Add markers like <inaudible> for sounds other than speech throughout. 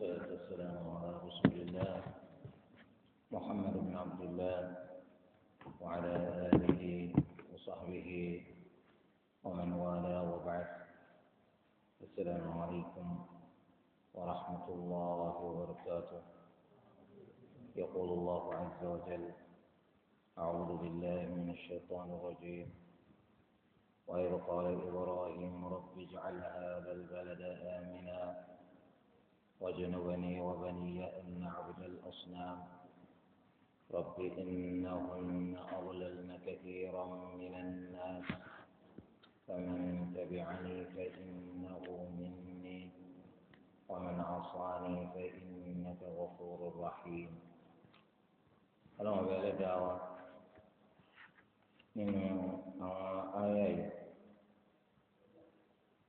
والصلاة والسلام على رسول الله محمد بن عبد الله وعلى آله وصحبه ومن والاه وبعد السلام عليكم ورحمة الله وبركاته يقول الله عز وجل أعوذ بالله من الشيطان الرجيم وإذ قال إبراهيم رب اجعل هذا البلد آمنا وجنبني وبني أن نعبد الأصنام رب إنهن أضللن كثيرا من الناس فمن تبعني فإنه مني ومن عصاني فإنك غفور رحيم اللهم بارك دعوة من آية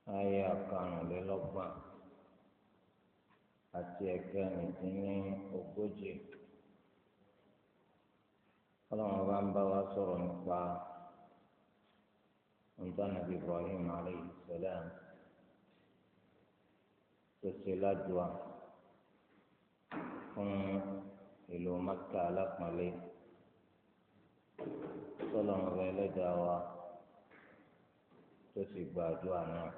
آية كان للغة àti na dín ní ogójì ọlọ́run bá ń bá wa sọ̀rọ̀ nípa Ibrahim tó ṣe fún ìlú wa tó sì gbàdúrà náà.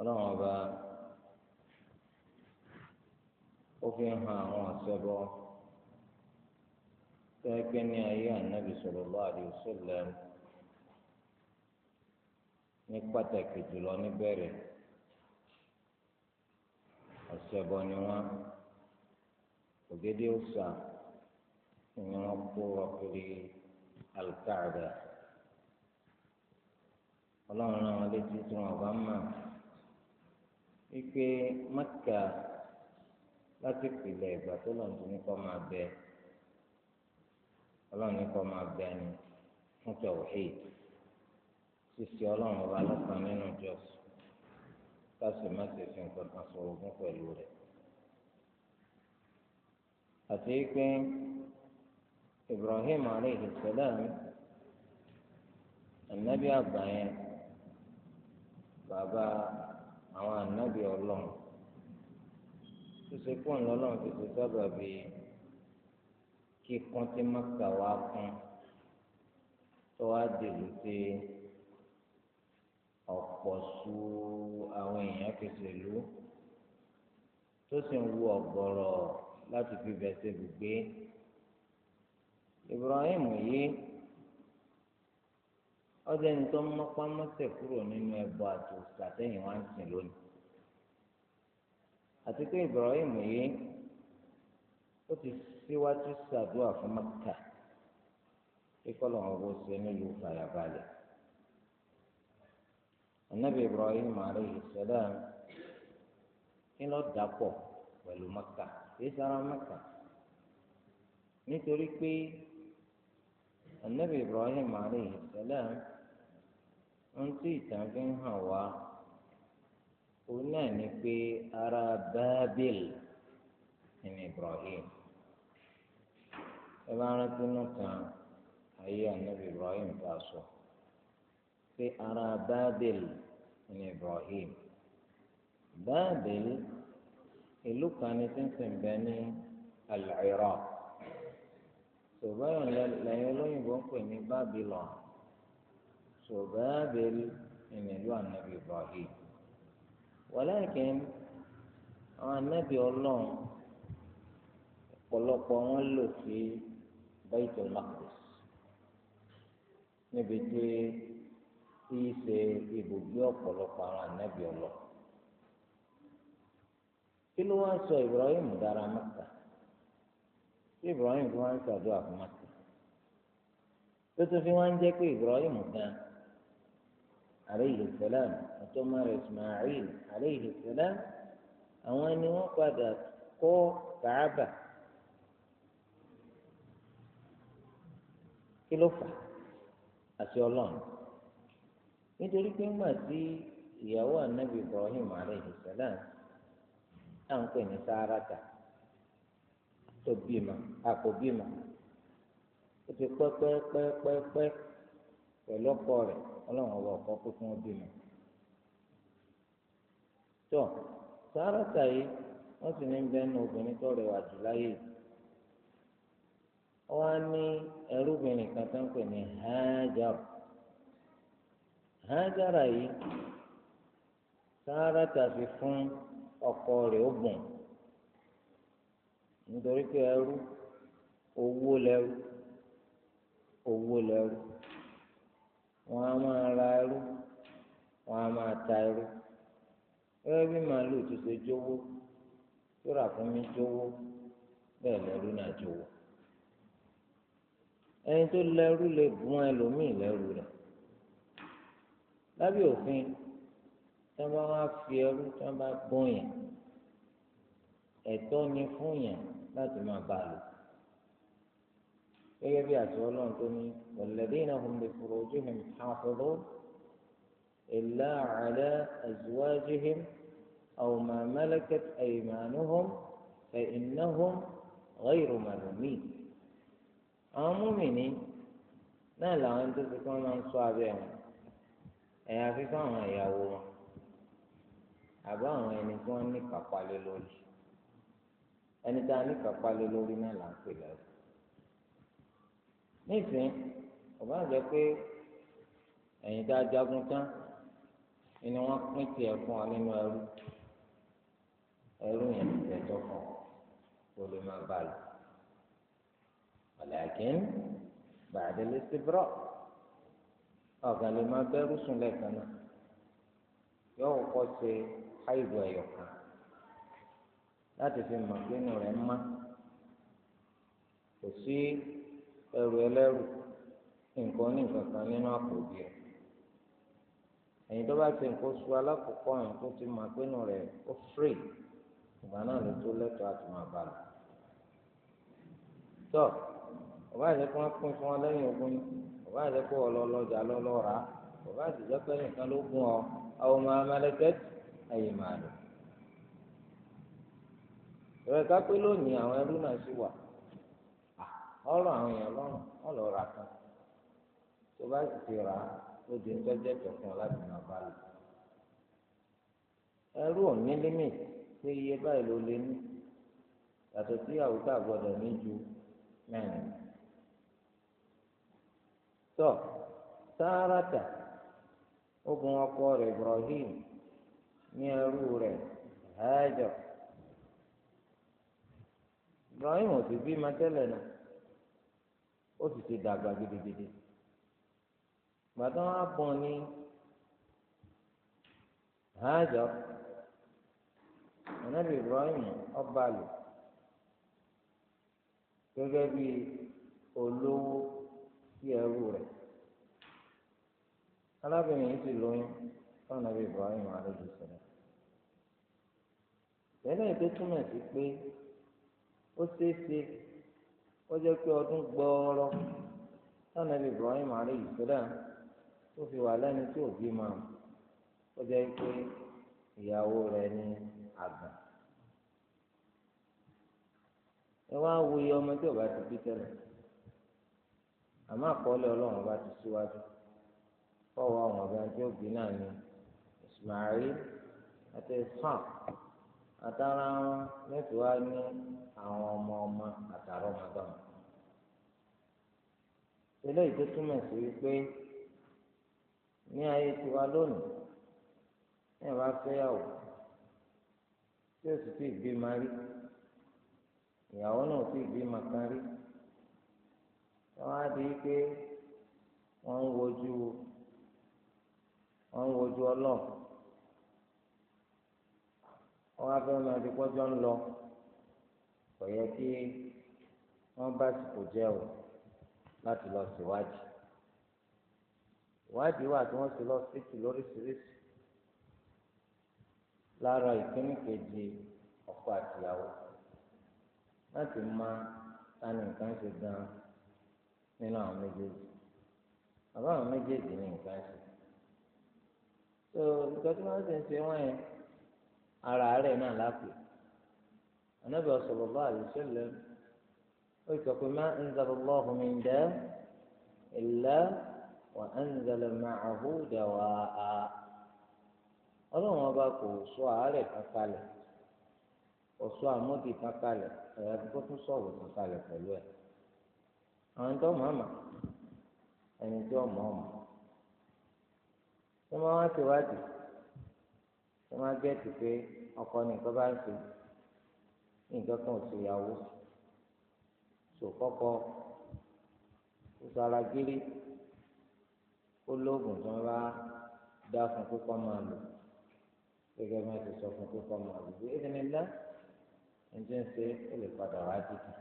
ọlọ́run ọba ó fi hàn àwọn àṣẹbọ tẹ́gbẹ́ ní ayé ànábì sallallahu alaihi wasallam ní pàtàkì jùlọ níbẹ̀rẹ̀ àṣẹbọ ni wọ́n ògèdè ọ̀sà ni wọ́n kó ọkùnrin alkaada ọlọ́run náà wọ́n létí tí wọ́n wípé mẹ́kà láti pìlẹ̀ ìgbà tó lọ́n tó ní kọ́ máa bẹ ọlọ́run ní kọ́ máa bẹ ni fún tawhid sísè ọlọ́run ọba lọ́kàn nínú ìjọsìn káṣí má ṣe fi nǹkan kan sọ ogún pẹ̀lú rẹ̀ àti pé Ibrahim aleyhi salam anabi àgbà yẹn bàbá àwọn ànábì ọlọ́run tó ṣe pọ̀ ńlọ́lọ́run tó ṣe sábà bí kíkún tí mọ́kà wá kún tó wá dèlù pé ọ̀pọ̀ su àwọn èèyàn fèsì lù tó sì ń wu ọ̀gọ̀rọ̀ láti fi bẹ̀sẹ̀ gbùgbé Ibrahim yìí ọdẹ ní tó mọ́pá mọ́sẹ̀ kúrò nínú ẹbọ àti òṣìṣàtẹ̀yìn wá ń sìn lónìí. àti pé Ibrahim yìí ó ti síwájú ṣàdúrà fún Mẹ́kà kíkọ́ lọ́wọ́ bó ṣe nílùú fàyàbalẹ̀. Ànábì Ibrahim alayhi salam kí ló dàpọ̀ pẹ̀lú Mẹ́kà kí sára Mẹ́kà nítorí pé Ànábì Ibrahim alayhi salam ohun tí ìtàn fi ń hàn wá òun náà ni pé ara bábìl ní Ibrahim ẹ bá rántí nìkan ayé ànábì Ibrahim bá sọ pé ara bábìl ní Ibrahim bábìl ìlú kan ní sínsìn bẹ ní al-Iraq ṣùgbọ́n lẹ́yìn olóyìnbó ń pè ní Babylon. سبابل إن يلوى النبي إبراهيم ولكن النبي الله ọ̀pọ̀lọpọ̀ wọn lò sí Baitul Maqdis níbi tí tí í ṣe ibùgbé ọ̀pọ̀lọpọ̀ àwọn ànábì ọlọ. kí ló wá sọ Ibrahim dára Mẹ́kà tí Ibrahim fi wá ń ṣàdúrà fún tó tún fi wá ń jẹ́ pé Ibrahim gan-an. aleyhi salam àtọmọ rẹ̀ ismail aleyhi salam àwọn ni wọ́n padà kọ́ kàábà kí ló fà àti ọlọ́run nítorí pé ńgbà tí anabi ibrahim aleyhi ọlọ́run ọba ọkọ pé kí wọ́n dènà. tó sàárà tàyé wọ́n sì ní bẹ́ẹ̀nu obìnrin tó rẹwà wọ́n á ní ẹrúbìnrin kan ní Hajara yìí fún ọkọ rẹ̀ ó bùn nítorí pé ẹrú wọn a máa ra irú wọn a máa ta irú gẹ́gẹ́ bí màálù tó ṣe jówó tó rà fún mi jówó bẹ́ẹ̀ lẹ́rú náà jówó ẹni tó lẹ́rú lè gún ẹlòmíì lẹ́rú rẹ̀ lábẹ́ òfin tí wọ́n bá wá fi ẹrú tí wọ́n bá gbọ́n yẹn ni fún yẹn láti máa bá a lò. gẹ́gẹ́ bí àti ọlọ́run tó ní walladhina hum li furujihim hafidhun illa ala azwajihim aw ma malakat aymanuhum fa innahum ghayru malumin. àwọn múmìnì náà làwọn tó ti kọ́ máa ń sọ abẹ́ wọn ẹ̀yà fífọ́ àwọn ìyàwó wọn àbá àwọn ẹni tí wọ́n ní kápálẹ́ lórí ẹni tá a ní kápálẹ́ lórí náà là ń pè lẹ́rù. nísìnyí ọba àjẹ pé ẹ̀yin tá a jagun tán ni wọ́n pín tiẹ̀ fún ọ nínú ẹrú ẹrú yẹn ìtẹ̀tọ́ fún ọ kó lè máa bá lọ. ọ̀làkín bàdé lè ṣe bírọ̀ ọ̀gá lè máa bẹ́rù sùn lẹ́ẹ̀kan náà yóò kọ́ ṣe àìbò ẹ̀yọ̀ kan láti fi mọ̀ pé inú rẹ̀ ń mọ́ kò sí ẹrù ẹlẹ́rù nǹkan ní nǹkan kan nínú àpòbí rẹ̀ ẹ̀yin tó bá ti nǹkan oṣù alákòókò ọ̀hún tó ti máa pinnu rẹ̀ ó fèrè ìgbà náà ló tó lẹ́tọ̀ọ́ àti máa bá lọ. tọ́ ọba àjẹ́ kí wọ́n pín fún wọn lẹ́yìn ogun ọba àjẹ́ kí wọ́n lọ lọ́jà lọ́lọ́ rà ọba pé nìkan ló gún ọ àwọn ọmọ amẹ́lẹ́tẹ́tì ayé máa ìrẹ̀ká pé lónìí àwọn ẹrú náà sì wà. ọrọ àwọn èèyàn lọrùn wọn lọ kan tó bá sì ti rà lóde ń tọjẹ tẹsán láti máa bá lò ẹrú ò límì pé iye báyìí ló lé ní yàtọ̀ sí àwùjọ àgbọ̀dọ̀ ní ju mẹ́rin tọ́ sáárátà ogun ọkọ rẹ̀ Ibrahim ní ẹrú rẹ̀ Ibrahim ò ó sì ti dàgbà gidigidi gbàtà wọn bọ̀ ní hajọ anabi ibrahim ọba lò gẹ́gẹ́ bí olówó sí ẹrú rẹ̀ arábìnrin yìí ti lóyún fún anabi ibrahim alayhi tẹ́lẹ̀ tó túmọ̀ sí pé ó ṣeé ṣe ó jẹ́ pé ọdún gbọ́ọ́rọ́ lọ́nà Ibrahim alayhi salam tó fi wà lẹ́ni tí ò bí máa ó jẹ́ pé ìyàwó rẹ̀ ní àgbà ẹ wá wo iye ọmọ tí ọba ti bí tẹ́lẹ̀ àmọ́ àkọọ́lẹ̀ ọlọ́run ọba ti síwájú fọwọ́ àwọn ọba tí ó bí náà ní Ismail àti Ishaq àtàrà wọn mẹ́tọ́ wá ní àwọn ọmọ ọmọ àtàrà ọmọdé wọn. eléyìí tó túmọ̀ sí wípé ní ayé tiwa lónìí ẹ̀ bá fẹ́yàwó tí o sì ti gbé ma rí ìyàwó náà ti gbé ma kan rí wọn á di pé wọn ń wojú wọn ń wojú ọlọ́run wọn á fẹ́ máa di pọ́jọ́ ń lọ kò yẹ kí wọ́n bá sìkò jẹ́ o láti lọ síwádìí ìwádìí wà tí wọ́n ti lọ síkì lóríṣiríṣi lára ìkíní kejì ọkọ àtìyàwó láti mọ tani nǹkan ṣe gan nínú àwọn méjèèjì àbá àwọn méjèèjì ní nǹkan ṣe tó ìtọ́jú wọn sì ń ṣe wọ́n yẹn. ara rẹ̀ náà lápè anabi sallallahu alaihi wasallam ó sọ pé ma anzala Allahu min da'a illa wa anzala ma'ahu dawa'a ọlọ́run ọba kò sọ àárẹ̀ kankalẹ̀ kò sọ àmọ́dì kankalẹ̀ ẹ̀yà tó tún sọ̀rọ̀ kankalẹ̀ pẹ̀lú ẹ̀ àwọn tó ẹni tó tó máa wá wọ́n máa gẹ́tì pé ọkọ ní nǹkan bá ń sè nǹkan kan ò sí ìyàwó sòkọ́kọ́ ó sara gírí ó lóògùn tí wọ́n bá dá fún pípọ́ máa lò gẹ́gẹ́ bí wọ́n ti sọ fún pípọ́ máa lò bí ẹni ńlá ẹni tí ń ṣe ó lè padà wá dìde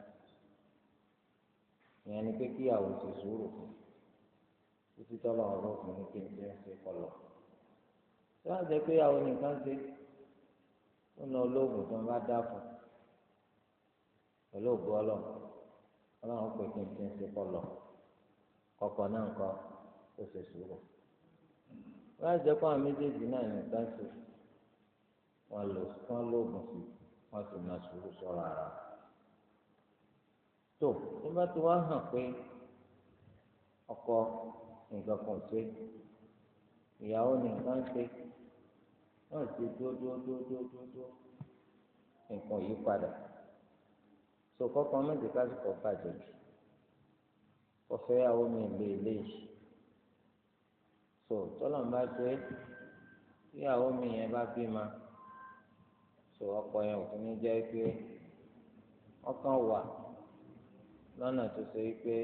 ìyẹn ni pé kíyàwó ti sùúrù fún títí tọ́lọ́ ọ̀rọ̀ ọkùnrin kí n ti ń ṣe kọlọ̀. tí wọ́n á jẹ́ pé àwọn nìkan ṣe tó ń bá dá fún olóògùn ọlọ́run ọlọ́run pè kọkọ náà kọ ó ṣe sùúrù wọ́n á pé àwọn méjèèjì náà nìkan ṣe lò lóògùn sí sì máa sùúrù ara tó nígbà tí wọ́n hàn pé ìyàwó nìkan ṣe wọn ti dúró padà so kọkàn méjì kásìkò bàjẹ́ jù ọ̀fẹ́ mi lè léyìí so tọ́lọ̀ ń bá pé ìyàwó mi yẹn bá so ọkọ yẹn ò tún jẹ́ pé ọkàn wà lọ́nà tó ṣe pé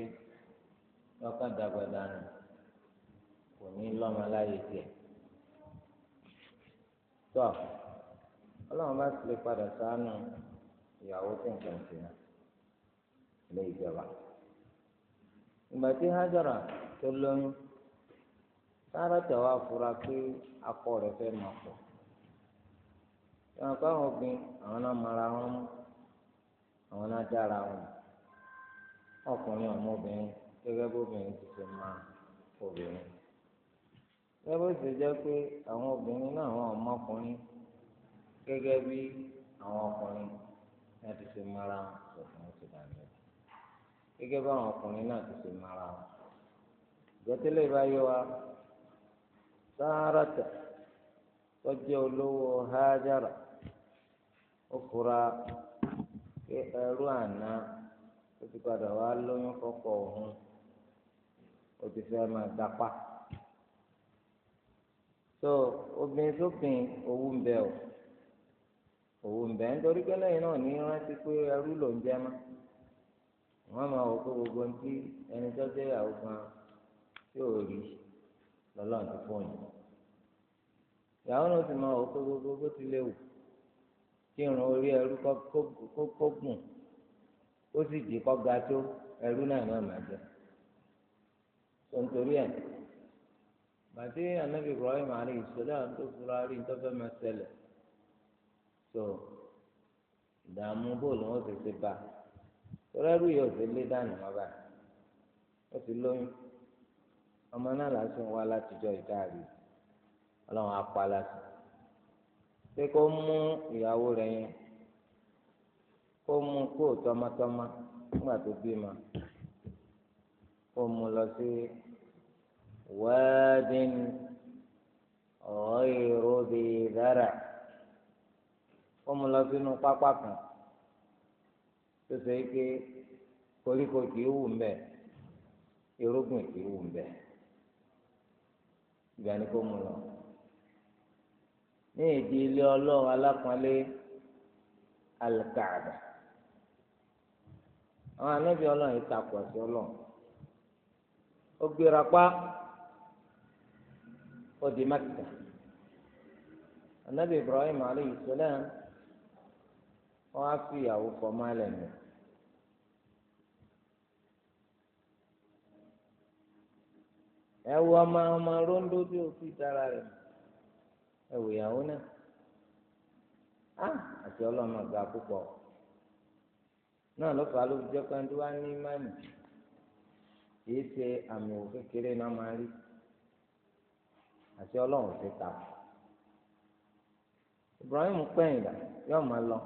ọkàn dàgbà dànù. kò ní lọ́mọ láyé tiẹ̀. tọ́ ọlọ́run bá ti lè padà sánú ìyàwó tí nǹkan ti náà ilé ìjọba. ìgbà tí Hajara tó lóyún sáárà tẹ̀wá fura pé akọ rẹ̀ fẹ́ máa pọ̀. gbin àwọn náà mara wọn mú àwọn náà dára wọn ọkùnrin ọmọbìnrin bóbìnrin ti ṣe máa obìnrin. lẹ́bọ̀ sì jẹ́ pé àwọn obìnrin náà àwọn ọmọkùnrin gẹ́gẹ́ bí àwọn ọkùnrin náà ti ṣe mara ọ̀sán ti dàgbẹ́ gẹ́gẹ́ bí àwọn ọkùnrin náà ti ṣe mara wọn. ìgbẹ́tẹ́lẹ̀ ìbáyé wa sáárátà tọ́jú olówó hájára ó fura pé ẹrú àná ó ti padà wá lóyún kọ́kọ́ òun ó ti fẹ́ máa dapá so obìnrin sófin owó ń bẹ o owó ń bẹ nítorí pé lẹ́yìn náà ní rántí pé ẹrú ló ń jẹ́ mọ́ wọ́n máa wọ pé gbogbo ní tí ẹni tó jẹ́ ìyàwó kan yóò rí lọ́lọ́run ti fún yìí ìyàwó náà sì máa wọ pé gbogbo bó ti léwu kí irun orí ẹrú kó gùn ó sì dì kọ́ ga tó ẹrú náà náà máa jẹ nítorí ẹ̀ bàtí anabi ibrahim alayhi salam tó fura rí ntọ́fẹ́ máa ṣẹlẹ̀ so ìdààmú bóòlù wọn ti ṣe bá tọ́lẹ́rù yóò ti lé dànù wọn bá ó ti lóyún ọmọ náà lásán wá látijọ́ ìdáàrí ọlọ́run apá lásán pé kó mú ìyàwó rẹ̀ yẹn kó mú kó tọmọtọmọ nígbà tó bímọ kó mú lọ sí. Si, واد غير ذي ذرع kọ́mu lọ sínú pápá kan tó ṣe é pé koríko kì í ni lọ ní ìdí ilé ọlọ́run alápọ̀nlé alikaada àwọn anábì ọlọ́run yìí takọ̀ ó di Mẹ́kà anabi Ibrahim aleyhi salam wọn á fi ìyàwó fọmọ alẹ nù. ẹ wo ọmọ ọmọ rondo bí o fi dára rẹ ẹ wò ìyàwó náà á àti ọlọ́mọ gba púpọ̀ náà ló fà á ló fi pé ẹni tó bá ní mánì kì í ṣe àmì òkékeré náà máa rí. àti ọlọ́run ti ta Ibrahim pẹ̀yìn dà yóò máa lọ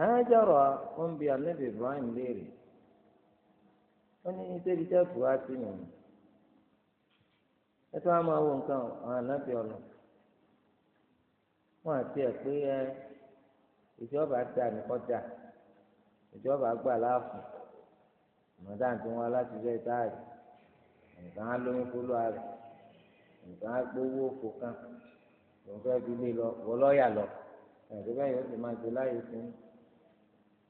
a ó ń bi Ibrahim léèrè ó ní nítorí tẹ́ẹ̀fù wá sí nìyẹn ẹ tó máa wo nǹkan àwọn ọlọ wọn àti ẹ pé ẹ ìjọba ìjọba gbà wọn táàyè. nǹkan á lóyún fúlọ́ rẹ̀ nǹkan á gbowó òfò kan ló ń fẹ́ fi lé lọ wọ́ lọ́ọ̀yà lọ ẹ̀sìn bẹ́ẹ̀ yóò ti máa ti láyé fún un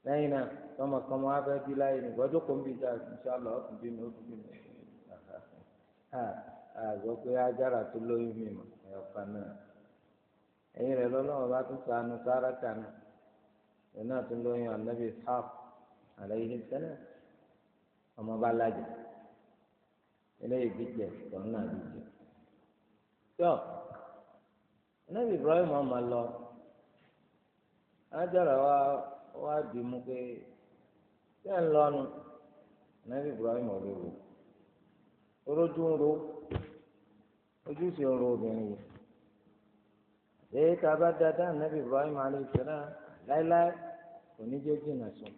lẹ́yìn náà tọmọ kan wá fẹ́ bí láyé nìkan tó kọ́ ń bí jáde ìṣàlọ́ ọ̀tún bí mi ó tún bí mi àgbọ̀ <laughs> ah, pé ajára tó lóyún mi mọ̀ ẹ̀ọ̀kan náà ẹ̀yìn rẹ̀ lọ́lọ́wọ́ bá tún sànù sára kànú ẹ̀ náà tún lóyún anabi ishaq alayhi salam ọmọ bá lájà eléyìí bí jẹ tọ́n náà bí jẹ. tó anábì Ibrahim ọmọ lọ ajára wa wá bí mu pé ṣé ń lọnu anábì Ibrahim ọ̀rẹ́ wò orójú ń ro ojúṣe ń ro obìnrin yìí èyí tá a bá dáadáa anábì Ibrahim alayhi salam láéláé kò ní jẹ́ jìnnà sùn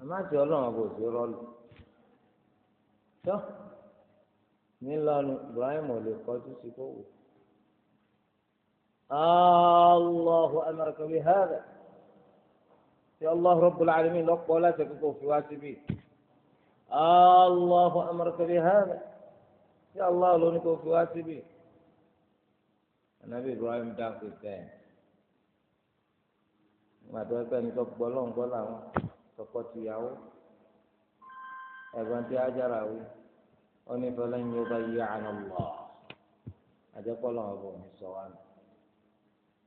àmọ́ ọlọ́run ọba ò sí tó nílọ́nu ibrahim ò lè kọjú sí kó wò. allahu amaraka bi hada ti allahu rabbul alamin lọ́pọ̀ láti kókó fi wá síbí. allahu amaraka bi hada ti allahu lóní kó fi wá síbí. anabi ibrahim dáhùn bẹ́ẹ̀ gbàdúrà pé ẹni tó gbọ́ làwọn tọkọ tìyàwó ẹ̀gbọ́n tí ajára wí ọni fẹlẹ ń yọba yí àná lọ àjẹpọ lọ́wọ́ bò ní sọ wa nù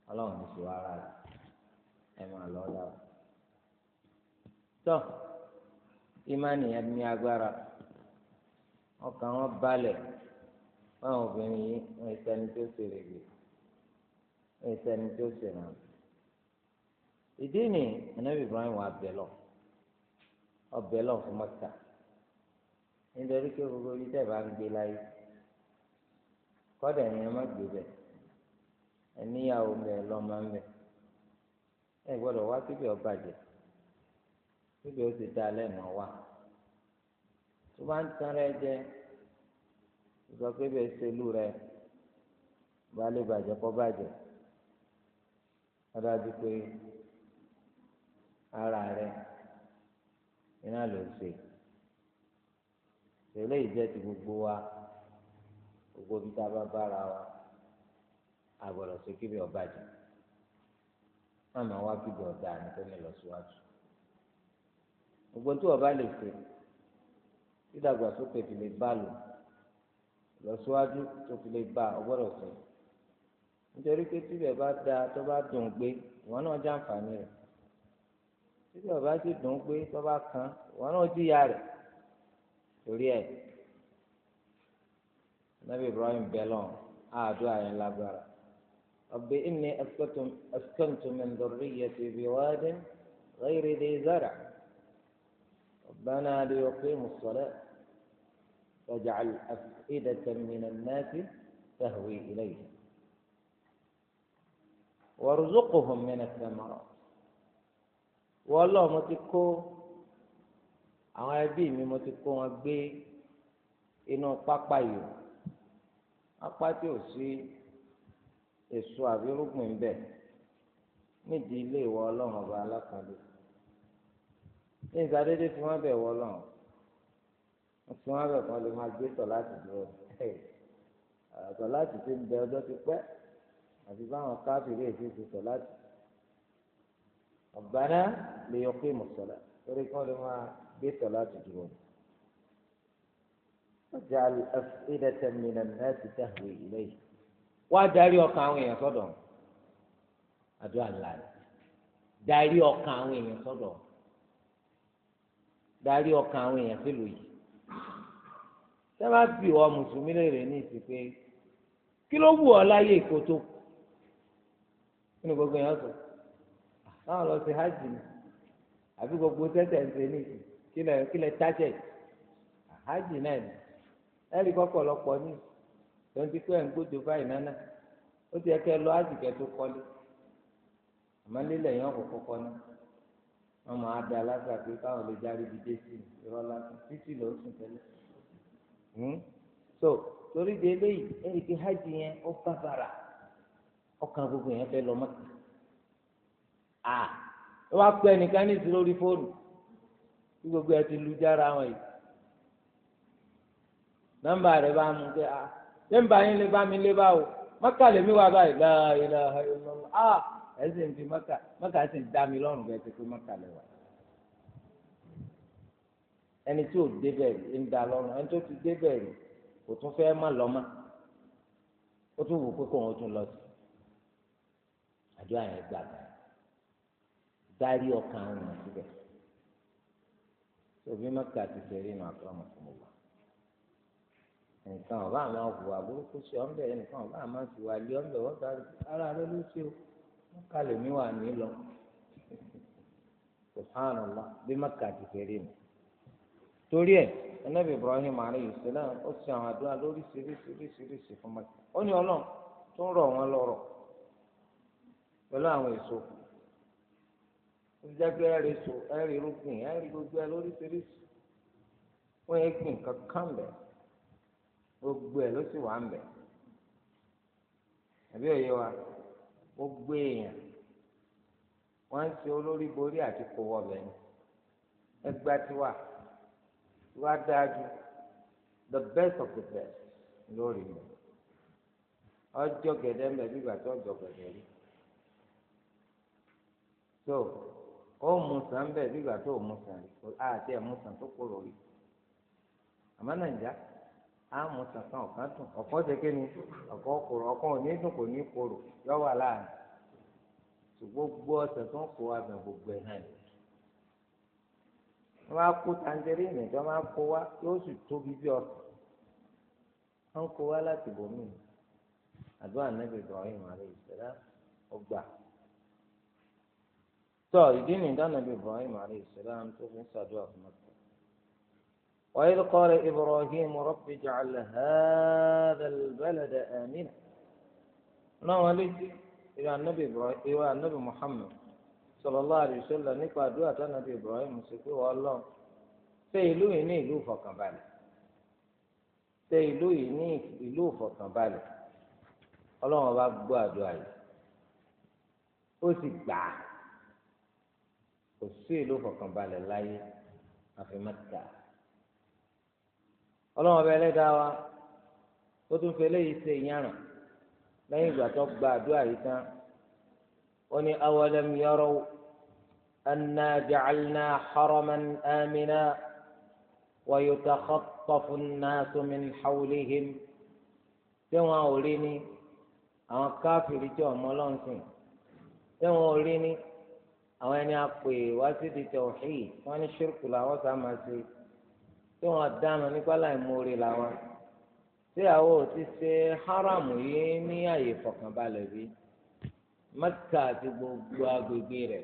Ọlọ́run ní sọ ara rẹ ẹ máa lọ dá o tọ ìmánì yẹn ní agbára ọkàn wọn balẹ̀ báwọn obìnrin yìí wọn ìsẹni tó ṣe rèé wọn ìsẹni tó ṣe ràn ìdí ni Ànábì Ibrahim wà bẹ lọ fún mọta nítorí pé gbogbo ibi tẹ́ bá ń gbé láyé kọ́dà ẹ̀yìn ọmọ gbé bẹ̀ ẹ̀níyàwó bẹ̀ lọ́mọ ń bẹ̀ ẹ gbọ́dọ̀ wá síbi ọ̀bàjẹ́ síbi ó ti dá lẹ́nu wá tó bá ń tan rẹ jẹ ìgbà pé bẹ́ẹ̀ ṣelú rẹ bá lè bàjẹ́ kọ́ bàjẹ́ adájú pé ara rẹ iná ló ń ṣe tẹ̀lé ìjẹ́ ti gbogbo wa gbogbo bí tá a bá bára wa àgbọ̀dọ̀ sí kí bí ọba jù àmọ́ wá kí bí ọ̀dà nítorí lọ́síwájú gbogbo tí ọba lè fẹ́ dídàgbàsókè fi lè bá lò lọ́síwájú tó fi lè bá ọgbọ́dọ̀ fẹ́ nítorí pé tíbẹ̀ bá da tó bá dùn gbé wọn náà jàǹfààní rẹ̀ tíbẹ̀ bá sì dùn gbé tó bá kan wọn náà jìyà rẹ̀. torí ẹ nabi ibrahim bẹlọ àdúrà yẹn lágbára ọbẹ ìní ẹsẹkẹntùmẹndọrí yẹ ti bí wáyé غير ذي زرع ربنا ليقيموا الصلاة فاجعل أفئدة من الناس تهوي إليهم وارزقهم من الثمرات والله ما تكو àwọn ẹbí mi mo ti kó wọn gbé inú pápá yìí apá tí ò sí èso àbírúgbìn bẹ nídìí ilé ìwọ Ọlọ́run ọba alákàndé ní ìsàdédé tí wọn bẹ wọ Ọlọ́run wọn tí wọn bẹ kàn lè máa gbé tọ láti dúró tọ láti ti ń bẹ ọjọ́ ti pẹ́ àti báwọn káfíìrì èsì ti tọ láti ọgbà náà lè yọ pé mọ̀sálà torí kí lè máa gbé sọ láti وجعل أفئدة من الناس تهوي إليه. ti dáhùn ilé yìí. wá darí ọkàn àwọn èèyàn sọ́dọ̀ àdúrà ńlá rẹ̀ darí ọkàn àwọn èèyàn sọ́dọ̀ darí ọkàn àwọn èèyàn sílùú yìí. sábà bí ìwọ mùsùlùmí lèrè ní ìsìnkú kí ló wù ọ láyé ìkótó kí ni gbogbo èèyàn sọ báwọn lọ hajj ni àbí gbogbo tẹ́tẹ̀ ń ṣe ní ìsìn kílẹ̀ kílẹ̀ tájẹ̀ àhájì náà ni ẹ̀rí ní tó ń ti pé ẹ̀ ń gbójú báyìí nánà ó ti yẹ lọ àjìkẹ́ tó kọ́lé àmọ́ lílẹ̀ yẹn kò kọ́kọ́ ná wọ́n máa da aláṣà pé káwọn lè járe dídé sí i irọ́ lásán títí sùn tẹ́lẹ̀ hmm? so torí de eléyìí ẹ̀rí pé hajj yẹn ó bàbàrà ọkàn gbogbo yẹn fẹ́ lọ mọ́tò à wọ́n á pẹ́ nìkan ní tí gbogbo ẹ ti lu jára wọn yìí nọ́mbà rẹ bá mú pé ah nọ́mbà yín lè bá mi lé báwo mọ́kà lèmi wà báyìí láàyè láàyè lọ́wọ́ ah ẹ sì ń fi mọ́kà mọ́kà sì ń dá mi lọ́rùn bẹ́ẹ̀ ti pé mọ́kà lè wà ẹni tí ò débẹ̀ rí ń da lọ́rùn ẹni tó ti débẹ̀ rí kò tún fẹ́ má lọ mọ́ ó tún wò pé kò wọ́n tún lọ sí àjọ àyẹ̀gbà dárí ọkàn àwọn síbẹ̀ òbí mẹ́ka ti sẹ́rí nù àkàràmọ̀ fún mi wá. nǹkan ọ̀bá àmọ́ ọ̀bùwà burúkú sí ọ̀nbẹ nǹkan ọ̀bá àmọ́ ti wà lé ọ̀nbẹ wọ́n ta ara rẹ ló ṣe o wọ́n ká lèmi wà ní lọ. <laughs> subhanallah bí mẹ́ka ti sẹ́rí nù. torí ẹ anabi ibrahim alayhi salam ó sì àwọn àdúrà lórí ṣiríṣiríṣiríṣi fún mẹ́ka ó ní ọlọ́run tó ń rọ̀ wọ́n lọ́rọ̀ pẹ̀lú àwọn èso kù ó jẹ́ pé ẹ̀rí sùn ẹ̀rí irúgbìn ẹ̀rí gbogbo ẹ̀ lóríṣiríṣi wọ́n yẹ gbìn kankan bẹ̀ gbogbo ẹ̀ ló sì wà ń bẹ̀ àbí òye wa gbogbo èèyàn wọ́n ń ṣe olórí borí àti kò wọ̀bẹ̀ ni ẹgbẹ́ tiwa wá dájú the best of the best lórí mi ọjọ́ gẹ̀dẹ́ ń bẹ̀ bí ọjọ́ gẹ̀dẹ́ rí ó mú sàn bẹ́ẹ̀ bí ìgbà tó mú sàn rí àti ẹ̀ mú sàn tó kúrò rí àmọ́ san á mú sàn kan ọ̀kan dùn ni ọ̀kan kúrò ọ̀kan ò ní dùn kò ní kúrò láàrin ṣùgbọ́n gbogbo ọ̀sẹ̀ tó ń kó abẹ gbogbo ẹ̀ náà wọ́n máa kó tangerine tó máa kó wá yóò sì tóbi bí ọ̀sẹ̀ wọ́n kó wá láti bòmí àdúrà tọ́ ìdí ni ìdánilẹ́bí Ibrahim alayhi salam tó fi ń ṣàdúrà fún Mẹ́kà. وإذ قال إبراهيم رب اجعل هذا البلد آمنا náà wọn létí ìwà ànábì ibrahim ìwà ànábì muhammed sallallahu alaihi wasallam nípa àdúrà tánàbì ibrahim sì pé wọn lọ ṣe ìlú yìí ní ìlú ìfọ̀kànbalẹ̀ ṣe ìlú yìí ní ìlú ìfọ̀kànbalẹ̀ Ọlọ́run bá gbọ́ àdúrà yìí ó sì gbà á kò sí ìlú fọkànbalẹ̀ láyé àfi Mẹ́kà ọlọ́wọ́n bẹ ẹlẹ́dàá wa ó tún fi eléyìí ṣe ìyàrá lẹ́yìn ìgbà tó gba àdúrà yìí tán ó ní awalam yaraw anna ja'alna haraman amina wa yutakhattafu min hawlihim tí wọn ò rí ni àwọn káfíìrì tí ọmọ ọlọ́run sìn tí wọn ò rí ni àwọn ẹni apè wá síbi tauhid wọn ní ṣírkù làwọn sá máa ṣe tí wọn dáná nípa láì mórí làwọn tí àwọn ò ti ṣe haramu yìí ní àyè fọkànbalẹ̀ bí mẹ́kà àti gbogbo agbègbè rẹ̀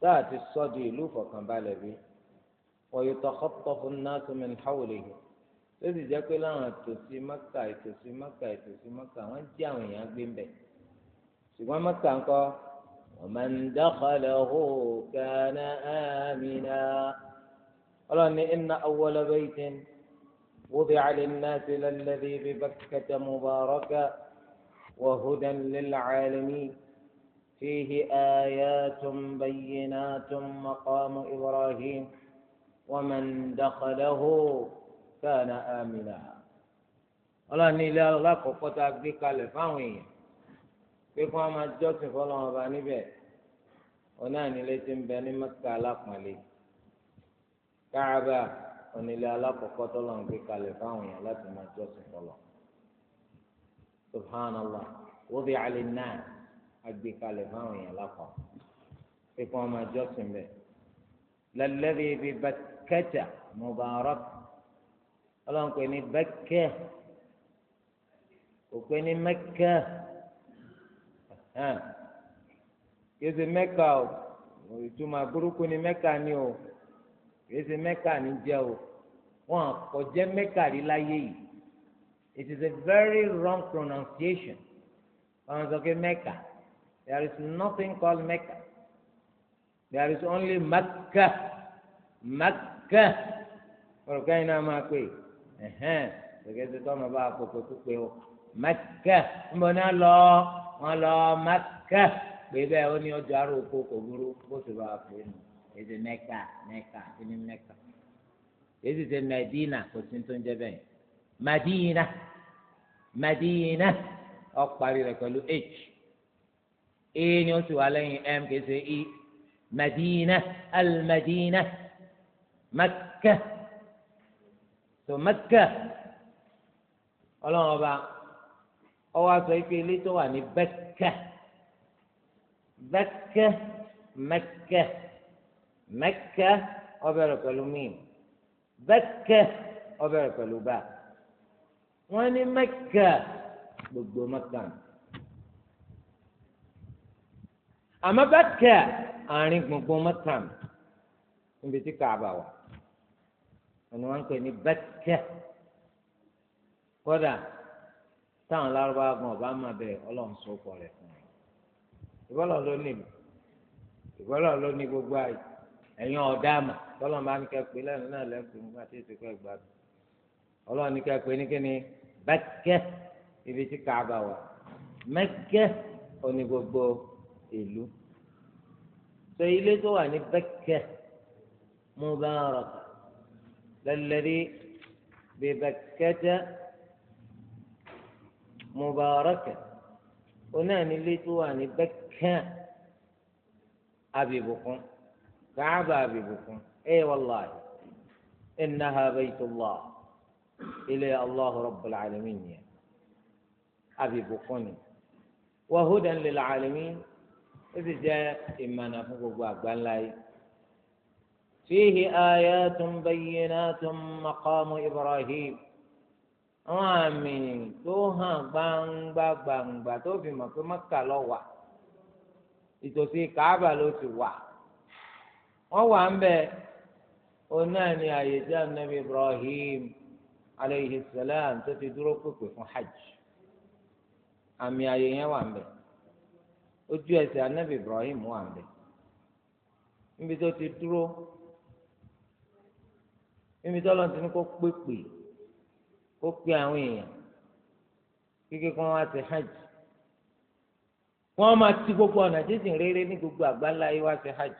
táà ti sọ di ìlú fọkànbalẹ̀ bí wọ́n yóò tọkọ́tọ̀ fún náà tó min hawlihi ó sì jẹ́ pé láwọn àtòsí mẹ́kà ìtòsí mẹ́kà ìtòsí mẹ́kà wọ́n jí àwọn èèyàn gbé ń bẹ̀ ṣùgbọ́n mẹ́kà ńkọ́. ومن دخله كان آمنا قال إن أول بيت وضع للناس للذي ببكة مباركا وهدى للعالمين فيه آيات بينات مقام إبراهيم ومن دخله كان آمنا قال إن لا لك قد أبدك pé kí wọ́n máa jọ́sìn fọlọ́wọn ọba níbẹ̀ ọ̀nà ìnílé ti ń bẹ ní mẹ́kà alápọ̀nlé káàbà onílé alákọ̀ọ́kọ́ tọ́lọ̀ ń gbé kalẹ̀ fáwọn èèyàn láti máa jọ́sìn fọlọ́ subhanallah wọ́bi alẹ́ náà agbé kalẹ̀ fáwọn èèyàn lápá pé kí wọ́n máa jọ́sìn bẹ́ẹ̀ lẹ́lẹ́bi ibi bẹ́kẹ́tà mubarak ọlọ́nkọ́ ní bẹ́kẹ́ òpé ní mẹ́kẹ́. hàn kéde mẹ́kà o ìtumọ̀ burúkú ni mẹ́kà ni o kéde mẹ́kà ni jẹ́ o wọn kò jẹ́ mẹ́kà rí láyé it is a very wrong pronunciation wọn sọ there is nothing called mẹ́kà there is only maka. Maka! wọn ka iná máa pè ẹ̀hẹ́n gẹ́gẹ́ tó tọ́ bá a pọ̀ pé o ń ní àlọ́. wọn lọ Mẹ́kà pé bẹ́ẹ̀ ó ní ọjọ́ àrò oko kò burú bó ti bá a pè é nù èdè Mẹ́kà Mẹ́kà kí ni Mẹ́kà èdè tẹ Mẹdínà kò sí tó ń jẹ bẹ́ẹ̀ Mẹdínà Mẹdínà ó parí rẹ̀ pẹ̀lú h e ni ó sì wà lẹ́yìn m kì í ṣe e Mẹdínà al-Mẹdínà tó Mẹ́kà ọlọ́run ọba ọwọ́ aṣọ ife ilé tó wà ní bẹ́kẹ́ bẹ́kẹ́ mẹ́kẹ́ mẹ́kẹ́ ọbẹ̀ rẹ̀ pẹ̀lú míì bẹ́kẹ́ ọbẹ̀ rẹ̀ pẹ̀lú bá wọ́n ní mẹ́kẹ́ gbogbo mẹ́kẹ́ àmọ́ bẹ́kẹ́ àárín gbogbo mẹ́kẹ́ níbi tí kàába wà ẹni wọ́n ń pè ní bẹ́kẹ́ kódà. táwọn lárúbáwá gan ọba máa bẹ ọlọ́run sọ pọ̀ rẹ̀ fún mi ìbọ́lọ̀ ló ní ìbọ́lọ̀ ló gbogbo àyè ẹ̀yin bá ní ká náà nígbà tí mi ibi tí wà gbogbo ìlú tó ilé tó wà ní bí mubaraka onáà nílé tó wà ní bẹ́kàn abìbùkún káàbà abìbùkún ẹ̀ wàláyé innaha baytullah ilé allah rabbul alamin yẹn abìbùkún ni wa hudan lil alamin ó sì jẹ́ ìmọ̀nà fún gbogbo àgbáńlá yìí. فيه آيات بينات مقام إبراهيم àwọn àmì tó hàn gbangba gbangba tó fi mọ̀ pé mọ́kà lọ wà ìtòsí kàábà ló ti wà wọ́n wà ń òun náà ni àyè tí anabi Ibrahim salam tó ti dúró pèpè fún hajj àmì àyè yẹn wà ń ojú ẹsẹ̀ anabi Ibrahim wà ń níbi tó ti dúró níbi tó lọ́n ti ní kó ó pe àwọn èèyàn kíkẹ́ kí wọ́n wá sí hajj wọ́n máa ti gbogbo ọ̀nà jíjìn rere ní gbogbo àgbáńlá yìí wá sí hajj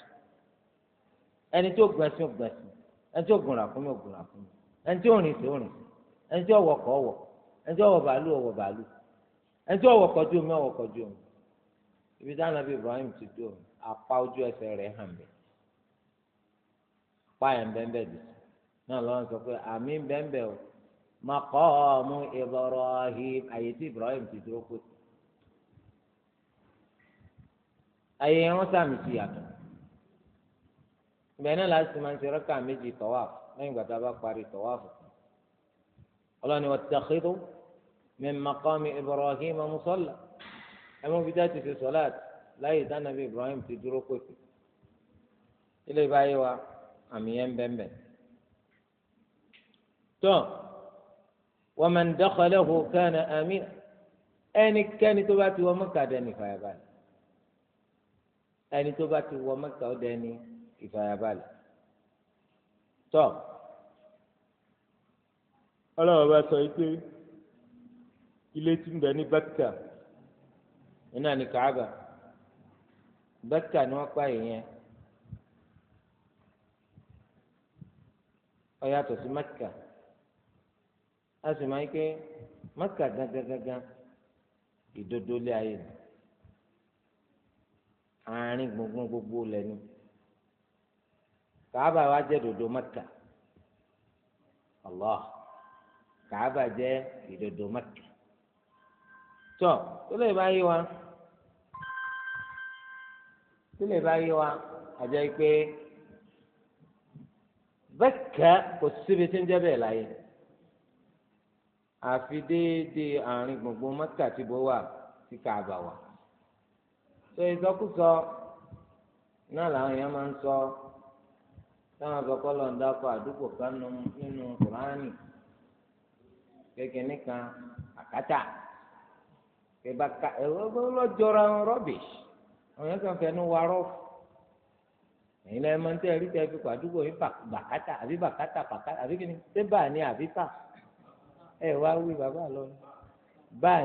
ẹni tó gbẹ̀sìn gbẹ̀sìn ẹni tó gùnrà fún mi ò gùnrà fún mi ẹni tó rìn sí rìn sí ẹni tó wọkọ̀ ọwọ̀ ẹni tó wọ bàálù ọwọ̀ bàálù ẹni tó wọkọ̀ ojú omi ọwọ̀kọ̀ ojú omi ibi táwọn nàbí Ibrahim ti dó apá ojú ẹsẹ̀ rẹ̀ hàn mí apá yẹn bẹ́ẹ̀ bẹ́ẹ̀ dì náà lọ́wọ́ sọ pé àmì bẹ́ẹ̀ bẹ́ẹ̀ o maqamu Ibrahim àyè tí Ibrahim ti dúró kó sí àyè wọn sàmì sí yàtọ̀ ìbẹ̀rẹ̀ náà láti máa ń ṣe rákà méjì tọ́wáfù lẹ́yìn gbàtà bá parí tọ́wáfù ọlọ́ni wattakhidhu min maqami Ibrahim musalla ẹ̀mú fi dá ti ṣe sọ́láàtì láyé ìdánábì Ibrahim ti dúró pèpè ilé ìbáyé wa àmì yẹn bẹ́ẹ̀ bẹ́ẹ̀ tó. ومن دخله كان آمنا ẹni kẹ́ni tó bá ti wọ mọ́kà dẹni ìfàyàbalẹ̀ ẹni tó bá ti wọ mọ́kà ó dẹni ìfàyàbalẹ̀ tọ́ ọlọ́run bá sọ pé ilé tí ń bẹ ní bẹ́kà iná ní kàába bẹ́kà ni wọ́n pa èèyàn ó yàtọ̀ sí mẹ́kà a sì máa ń pé mọ́kà gangan ìdodo lé ayé ni àárín gbùngbùn gbogbo lẹ́nu kàábà wa jẹ́ dodo mọ́kà Allah kàábà jẹ́ ìdodo mọ́kà tọ́ tó lè bá yé wa tó lè bá yé wa àjẹ́ pé bẹ́ẹ̀ kẹ́ kò síbi tí ń jẹ́ bẹ́ẹ̀ láyé ni àfi déédéé àárín gbùngbùn mọ́tà tí bó wà sí káàbà wà. sọ ìsọkúsọ náà làwọn èèyàn máa ń sọ táwọn àkọ́kọ́ lọ ń dákọ̀ àdúgbò kan nínú kùránì kékeré nìkan àkátà kẹba ka ọlọ́jọ́ra rọ́bìṣ àwọn yẹn kàn fẹnu wa rọ́ọ̀fù ẹ̀yin lẹ́yìn máa ń tẹ́ ẹ̀rí tẹ́ fi pàdúgbò yín bàkátà àbí bàkátà bàkátà àbí kìíní sébà ni àbí fà ẹ wá wí bàbá lọ báà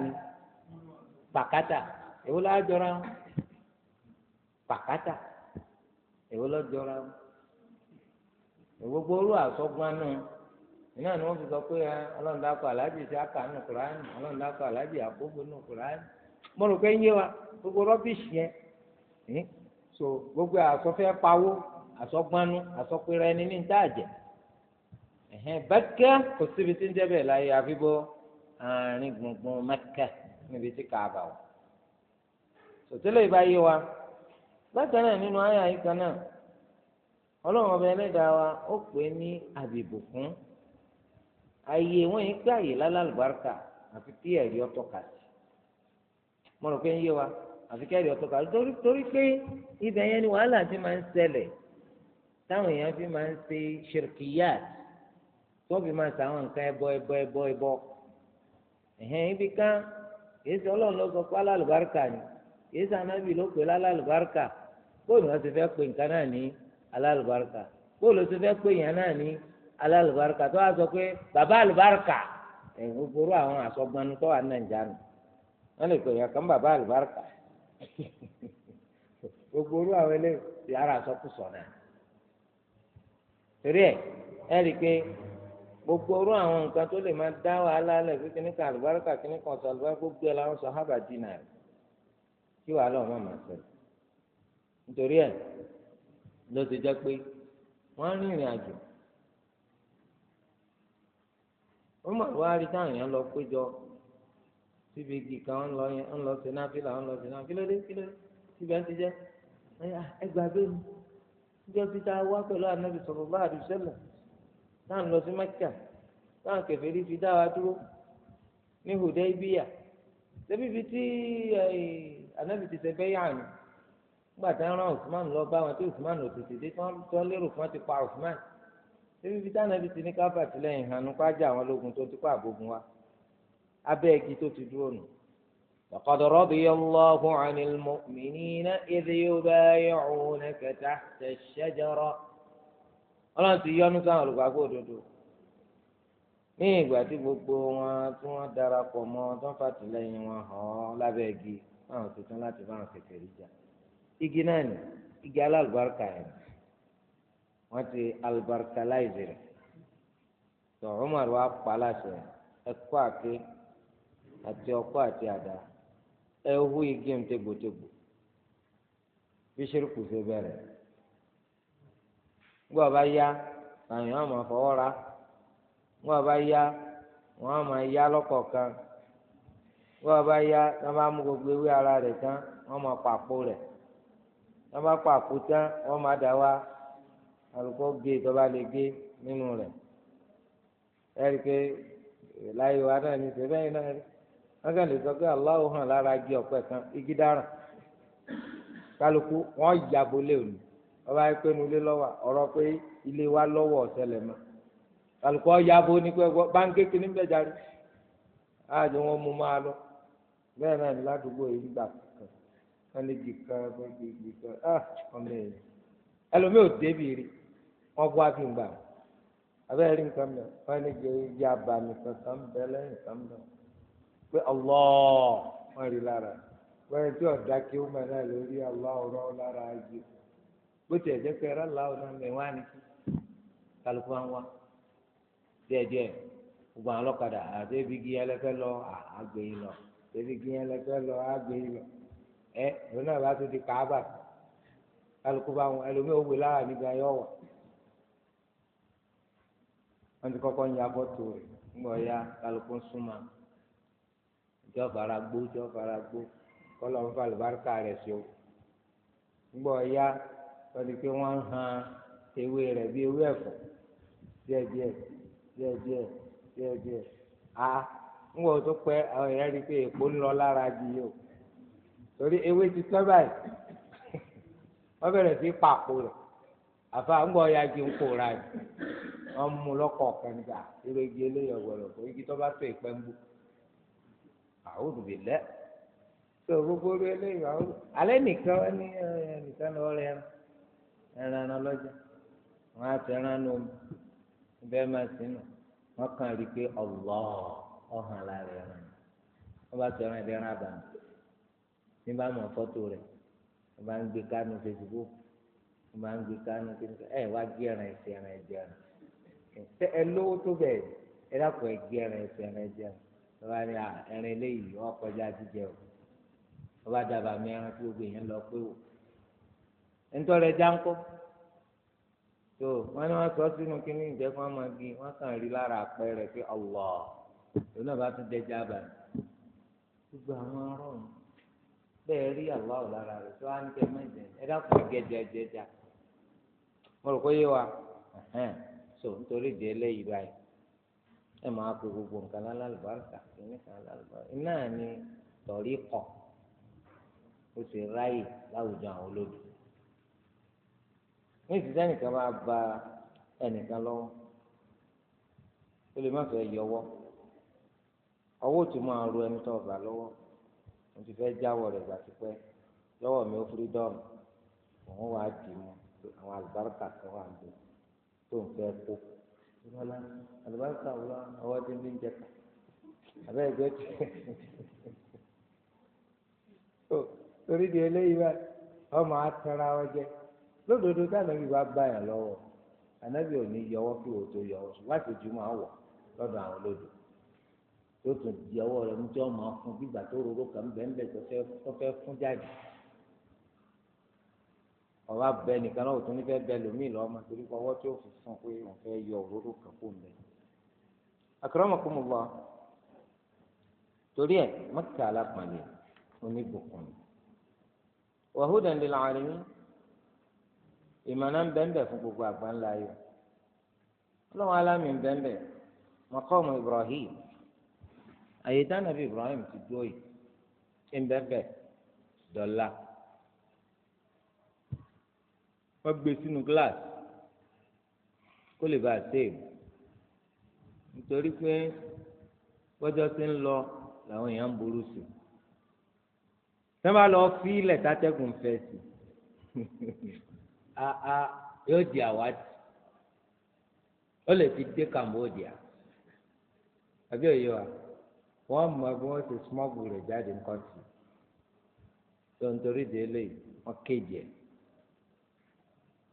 pàkátà èwo la jọra pàkátà èwo lọ jọra wọn gbogbo olú àsọgbọn náà iná ni wọn fi sọ pé ọlọ́run dákọ̀ aláàjì sí àkànú kùránì àkókò nù wa gbogbo rọ́bìṣì hm? so gbogbo àsọfẹ́ pawó àsọpẹ́rẹ́ ní bákà kò síbi tí ń jẹ́ bẹ́ẹ̀ láyé àfibọ́ àárín gbùngbùn mẹ́kà níbi tí kàábà wà sòtẹ́lẹ̀ ìbáyé wa bákan náà nínú àyà yìí kan náà ọlọ́run ọba ẹlẹ́dàá wa ó pè é ní àbìbò fún ayé wọn yìí pé àyè lálàlùbáríkà àfi kí ẹ̀rí ọtọ̀ kà sí mo rò pé ń yé wa àfi kí ẹ̀rí ọtọ̀ kà sí torí pé ibẹ̀ yẹn ni wàhálà ti máa ń ṣẹlẹ̀ táwọn èèyàn fi máa ń ṣe ṣèrkìyàtì sọ́ọ̀bì máa ta àwọn nǹkan ẹbọ ẹbọ ẹbọ ẹbọ ẹ̀hẹ́n ibi kan kìí ṣe ọlọ́run ló sọ pé alálùbáríkà ni kìí ṣe anábì ló pè lálálùbáríkà bóòlù wọn ti fẹ́ pè nǹkan náà ní alálùbáríkà bóòlù ti fẹ́ pè yàn náà ní alálùbáríkà tó wàá sọ pé bàbá àlùbáríkà ẹ̀ gbogbo àwọn àsọgbọnú tó wà ní nàìjíríà nù wọn lè pè yàn kàn bàbá àlùbáríkà gbogbo <laughs> àwọn eléyìí yàrá àsọkùsọ náà torí ẹ ẹ rí i pé gbogbo orú àwọn nǹkan tó lè máa dá wàhálà lẹ fún kíní kan àlùbáríkà kíní kan sàlùbá gbogbo ẹ làwọn sàhábà dínà rẹ kí wàhálà ọmọ màá ṣẹlẹ̀ nítorí ẹ ló ti jẹ pé wọn rí ìrìn àjò wọn mọ àwọn aríta èèyàn lọ péjọ síbi igi kan ń lọ yẹn ń lọ sí náfìlà ń lọ sí náà kílódé kílódé síbẹ̀ ń ti jẹ ẹgbàá bẹ́ẹ̀ ni ìjọ ti ta wá pẹ̀lú ànábì sọ̀rọ̀ bá àdùsẹ́lẹ̀ náà lọ sí mẹ́kà táwọn kèfèrí fi dá wa dúró ní Hudaybiya débi ya tí anabi ti ṣe bẹ́yà ni nígbà tí wọ́n Usman lọ bá wọn tí Usman ò tètè dé tí lérò fún wọn ti pa Usman débi tí anabi ti ní hànú àwọn ológun tó ti àbógun wa abẹ́ igi tó ti dúró nù. لقد رضي الله عن المؤمنين إذ يبايعونك تحت الشجرة ọlọ́run ti yọ́nú sáwọn olùgbàgbọ́ òdodo ní ìgbà tí gbogbo wọn tí wọ́n darapọ̀ mọ́ tó ń fàtìlẹ́yìn wọn hàn án lábẹ́ igi báwọn ṣe tán láti báwọn kẹ̀kẹ́ rí jà igi náà ni igi alálùbáríkà yẹn wọ́n ti alùbáríkàláìsì rẹ̀ tó Umar wa pa láṣẹ ẹ̀kọ́ àti àti ọkọ́ àti àdá ẹ̀ hu igi ń tegbòtegbò bí kù ṣe bẹ̀rẹ̀. ńgbà ọba ya àwọn èèyàn máa fọwọ́ ra ńgbà bá yá wọn á máa yá lọ́kọ̀ọ̀kan ńgbà bá yá wọn gbogbo ara wọn wọn nínú láyé wa náà ní yìí náà kàn lè sọ pé aláwo hàn lára kan igi dára kálukú yàgò ọba yẹ pé nulẹ̀ lọ́wọ́ ọ̀rọ̀ pé ilé wa lọ́wọ́ ọ̀sẹ̀lẹ̀ mọ́ kálukọ́ yabo ní pé gbọ́ báńkì kìíní bẹ́ẹ̀ darí àti wọn mú máa lọ bẹ́ẹ̀ náà ní ládùúgbò yìí ń gbà kan wọn ní gìkan gìkan ọmọ èèyàn ẹlòmíì ò débi rí wọn àfi gbà abẹ́rẹ́ nǹkan mẹ́ abàmì kankan bẹ́ lẹ́yìn pé rí lára ọ̀dà kí ó mẹ́ náà lórí lára bó tiẹ̀ jẹ́ pé rálá ọ̀nà mẹ́wàá ni kálukú wa ń wá díẹ̀díẹ̀ gbogbo àwọn lọ àgbẹ̀yìn lọ àtẹ́bí lọ àgbẹ̀yìn lọ ẹ na náà bá tó di kàábà kálukú bá wọn ẹlòmíì òwe lára nígbà yọ wà wọn ti kọ́kọ́ ń ya bọ́tò rẹ̀ ńgbọ́ ya kálukú ń súnmọ́ ìjọ fara gbó tọ́lí pé wọ́n ń han ewé rẹ̀ bí ewé ẹ̀fọ́ díẹ̀díẹ̀ díẹ̀díẹ̀ díẹ̀díẹ̀ a ń wọ̀ tó pẹ́ àwọn èèyàn rí i pé èpo ń lọ lára di yìí o torí ewé ti tọ́ báyìí <laughs> wọ́n bẹ̀rẹ̀ sí pàpò rẹ̀ àfa ń gbọ́ ya kí n kó ra yìí wọ́n mú lọ́kọ̀ kẹńtà irú igi eléyìí ọ̀gbọ̀rọ̀ kò igi tó bá tó ìpẹ́ ń bù àwọn òdùbí lẹ́ tó gbogbo eléyìí àwọn alẹ́ nìkan ní ẹnìkan lọ́ọ́ rẹ̀ ẹran. ẹran ọlọ́jà wọn á ti ẹran nù bẹ́ẹ̀ máa sí nù wọn kàn rí i pé ọ̀lọ́ ọ̀hàn lára ẹran wọn bá ti ẹran ẹran àbàmì ní bá fọ́tò rẹ̀ wọn bá ń gbé kánú Facebook wọn bá ń gbé kánú ẹ wá ẹran ẹsẹ ẹran ẹran ẹ lówó tó ẹ dàpọ̀ ẹ ẹran ẹsẹ ntọ́rẹ̀ jáńkọ́ tó wọn ní wọn sọ sínú kínní ìjẹ́kùn amagi wọn kàn rí lára àpẹẹrẹ pé ọlọ òun náà bá tún jẹjẹ abàmì gbogbo àwọn ọrọ̀run bẹ́ẹ̀ rí aláwọ̀ lára rẹ̀ tó á ń jẹ mẹ́jẹ ẹ dákun gẹ́jẹgẹ́jà mo rò pé yé wa so nítorí ìdí eléyìí báyìí ẹ máa pe gbogbo nǹkan lálàlùbáríkà nǹkan lálàlùbáríkà iná ni tọ̀rí kọ̀ ó sì ráyè láwùjọ àwọn olódò. ní ìsìtẹ́ nìkan máa ba ẹnìkan lọ́wọ́ ó lè má fẹ́ yọwọ́ ọwọ́ tó máa ro ẹni tó ọba lọ́wọ́ mo ti fẹ́ jáwọ́ rẹ̀ gbà tipẹ́ lọ́wọ́ mi ó fírídọ́ọ̀mù òun wàá dì mọ́ àwọn àlùbáríkà kan wà lò tó ń fẹ́ kó ìrọ̀lá àlùbáríkà wà ọwọ́ tí ń bí ń jẹ tí <laughs> ó lódodo tánábì bá bá yàn lọ́wọ́ ànábì ò ní yọwọ́ kí wò tó yọwọ́ ṣùgbọ́n àtòjú máa wọ̀ lọ́dọ̀ àwọn lódò tó tún di ọwọ́ rẹ̀ mú tí wọ́n máa fún gbígbà tó roró kàn bẹ́ẹ̀ tó fẹ́ fún jáde ọba bẹ nìkan náà òtún nífẹ̀ẹ́ bẹ lòmíì lọ́mọ torí ọwọ́ tí ó fi fún pé òun fẹ́ yọ òróró kan kó mbẹ. akramakumullah torí ẹ̀ Mẹ́kà alápàlẹ̀ oníbùkún wa hudan lil alamin ìmọ̀nà ń bẹ́ńbẹ́ fún gbogbo àgbáńlá yìí ọlọ́run alámì ń bẹ́ńbẹ́ maqamu Ibrahim àyè dánàbí Ibrahim ti dúró yìí ń bẹ́ńbẹ́ dọ́là wọ́n gbé sínú gíláàsì kó lè bàa sèèmù nítorí pé bọ́jọ́ ti ń lọ làwọn èèyàn ń burú sí i sẹ́ńbà lọ fi tátẹ́gùn fẹ́ sí i. <laughs> aa yóò di àwátì ó lè fi dé Cambodia àbí òye wa wọ́n mọ bí wọ́n ti smọ́gù rẹ̀ jáde nǹkan sí tó ń torí de eléyìí wọ́n kéde ẹ̀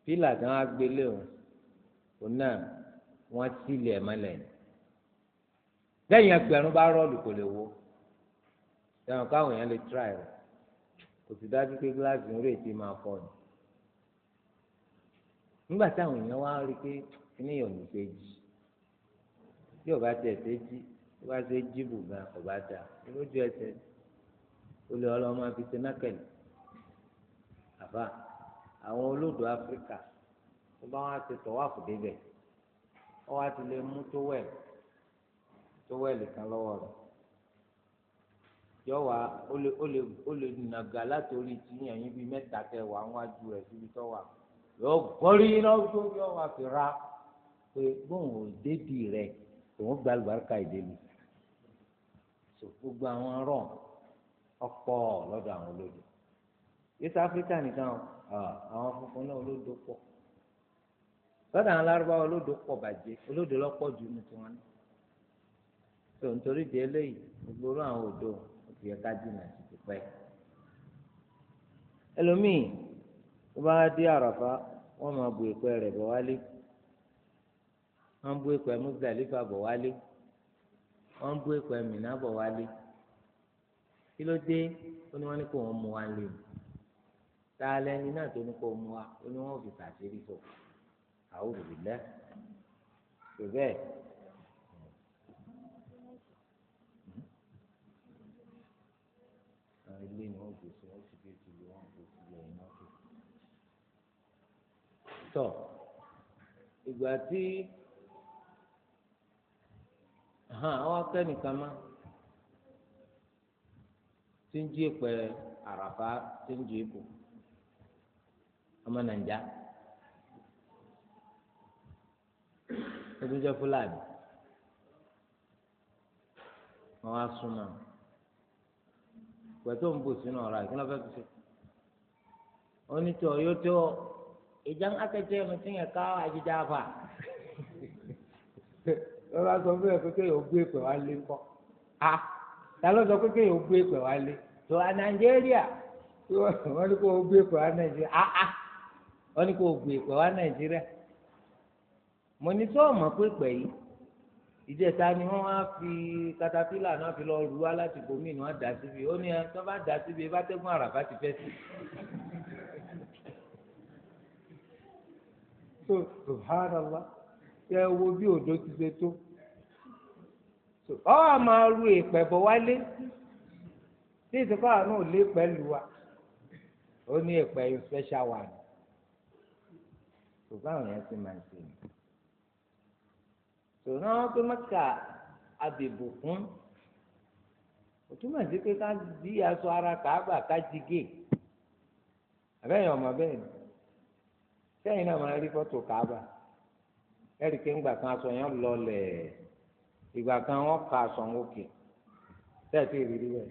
pílà tí wọ́n á gbé léwọn òun náà wọ́n sílẹ̀ ẹ̀ mọ́lẹ̀ ni lẹ́yìn ẹgbẹ̀rún bá rọ́ọ̀lù kò lè wo ẹ̀wọ̀n káwọn èèyàn lè tíra ẹ̀ kò sì dájú pé gíláàsì ń rèé tí máa fọ́ ni nígbà táwọn èèyàn wá rí i pé kíní yóò ní ṣe jí bí ọba tẹ̀ ṣe jí bí ọba ṣe jí bù gan ọba dà lójú ẹsẹ̀ olè ọlọ́mọ fi ṣe nákẹ́lì àbá àwọn olódò áfíríkà tó bá wọn ti tọ̀wá fò débẹ̀ wọ́n wá ti lè mú tówẹ́ẹ̀lì tówẹ́ẹ̀lì kan lọ́wọ́ rẹ̀ yọ̀wá ó lè ó lè ó lè nàgà látòrí tìyàn yín bíi mẹ́ta kẹwàá wájú rẹ̀ síbi tọ́wà yóò gbọ́rí lọ́jọ́ yóò wá fi ra pé bóun ò débi rẹ̀ òun gba àlùbáríkà ìdèlú so gbogbo àwọn ọ̀rọ̀ ọ̀pọ̀ lọ́dọ̀ àwọn olódò East Africa nìkan àwọn funfun náà olódò pọ̀ lọ́dọ̀ àwọn lárúbáwá olódò pọ̀ bàjẹ́ olódò lọ́pọ̀ jù ní tiwọn ní so nítorí di eléyìí gbogbo àwọn odò òkè ẹ̀ka jìnnà ti ti pẹ́ ẹlòmíì. tó bá dé àràfà wọn máa bu ìpẹ́ rẹ̀ bọ̀ wálé wọ́n bu ìpẹ́ Muzdalifa bọ̀ wálé wọ́n bu ìpẹ́ Mina wálé kí ló dé ó ní wọn ní kó wọ́n mú wa lé tá a náà tó ní kó mú wa ó ní tọ ìgbà tí àwọn akẹ́nìkan máa tí ń jí èpè àràfá tí ń jí èpò ọmọ nàìjà ó tún jẹ fúlàní wọn wá súnmọ́ pẹtó ń bò sínú ọ̀rọ̀ àìkú lọ fi ṣe onítọ yóò tó idan aka ce mutum ya kawo a gida fa ló bá sọ fún ẹ pé kéèyàn gbé pẹ̀ wá lé kọ́ a ta ló sọ pé kéèyàn gbé pẹ̀ wá lé tó a nàìjíríà wọ́n ní kó o gbé pẹ̀ wá nàìjíríà a a wọ́n ní kó o gbé pẹ̀ wá nàìjíríà mo ní tó mọ̀ pé pẹ̀ yìí ìjẹta ni wọ́n wá fi katapila náà fi lọ rú wa láti bomi ni dà síbi ó ní ẹ tó bá dà síbi bá tẹ́gùn àràfà ti fẹ́ sí i. so subhanallah ṣe wo bí òdo ti ṣe tó ọ a máa ru èèpẹ̀ bọ̀ wálé tí ìsìnkú àwọn náà lé pẹ̀lú wa ó ní èèpẹ̀ yìí special one tó báwọn yẹn ti máa ń ṣe ni náà pé mẹ́ka àbèbò fún òtúmọ̀ sí pé ká di aṣọ ara kàá gbà ká jí gé àbẹ́yẹn ọmọ sẹ́yìn náà máa rí fọ́tò káàbà ẹ̀rí pé ńgbà kan aṣọ yẹn lọlẹ̀ ìgbà kan wọ́n ka aṣọ ń òkè tẹ́ẹ̀tì ìrírí rẹ̀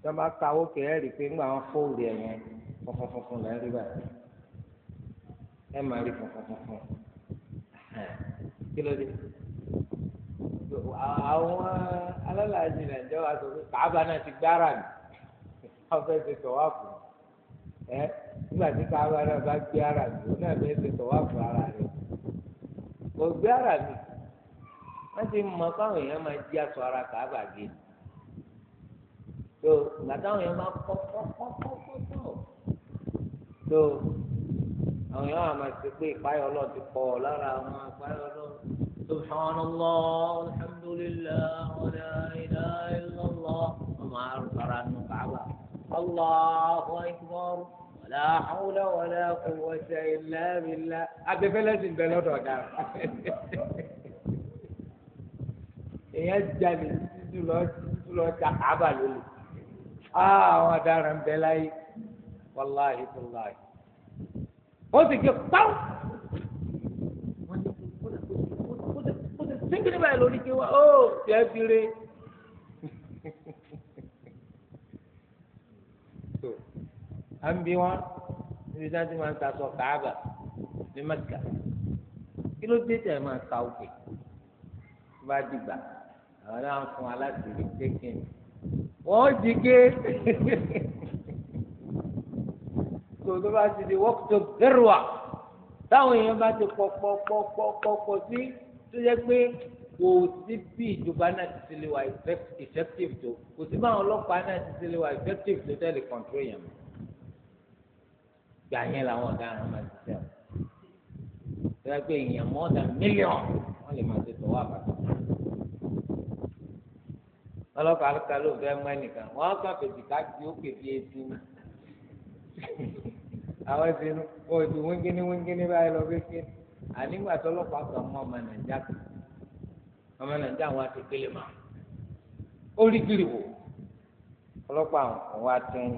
tí wọ́n bá ka òkè ẹ̀rí pé ńgbà wọn fóòlì ẹ̀yẹn funfun funfun lẹ́ rí báyìí ẹ̀ máa rí funfun funfun kí ló dé àwọn alálàájì nàìjíríà sọ pé káàbà náà ti gbára ni wọ́n fẹ́ẹ́ ti sọ wá fún ẹ nígbà tí ká bá rẹ bá gbé ara mi ò náà bẹ́ẹ̀ ti sọ wá fún ara rẹ kò gbé ara mi wọ́n ti mọ káwọn èèyàn máa jí aṣọ ara káàbà gé ni tó ìgbà táwọn èèyàn máa kọ́ kọ́ kọ́ kọ́ kọ́ kọ́ tó àwọn èèyàn máa ti pé ìpáyọ̀ lọ ti pọ̀ lára àwọn agbáyọ̀ lọ. سبحان الله الحمد لله ولا إله إلا الله وما أرسل الله أكبر la hawla wala quwwata illa billah abẹ́fẹ́lẹ́ sì ń bẹ lọ́dọ̀ ọ̀dà èèyàn jalè títí lọ ta àbà lólu àwọn ọ̀daràn bẹ láyé wàláhì wàláhì ó sì ké pàù wọ́n ti sìnkì níbẹ̀ lórí kí wọ́n ó tiẹ̀ fi re. à ń bí wọn níbi tí wọn ti máa ń sasọ káàbà ní mẹ́kà kí ló dé tẹ̀ máa ka òkè tó bá dìgbà àwọn náà ń fún aláṣìírí pékin wọ́n jí gé tó <laughs> tó bá ti di wọ́pútò gẹ́rùwà táwọn èèyàn bá ti pọ̀ pọ̀ pọ̀ pọ̀ pọ̀ pọ̀ sí tó yẹ pé kò sí bí ìjọba náà ti ti lè wà effective tó kò sí báwọn ọlọ́pàá náà ti ti lè wà effective tó tẹ́lẹ̀ control yẹn mọ́ ìgbà yẹn làwọn ọ̀daràn máa ti sẹ́wọ̀n tó yẹ pé èèyàn more than million wọ́n lè máa ti tọ̀ wá bàtà ọlọ́pàá alùpàá ló fẹ́ mú ẹnìkan wọ́n kàn fèsì ká kí ó kèbí etí àwọn ìsinú ó ti wíńgíní wíńgíní báyìí lọ kékeré ànígbà tó ọlọ́pàá kan mú ọmọ nàìjíríà kan ọmọ nàìjíríà wọn ti pélé mọ́ ó rí gírì wò ọlọ́pàá àwọn wa ti ń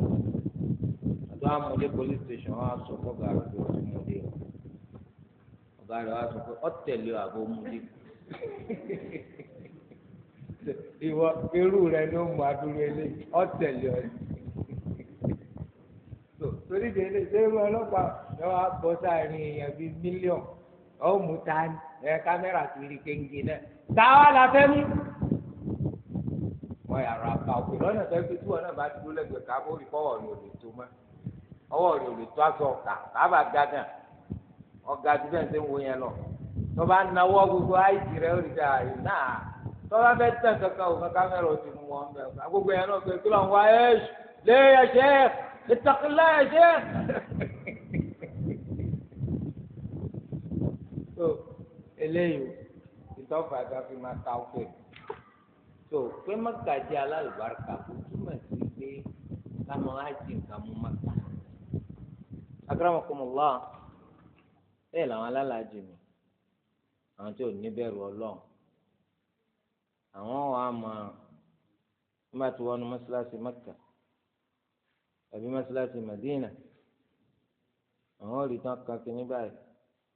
tó a mú dé police station wọn á sọ fún ọgá rẹ pé o ti mú dé o ọgá rẹ wá sọ pé ọ tẹ̀lé o àbò mú dé ìwọ irú rẹ ló mú adúrú eléyìí ọ tẹ̀lé ọ torí de ilé ṣé irú ọlọ́pàá ló wá bọ́ sáàrin èèyàn bíi mílíọ̀n ó mú ta ẹ kámẹ́rà kiri kéńgé náà táwa la fẹ́ mú wọ́n yàrá bá òkè lọ́nà tó fi tí wọn náà bá dúró lẹ́gbẹ̀ẹ́ káàbó ìfọwọ́ ni ò tó mọ́ ọwọ́ rẹ̀ ò lè tó aṣọ ọ̀kà káàbà gàgàn ọ̀gá ju bẹ́ẹ̀ ṣe ń wo yẹn lọ tọ́ba náwó gbogbo àìsí rẹ̀ ó lè dà yìí náà tọ́ba fẹ́ tẹ̀ kankan òkan kámẹ́rà ó ti mú wọn bẹ́ẹ̀ gbogbo yẹn náà pé kí ló ń wá ẹ́ lé ẹ̀ṣẹ́ e, ìtàkìlá ẹ̀ṣẹ́. <laughs> so eléyìí ìtọ́fà ẹ̀ka fi máa ta ọ̀fẹ́ so pé mọ́kàdí alálùbáríkà kò túmọ̀ sí pé káwọn akramakumullah bẹ́ẹ̀ làwọn alálàájì mi àwọn tí ò ní bẹ̀rù Ọlọ́run àwọn wà á máa nígbà tí wọ́n nu mọ́ṣáláṣí Mẹ́kà àbí mọ́ṣáláṣí Mẹ́dínà àwọn ò rí tán kan kí ní báyìí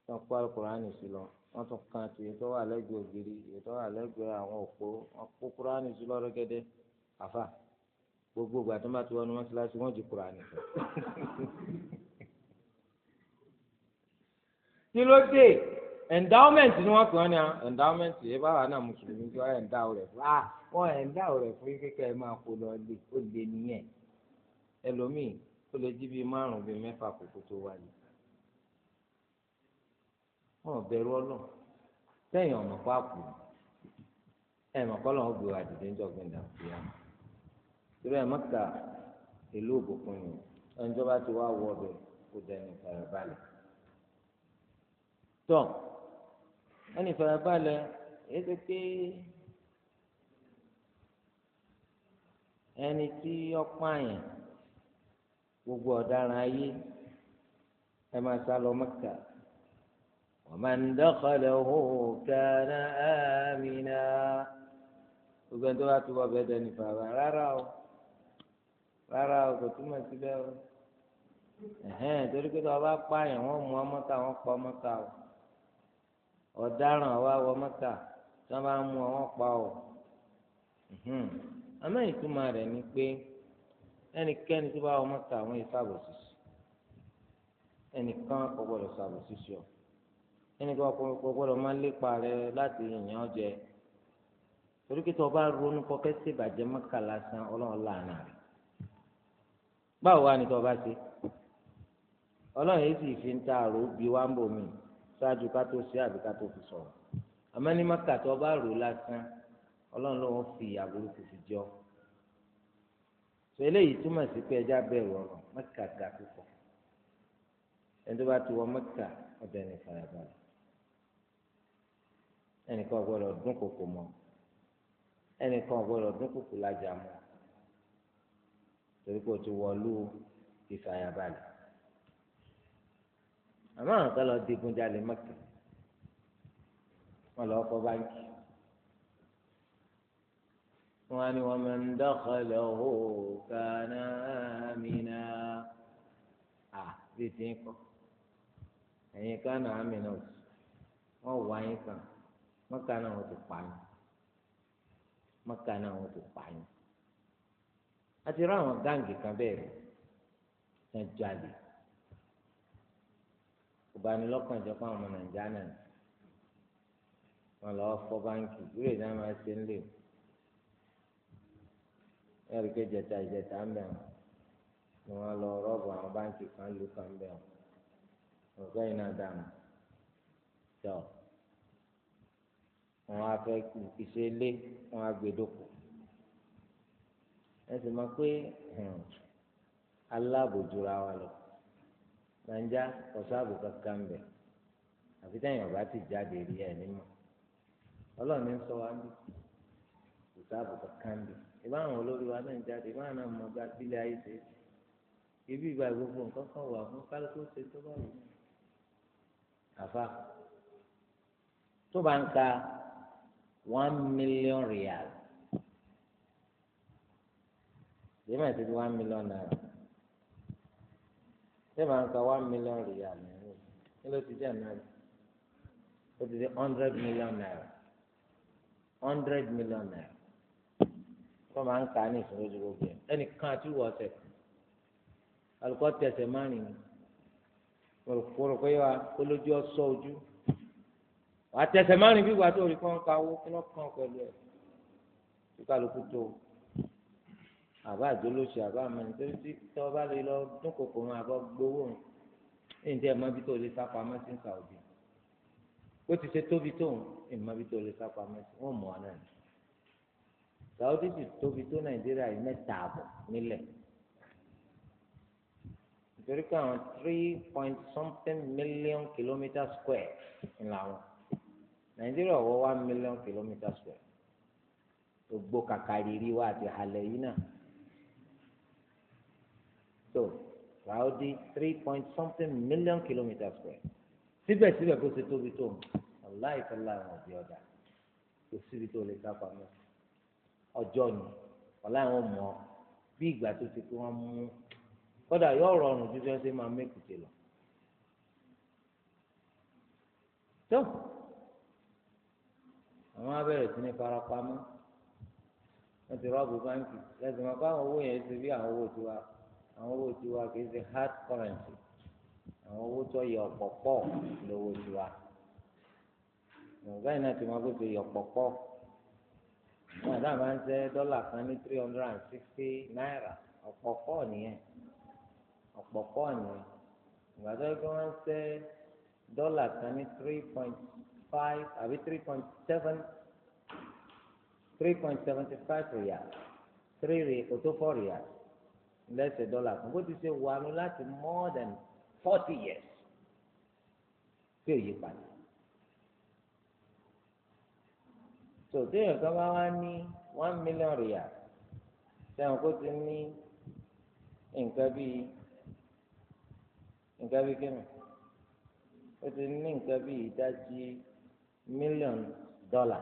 tán kó alukùránì sí lọ wọ́n tún kan ti ètò wà lẹ́gbẹ̀ẹ́ ògiri ètò wà lẹ́gbẹ̀ẹ́ àwọn òpó wọ́n kó kùránì sí lọ́rọ́ gẹ́dẹ́ àfà gbogbo ìgbà tó bá ti wọ́n nu mọ́ṣáláṣí wọ́n ju kùránì fún kí ló dé endowment ni wọ́n pè ní à endowment yìí báwa náà mùsùlùmí tí wọ́n ẹ̀ńdá rẹ̀ fún à ah, wọ́n ẹ̀ńdá rẹ̀ fún kíkẹ́ ẹ máa kó lọ lé ó lé nìyẹn ẹlòmíì ó lè jí bíi márùn bíi mẹ́fà kókó tó wáyé wọn ò bẹ̀rù ọlọ́run sẹ́yìn ọ̀nà pààkù ẹ̀ mọ̀ kọ́ lọ́wọ́ gbé wa dìde ń jọ̀gbìn dàpẹ́yà ìrọ̀ mọ́ta ìlú òbòkun ni ẹnjọba ti wá wọ ọbẹ̀ kó dẹni fẹ̀rẹ̀ balẹ̀ tọ́ ẹnì farabalẹ̀ ètò pé ẹni tí ọ̀páyàn gbogbo ọ̀daràn ayé ẹ máa sá lọ Mẹ́kà ọ̀mọ̀n dọ́kọ̀lẹ̀ hó kẹ́rẹ́ ẹ̀mìnà gbogbo ẹni tó bá túbọ̀ bẹ́ẹ̀ dẹni fàrà rárá o rárá o kò túmọ̀ síbẹ̀ o ẹ̀hẹ́n torí pé tó o bá pààyàn wọ́n mú ọmọ ká wọ́n pa ọmọ ká o ọ̀daràn wa wọ mọ́ta tí wọ́n bá mú àwọn pa ọ́ àmọ́ ìtumọ̀ rẹ̀ ni pé ẹnikẹ́ni tó bá wọ mọ́ta àwọn ìsàbòsí ẹnìkan kò gbọ́dọ̀ sàbòsí sí ọ ẹnìkan kò gbọ́dọ̀ máa lépa rẹ láti yìnyín ọjẹ torí kí tó o bá ronú kọkẹ́ sí ìbàjẹ́ mọ́ta lásán ọlọ́run làánà rẹ̀ báwo wá ni tó o bá ṣe ọlọ́run yìí sì fi ń ta àrò bí wá ń bò mí ṣáájú ká tó ṣe àbí ká tó fi sọ̀rọ̀ àmọ́ ní maka tó bá rò lásán ọlọ́run lọ́wọ́ fi ìyà burúkú fi jọ sọ eléyìí túmọ̀ sí pé ẹja bẹ̀rù ọ̀rọ̀ maka ga púpọ̀ ẹni tó bá ti wọ maka ọbẹ̀ ní fàyàbalẹ̀ ẹnìkan ò dún kòkò mọ́ ẹnìkan ò dún kòkò lájà mọ́ torí pé o ti wọlú ìfàyàbalẹ̀ àmọ́ àwọn kan lọ digun jalè mẹ́kà wọn lọ kọ báńkì wọn ni wọn máa ń dọ́kọ̀lẹ̀ ọ̀hó kàná àmìnà à bí ti ń kọ ẹ̀yin kàná àmìnà wọn wà yín kan mẹ́kà náà wọn ti pààyàn mẹ́kà náà wọn ti pààyàn àti rán àwọn gáǹgì kan bẹ́ẹ̀ rẹ̀ jalè ìbanilọ́kàn jẹ́ pé àwọn ọmọ nàìjíríà náà ni wọn lọ fọ báńkì ìwé ìdáná máa ṣe ń lè o ẹ̀rí pé jẹta ìjẹta ń bẹ̀ wọn ni wọn lọ rọ́ọ̀bù àwọn báńkì kan lù kan bẹ̀ ọ̀gá yìí dànù tọ́ wọn á fẹ́ ìṣe lé wọn á gbé dòkò ẹ sì mọ̀ pé hmm, aláàbòjúra wa lọ nàìjà kọsáàbù kankan bẹ àfi tẹ̀yìn ọba ti jáde rí ẹ nímọ Ọlọ́run ní sọ wá bí kọsáàbù kankan bẹ ìbáwọn olórí wa náà jáde ìbáwọn náà mọ ọba sílé ayé ṣe ibi ìgbà gbogbo nǹkan kan wà fún kálukú ṣe tó bá wù àfa tó bá ń ka one million rial yìí mà one million naira ṣé màá ń ka one million rìal nínú kí ló ti jẹ́ náírà ó ti di hundred million naira hundred million naira wọ́n máa ń ka ní ìṣòro ju gbogbo ẹ̀ ẹnìkan àti ìwọ ọ̀sẹ̀ alùpùpù tẹ̀sẹ̀ máa rìn mo rò pé wa olójú ọ̀sọ́ ojú àtẹ̀sẹ̀ máa rìn bí ìgbà tó rí kọ́ ń kawó kí wọ́n kàn pẹ̀lú ẹ̀ kí kálukú tó o àbá àdólóṣe àbá àmọ́ni torí tí tọ́ bá lè lọ dún kòkò máa bọ́ gbowó ń ní ìdí ẹ̀mọ́ bí tó lè sá pamọ́ sí Saudi ó ti ṣe tóbi tó ń ẹ̀mọ́ bí tó lè sá pamọ́ sí wọ́n mọ̀ ọ́ náà Saudi ti tóbi tó Nàìjíríà yìí mẹ́ta àbọ̀ nílẹ̀ nítorí pé àwọn three point something million kilometre square làwọn Nàìjíríà wọ one million kilometre square gbogbo kàkàrírí wa àti halẹ̀ yìí náà so Saudi three point something million kilometres square síbẹ̀síbẹ̀ kó ṣe tóbi tó aláìsílá àwọn òbí ọ̀dà kò síbi tó lè sá pamọ́ ọjọ́ ni ọ̀la àwọn mọ̀ bí ìgbà tó ti kó wọn mú kódà yóò rọrùn ju bí wọ́n ṣe máa mẹ́kùté lọ. tó àwọn abẹ́rẹ́ sí ní farapamọ́ wọ́n ti rọ́ọ̀bù báńkì lẹ́sìn máa bá àwọn owó yẹn ṣe bí àwọn owó tiwa àwọn owó tiwa kì í ṣe hard currency àwọn owó tó yọ pọ̀pọ̀ lówó tiwa yorùbá yìí náà ti máa gbé ṣe yọ pọ̀pọ̀ wọn àdá máa ń jẹ́ dọ́là kan ní three hundred and sixty naira ọ̀pọ̀pọ̀ nìyẹn ọ̀pọ̀pọ̀ nìyẹn ìgbà tó yẹ kí wọ́n ń ṣe dọ́là kan ní three point five àbí three point seven three point seventy five riyal three riyal kò tó four riyal lẹ́sẹ̀ dọ́là fún bó ti ṣe wà nù láti more than forty years tí ò yí padà. tó téèyàn kan bá wá ní one million riyal sẹ́wọ̀n kó ti ní nǹkan bíi nǹkan bíi kíni ó ti ní nǹkan bíi ìdajì mílíọ̀nù dọ́là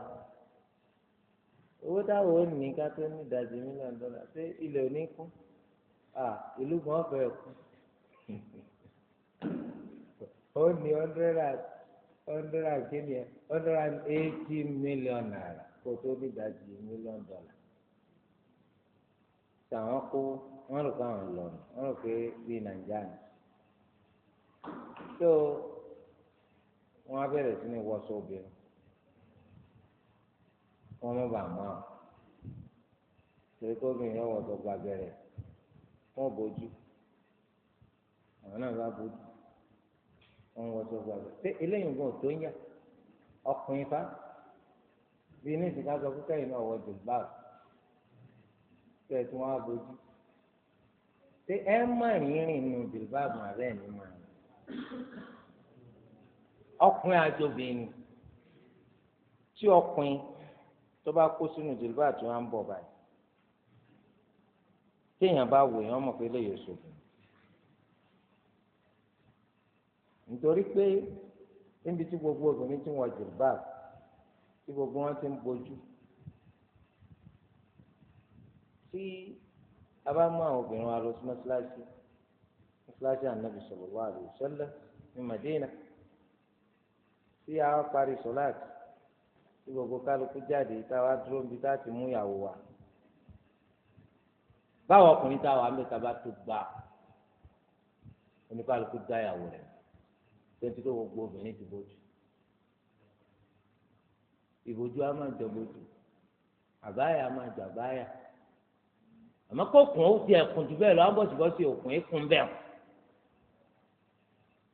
owó táwọn ò ní ká tó ní ìdajì mílíọ̀nù dọ́là ṣé ilẹ̀ ò ní kún ìlú kan fẹ́ kú ó ní hundred and kini ẹ hundred and eighty million naira kó tó ní ìdajì million dollar tàwọn kó wọn rò pé àwọn lọ nù wọn rò pé bí nàìjíríà ni so wọn á bẹ̀rẹ̀ sí ní wọṣọ obìnrin wọn mọ̀ bàmọ́ torí kó obìnrin yẹn wọ̀ gba bẹ̀rẹ̀. wọn bójú àwọn náà bá bójú wọ́n wọ́n tó gbàgbé ṣé eléyìí gan tó ń yà ọkùnrin fa bí ní ìsìnká sọ pé kẹ́yìn náà wọ jùlbáà tí á bójú ṣé ẹ má rìnrìn nu ọkùnrin àjọbìnrin téèyàn bá wò yẹn mọ̀ pé lè yẹsọ fún un nítorí pé níbi tí gbogbo obìnrin ti wọ jùlbà tí gbogbo wọn ti ń bojú tí a bá mú àwọn obìnrin wa lọ sí mọ́ṣáláṣí mọ́ṣáláṣí ànábì sallallahu alaihi wasallam ní Madina tí a parí sọláàtì tí gbogbo kálukú jáde tá a wá dúró níbi tá a ti mú ìyàwó wa báwọn ọkùnrin táwọn amẹ́ta bá tó gbà oníkàlùkù dáyàwó rẹ̀ tẹ́tí tó gbogbo obìnrin ti bójú ìbòjú a máa jọ bójú àbáyà a máa jọ àbáyà àmọ́ kó kùn ó di ẹ̀kùn jù bẹ́ẹ̀ lọ á bọ̀sibọ́ sí òkùn ìkùn bẹ́ẹ̀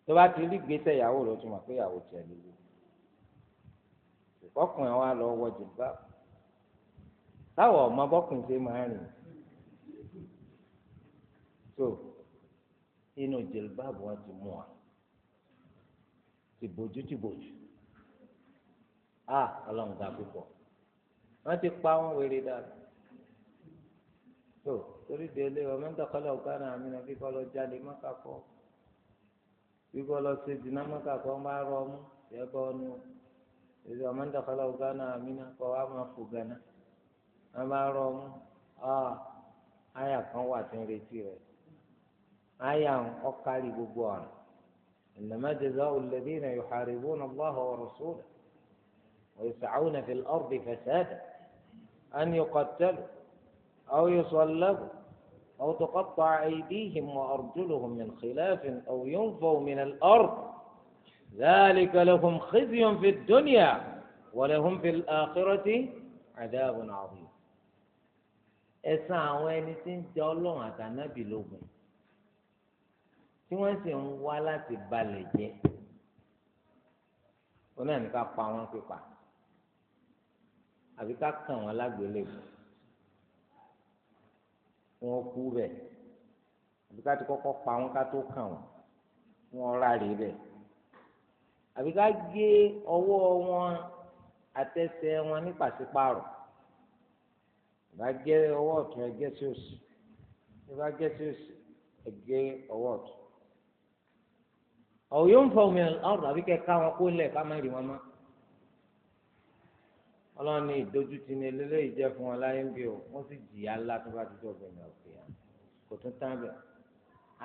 tó bá ti rí gbèsè ìyàwó rẹ̀ tó mọ̀ pé ìyàwó tiẹ̀ ló wù ìkọkùnrin wa lọ wọ jùlọ báwọn ọmọ bọkùnrin ṣe máa rìn so inú jìlbáàbù wọn ti mú wa ti bòjú ti bòjú a ọlọ́run ga púpọ̀ wọ́n ti pa wọn wéré dáadáa so torí délé ọmọ nígbà kọ́lá ọ̀gá náà mi náà kíkọ́ lọ jáde mọ́kà kọ́ kíkọ́ lọ sí dìnnà mọ́kà kọ́ máa rọ ọmú yẹ kọ́ nu èdè ọmọ nígbà kọ́lá ọ̀gá náà mi náà kọ́ wa máa fò gánà máa rọ ọmú a àyà kan wà tí ń retí rẹ̀. àyà ọ̀kárí gbogbo إنما جزاء الذين يحاربون الله ورسوله ويسعون في الأرض فسادا أن يقتلوا أو يصلبوا أو تقطع أيديهم وأرجلهم من خلاف أو ينفوا من الأرض ذلك لهم خزي في الدنيا ولهم في الآخرة عذاب عظيم ẹ̀san àwọn ẹni tí ń tí wọ́n sì ń wá láti balẹ̀ jẹ́ wọn náà ní ká pa wọn pípa àbí ká kàn wọn lágbélébùú wọn kú bẹ̀ àbí ká ti kọ́kọ́ pa wọn ká tó kàn wọn wọn ráre bẹ̀ àbí ká gé ọwọ́ wọn àtẹsẹ̀ wọn ní pàṣípààrọ̀ ìbá gé ọwọ́ ọ̀tún ẹgẹ́ sí òsì ìbá gé sí òsì ẹgẹ́ ọwọ́ ọ̀tún ọ̀hún yóò ń fọ omi ọ̀rọ̀ àbí kẹ́ ká wọn kó lẹ̀ ká má rí wọn mọ́. ọlọ́run ní ìdójútì ní eléyìí jẹ́ fún wọn láyé ń bí o wọ́n sì jìyà ńlá tó bá ti tó ọ̀gbìn náà pè é kò tún tán bẹ̀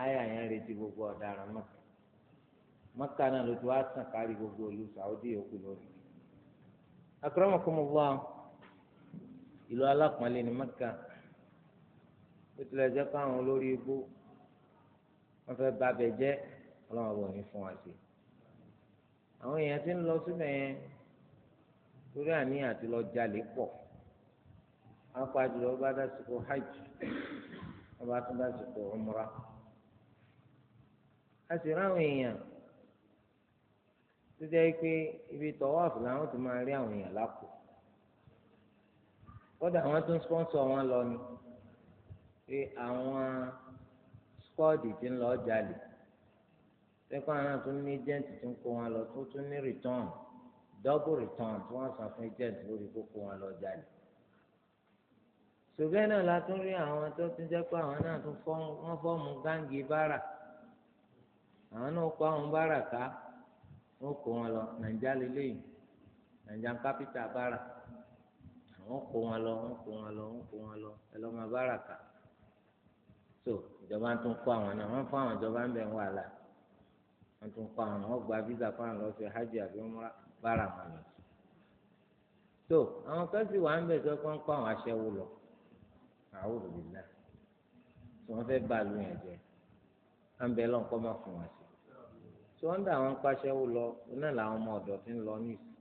àyà yẹn retí gbogbo ọ̀daràn mọ́ mọ́kà náà ló ti wá tàn kárí gbogbo ìlú sàódì yòókù lónìí. akramakumullah ìlú alápọ̀nlé ní mọ́kà ó tilẹ̀ jẹ́ káwọn olórí igbó wọ́n fẹ́ ọlọ́run ọba ò fún wa sí àwọn èèyàn ti ń lọ síbẹ̀ yẹn torí àníyàn àti lọ jalè pọ̀ apájùlọ ọba dásìkò hajj ọba tó dásìkò umra a sì ráwọn èèyàn tó jẹ́ pé ibi tọ́wọ́ọ̀fù làwọn ti máa rí àwọn èèyàn lápò kódà àwọn tó sponsor wọn lọ ni pé àwọn skọ́ọ̀dì ti ń lọ jalè sẹ́kọ̀ọ́ àwọn tó ní agent tó ń kó wọn lọ tó tún ní return double return tí wọ́n san fún agent lórí kókó wọn lọ jáde. ṣùgbọ́n náà la tún rí àwọn tó ti jẹ́ pé àwọn náà tún wọ́n fọ́ọ̀mù gáǹgì bára àwọn náà kó àwọn bára ká wọ́n kó wọn lọ nàìjíríà lélẹ́yìn nàìjíríà kápítà bára wọ́n kó wọn lọ wọ́n kó wọn lọ wọ́n kó wọn lọ ẹ lọ́ọ́ máa bára ká so ìjọba tún kó àwọn náà wọ́n fún àwọn ìjọba ń bẹ̀ ń wà láà wọn tún àrùn wọn visa pa lọ sí hajj àbí umra bára wọn lọ sí. tó àwọn kan sì wà ń bẹ̀ tó kọ́ ń pa àwọn aṣẹ́wó lọ àwọn òrùlélà tí wọ́n fẹ́ bá lu yẹn jẹ à ń bẹ lọ́n kọ́ má fún wọn sí. tí wọ́n ń dà àwọn pàṣẹwó lọ náà làwọn ọmọ ọ̀dọ́ ti ń lọ níìsí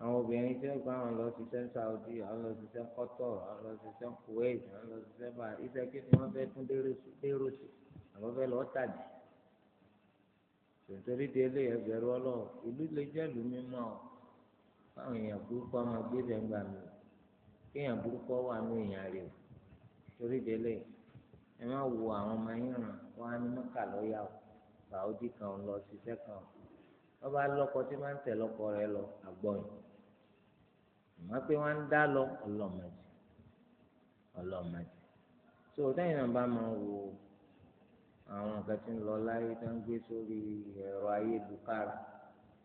àwọn obìnrin tí wọn gba àwọn lọ ṣiṣẹ́ Saudi àwọn lọ ṣiṣẹ́ Qatar àwọn lọ ṣiṣẹ́ Kuwait àwọn lọ ṣiṣẹ́ bá iṣẹ́ kí ni wọn fẹẹ tún dérò sí àwọn fẹẹ lọ tàjì tòtòrí de ilé ẹgbẹ̀rún ọlọ́run ìlú lè jẹ́ ìlú mímọ́ ọ báwọn èèyàn burúkú ọmọ gbé dẹ́gbà mi kéèyàn burúkú wà ní èèyàn rẹ̀ torí de ilé ẹ má wo àwọn ọmọ yín ràn wọn á ní mọ́kà lọ́ọ́yà o sàódì kan lọ ṣiṣẹ́ kan wọ́n bá lọ́kọ tí máa ń tẹ̀ lọ́kọ rẹ̀ lọ àgbọ̀yìn àmọ́ pé wọ́n ń dá lọ ọlọ́mọdé ọlọ́mọdé tó o náà bá máa wo àwọn nǹkan tí ń lọ láyé tó ń gbé sórí ẹ̀rọ ayélujára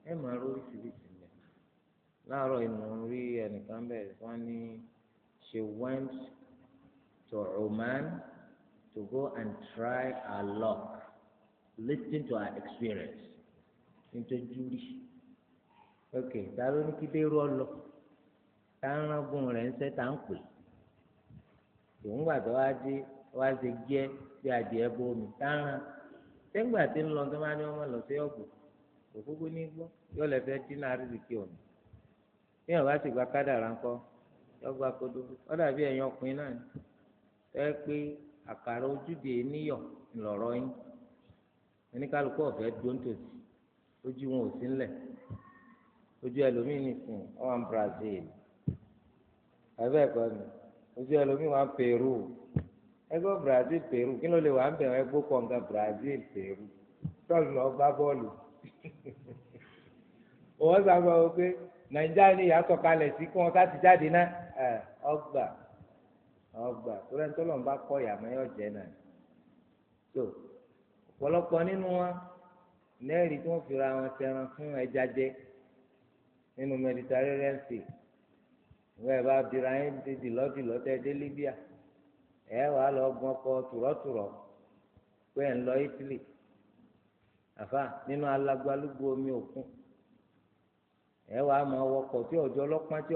ẹ máa róríṣiríṣi mẹ́ láàárọ̀ inú rí ẹnìkan bẹ̀rẹ̀ wọ́n ní she went to Oman to go and try her luck listen to her experience nítorí rí ok ta ló ní kí dérú ọ lọ ta ń rán gun rẹ̀ ń sẹ́ ń pè òun gbàdọ́ dé wá ṣe jẹ́ fi adìẹ bo omi dáhùn sẹ́gbà tí ń lọ tó máa ní ọmọ lọ sí ọ̀gbìn òkúkú ní yóò dín náà bí wọn bá sì gba yóò gba ni ẹ pé àkàrà ojúde ńlọrọ yín oníkálukú dóńtòsí ojú wọn ò sí ojú ẹlòmíín Peru ẹgbẹ́ Brazil Peru kí ló lè wà ń bẹ̀ wọ́n kọ̀ǹga Brazil Peru tọ́lù lọ gbá bọ́ọ̀lù òwò sàgbà wọ pé Nàìjíríà ni ìyàtọ̀ kalẹ̀ sí kí wọ́n sá ti jáde náà ọgbà ọgbà tó rẹ̀ ń tọ́lọ̀ ń bá kọ́ ìyàmọ́ yọ̀ jẹ́ náà tó ọ̀pọ̀lọpọ̀ nínú wọn lẹ́rìí tí wọ́n fi ra wọn tẹran fún ẹja jẹ nínú Mediterranean sea ìwé ẹ̀ bá bira yín dìlọ́dìlọ́ tẹ́ dé Libya. ẹ wà á lọ gbọ́n kọ tùrọ̀tùrọ̀ pé ẹ̀ ń lọ Italy àfa nínú alágbálúgbó omi òkun ẹ wà máa tí ọjọ ọlọ́pàá tí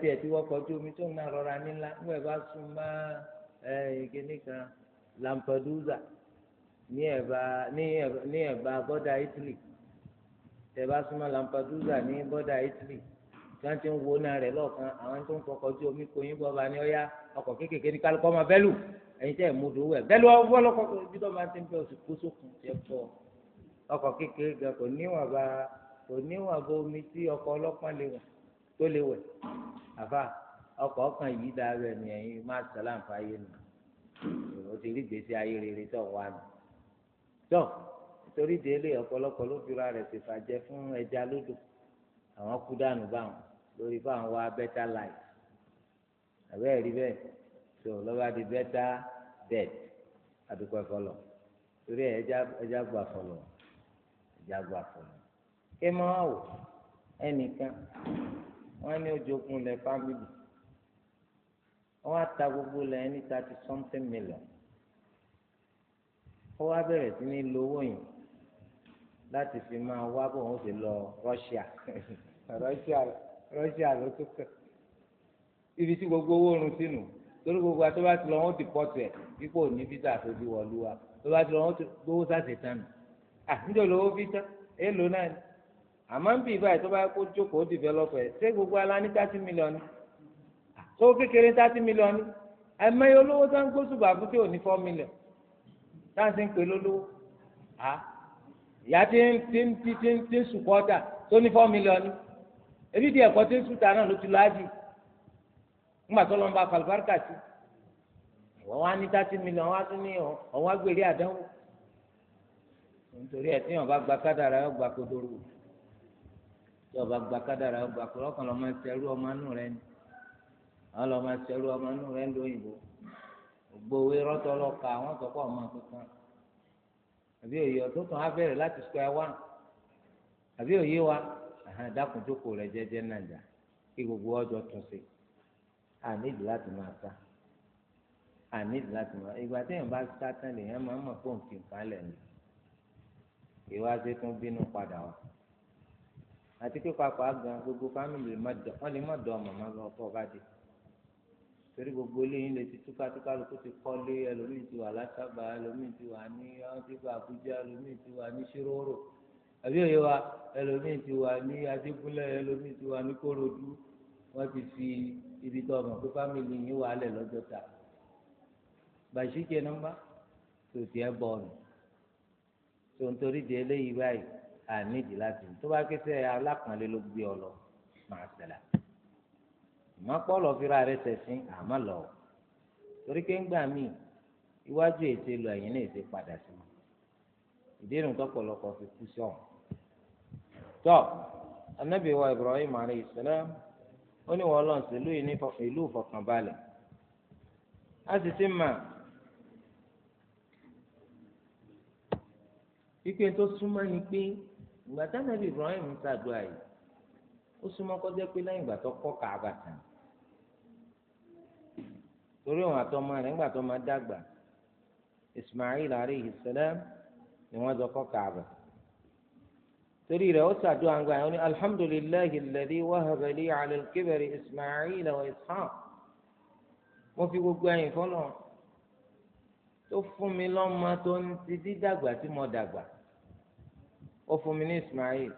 tí ẹ ti omi tó ń náà rọra nílá ń wẹ̀ bá sún ìkíní kan Lampedusa ní ẹ̀bá ní ẹ̀bá bọ́dà Italy Lampedusa ní bọ́dà Italy omi kò yín ọkọ̀ kéékèèké ní kálukọ́ máa bẹ́lù ẹ̀yin tẹ́ ẹ̀ mú dòwú ẹ̀ bẹ́lù ọwọ́ lọ́kọ̀ bí tó máa ti ń bẹ́ oṣù kó sókun tiẹ̀ pọ̀ ọkọ̀ kéékèèké gan kò níwọ̀n bá kò níwọ̀n bá omi tí ọkọ̀ ọlọ́pàá lè wẹ̀ tó lè wẹ̀ àfà ọkọ̀ ọkàn yìí dáa rẹ̀ ni ẹ̀yin máa sàlám fáyé nù o ti rí gbèsè ayé rere tó wà nù tó torí délé ọ̀pọ̀lọpọ̀ ló fi ra rẹ̀ ṣèfàjẹ́ fún ẹja lódò àwọn kú dànù báwọn lórí báwọn wá better life àbẹ́ ẹ̀rí bẹ́ẹ̀ tó lọ́ba di bẹ́tà dẹ́t àdúgbò ẹ̀fọ́lọ̀ torí ẹ̀ ẹja gba fọlọ̀ ẹja gba fọlọ̀ ké máa wò ẹnìkan wọ́n ní ojogun lẹ̀ fámìlì wọ́n á ta gbogbo lẹ̀ ní thirty something million ó wá bẹ̀rẹ̀ sí ní lówó yìí láti fi máa wá bọ̀ wọ́n sì lọ <laughs> Russia Russia ló tún kàn ibi tí gbogbo owó oorun sínú torí gbogbo àti bá ti lọ wọn ti pọtù ẹ ipò ní fisa tó ti wọlú wa tó bá ti lọ wọn ti gbowó sáṣẹ tánù à níjọ lówó fisa èèlò náà ni àmọ́ ń bì báyìí tó bá kó jókòó dìvẹ́lọ́pẹ̀ ṣé gbogbo alá ní thirty million tó kékeré thirty million ẹ̀mẹ́yẹ olówó tó ń gbósùbà fún tí ò ní four million táǹsì ń pè lólówó à ìyá tí ń tí ń tí ń tí ń sùpọ́tà tó ní four million ebi díẹ̀ kọ́ tí ń sùtà náà ló ti lọ́ ńgbà tó lọ́n bá falùbáríkà sí wọ́n wá ní thirty million wá tún ní ọ̀wọ́n agbèrè àdánwò nítorí ẹ̀ tí wọ́n bá gba kádàrà yóò kodoro tí wọ́n gba kádàrà yóò kodoro ọkàn lọ́ọ́ máa ọmọ inú rẹ ni àwọn lọ́ọ́ máa ṣẹ́rú ọmọ inú rẹ lóyìnbó gbowó irọ́tọ́ lọ́ka àwọn sọ́kọ́ ọmọ kankan àbí òye ọ̀tún tún á bẹ̀rẹ̀ láti square one àbí òye wa dákùn jókòó rẹ̀ jẹ́jẹ́ nàjà kí gbogbo ọjọ́ tún sí i àníjì láti máa sá àníjì láti máa ìgbà téèyàn bá sá tán lèèyàn máa ń mọ̀ pé òǹkì nǹkan lẹ̀ ni ìwà ṣe tún bínú padà wá àti pé pàápàá gan gbogbo fámìlì wọn lè má dọ màmá lọ tó ọba dé torí gbogbo eléyìí lè ti túkàtúkà lóko ti kọ́lé ẹlòmíì ti wà lásàbà ẹlòmíì ti wà ní ọ̀hún àbújá ẹlòmíì ti wà ní ṣíròrò àbí òye wa ẹlòmíì ti wà ní adébúlẹ̀ ẹlòmíì ti wà ní kòròdú wọ́n ti fi ibi tó ọmọ pé fámìlì yín wà lẹ̀ lọ́jọ́ ta bàṣí jẹ nọmba tó tiẹ̀ bọ̀ ọ̀nà tó ń torí di eléyìí báyìí àníjì láti tó bá kẹsẹ̀ alápọ̀nlé ló gbé ọ lọ máa ṣẹlẹ̀ àmọ́ pọ́ọ̀lù fira rẹ̀ tẹ̀sín àmọ́ lọ torí pé ńgbà míì iwájú ètè lọ ẹ̀yìn náà ètè padà sí mi ìdérùn tọ́pọ̀lọpọ̀ fi kú sí ọ̀hún. tọ́ anábìwá Ibrahim aleyhisselam. ó ní wọn lọ́n sílùú yìí ní ìlú ìfọkànbalẹ̀ a sì ti mà ike tó súnmọ́ ni pé ìgbà táwọn ẹbí Ibrahim ń ṣàdúrà yìí ó súnmọ́ kọjá pé lẹ́yìn ìgbà tó kọ́ kàába torí òun àtọmọ rẹ̀ ńgbà dàgbà Ismail alayhi salam ni wọ́n jọ torí rẹ̀ ó sàdúrà ń gbà yẹn ó ní alhamdulillahi alladhi wahaba li ala al-kibari ismaila wa ishaq mo fi gbogbo ẹ̀yìn fọlọ́ tó fún mi lọ́mọ tó ń ti dídàgbà tí mo dàgbà ó fún mi ní ismail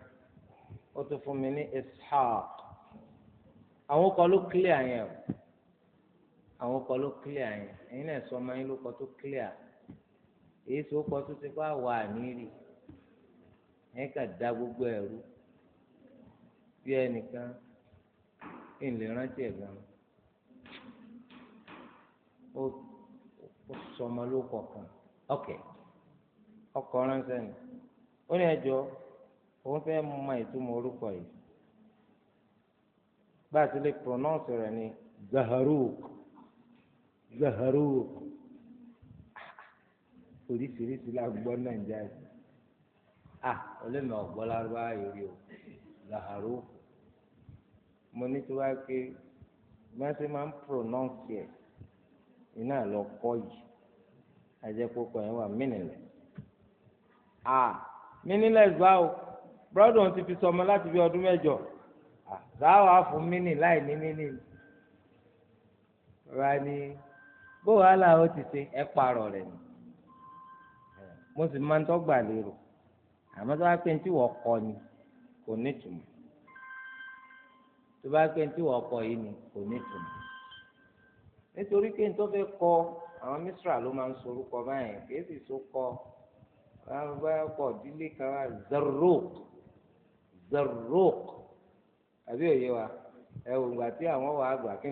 ó tún fún mi ní ishaq àwọn ọkọ ló clear yẹn o àwọn ọkọ ló clear yẹn ẹ̀yin náà sọ ọmọ yín ló kọ tó clear èyí tó kọ tó ti bá wà nírì. ẹ kà da gbogbo ẹrú bí ẹnìkan kí n lè rántí ẹ gan ó sọmọ ló kọkàn ọkẹ ọkọ ránṣẹ́ ni ó ní ẹjọ́ òun mọ ni zaharuk zaharuk ah, ah. oríṣiríṣi la Ah, olómi ọ̀gbọ́n lárúbá yìí o làhàrú mo ní tí wàá pé bí wọ́n ṣe máa ń pronounce ẹ̀ iná lọ kọ́ yìí ajẹ́pọ̀pọ̀ yẹn wà mínilẹ̀ à mínilẹ̀ gbá o brọ́dọ̀ ti fi sọmọ láti bí ọdún mẹ́jọ àgbáwá fún mínì láì ní mínì ra ni bó wàhálà ó ti ṣe ẹ parọ̀ rẹ̀ ni mo sì máa ń tọ́gbà lérò àmọ́ tó bá pé tí wọ́n kọ ni kò tó bá pé tí wọ́n kọ yìí ni kò ní nítorí pé fẹ́ kọ àwọn misra ló máa ń sorúkọ báyìí kìí sì so kọ báyọ̀ pọ̀ dílé kan wá zarok zarok àbí òye wa ẹ wò ìgbà tí àwọn wà á gbà kí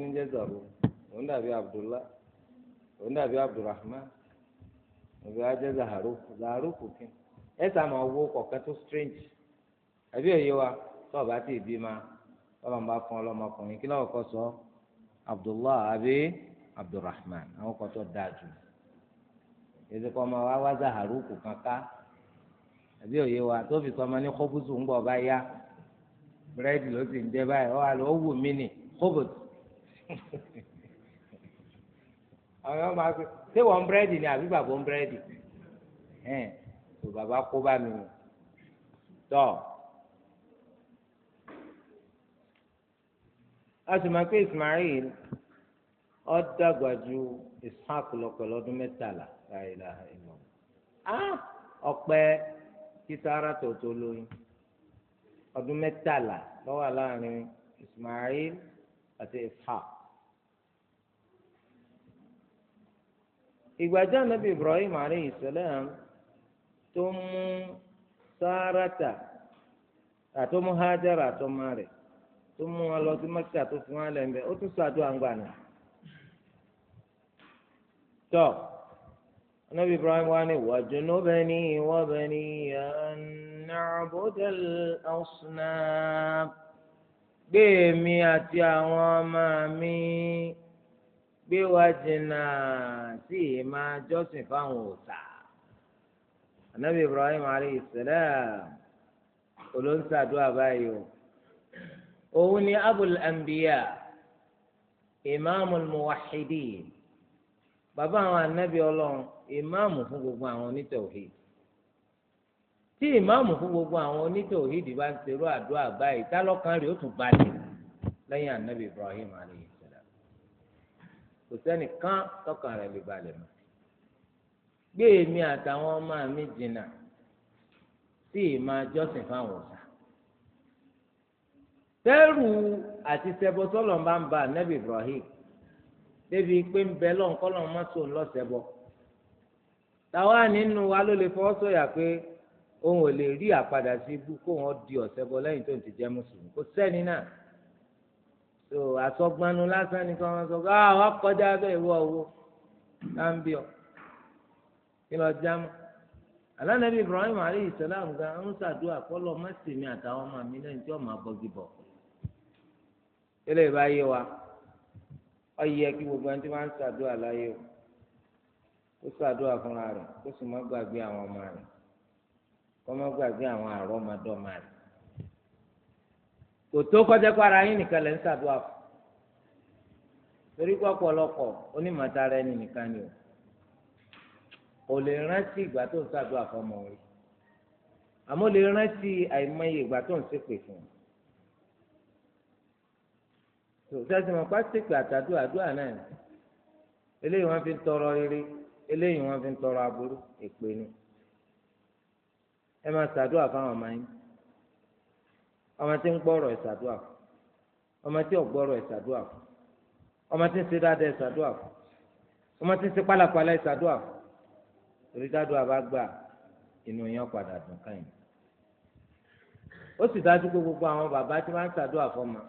ni wí òun dàbí abdulrahman òbí wa jẹ́ zaharuku zaharuku kí ẹ sá máa wó kọ̀ọ̀kan tó strange àbí òye wa tó o bá ti bí ma tọ́lọ́ bá fún ọlọ́mọkùnrin kí lọ́wọ́ kọ́ sọ abdullah àbí abdulrahman àwọn kan tó dáa jù èdè kọ́ ma wá wá zaharuku kankan àbí òye wa tó fi sọmọ ní kóbùsù ń bọ̀ bá yá búrẹ́dì ló sì ń jẹ báyìí ó wà ló wù mí nì kóbùsù. <laughs> àwọn ọmọ àgbẹ̀ ṣé wọ́n búrẹ́dì ni àbí bàbá ń búrẹ́dì ẹ̀ẹ́n tó bàbá kó bá mi nù tọ́ a sì máa pé Ismail ọ dàgbà ju Ishaq lọ pẹ̀lú ọdún mẹ́tàlá láìla ìmọ̀ ọpẹ́ títàrà tó tó lóyún ọdún mẹ́tàlá ló wà láàrin Ismail àti Ishaq. ìgbàjá nàbí Ibrahim aleyhi salam tó mú Sáràtà àti mú Hajara àtọmọ rẹ̀ tó mú wọn lọ sí Mẹ́kà tó fún wọn lẹ́ńbẹ́ ó tún sàdó àǹgbàna tó nàbí Ibrahim wà ní wajnubni wa baniya an na'budal asnam gbé mi àti àwọn ọmọ mi gbé wa jìnnà sí ìmá jọ́sìn fáwọn òòṣà anabi ibrahim alayhi salam olóńsàdúrà báyìí o òun ni abul anbiya imaamu muwahidin bàbá àwọn anabi ọlọ́run imaamu fún gbogbo àwọn onítọ̀hìn tí ìmáàmù fún gbogbo àwọn onítọ̀hìn bá ń ṣerú àdúrà báyìí tálọ́kàn ó tún balẹ̀ lẹ́yìn anabi ibrahim alayhi kò sẹ́nìkan tọkàn rẹ̀ lè balẹ̀ mọ́ gbé èmi àtàwọn ọmọ mi jìnnà sí ìmáa jọ́sìn fáwọn ọ̀sà tẹ́rù àti ṣẹbọ sọ́lọ̀ bá ń ba ànábì Ibrahim débi pé ń bẹ lọ́nkọ́lọ́ mọ́tò ńlọ́sẹ̀bọ táwa nínú wa ló lè fọwọ́ sọ̀yà pé òun ò lè rí àpadà sí ibú kóun ó di ọ̀sẹ̀bọ lẹ́yìn tó ń ti jẹ́ mùsùlùmí kò sẹ́ni náà so àsọgbanu lásán nìkan wọn sọ pé ah wọn kọjá bẹ́ẹ̀ ìwọ owó láńbíọ kí lọ já mọ alánàbí Ibrahim aleyhi salam gan ń ṣàdúrà kọlọ mẹsìmí àtàwọn ọmọ mi lẹ́yìn tí ọmọ abọgi bọ eléyìí bá yé wa ó yẹ kí gbogbo ẹni tí wọn ń ṣàdúrà láyé o kó ṣàdúrà fúnra rẹ̀ kó sì má gbàgbé àwọn ọmọ rẹ̀ kó má gbàgbé àwọn àrọmọdọ́mọ rẹ̀ kò tó kọjá kó ara yín nìkan lẹ́ ń ṣàdúrà fún torí pé ọ̀pọ̀lọpọ̀ onímọ̀tara ẹni nìkan ni o kò lè rántí ìgbà tó ń ṣàdúrà fún ọmọ rẹ àmọ́ lè rántí àìmọye ìgbà tó ń ṣépè fún un sọ́sẹ́ mọ̀ pásítẹ̀kì àtàdúrà àdúrà náà ni eléyìí wọ́n fi ń tọrọ rere eléyìí wọ́n fi ń tọrọ aburú èpè ni ẹ máa ṣàdúrà fáwọn ọmọ yín ọmọ tí ń gbọ́rọ̀ ìsàdúà fún ọmọ tí ò gbọ́rọ̀ ìsàdúà fún ọmọ tí ń ṣe dáadáa ìsàdúà fún ọmọ tí ń ṣe pálapàla ìsàdúà fún torí dáadáa bá gbà inú yẹn padà dùn káyìn ó sì dájú pé gbogbo àwọn bàbá tí wọ́n ń ṣàdúà fọ́mọ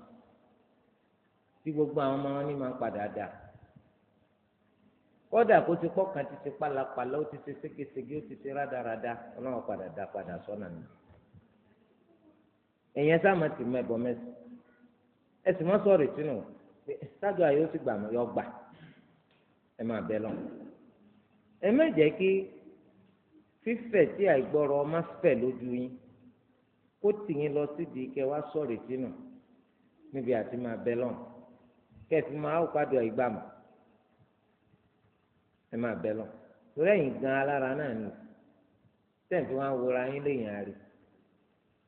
tí gbogbo àwọn ọmọ wọn ní máa ń padà dà kódà kó ti pọ̀ kan ti ṣe pálapàla ó ti ṣe ségesège ó ti ṣe rádaràda ọlọ́run padà dá padà sọ́nà nìyẹn èèyàn sáà máa ti mọ ẹbọ mẹsì ẹ sì máa sọ̀rọ̀ ìtinú ṣáàdùn àyè ó sì gbà yọ gbà ẹ máa bẹ lọ ẹ má jẹ́ kí fífẹ̀ tí àìgbọrọ ọmọ fẹ̀ lójú yín kó tì yín lọ sídìí kẹ wá sọ̀rọ̀ ìtinú níbi àti máa bẹ lọ kẹfì máa ó pàdé ìgbà mọ ẹ máa bẹ lọ torí ẹ̀yin gan alára náà nì tẹ̀síwájú wọra yín lẹ́yìn àárẹ̀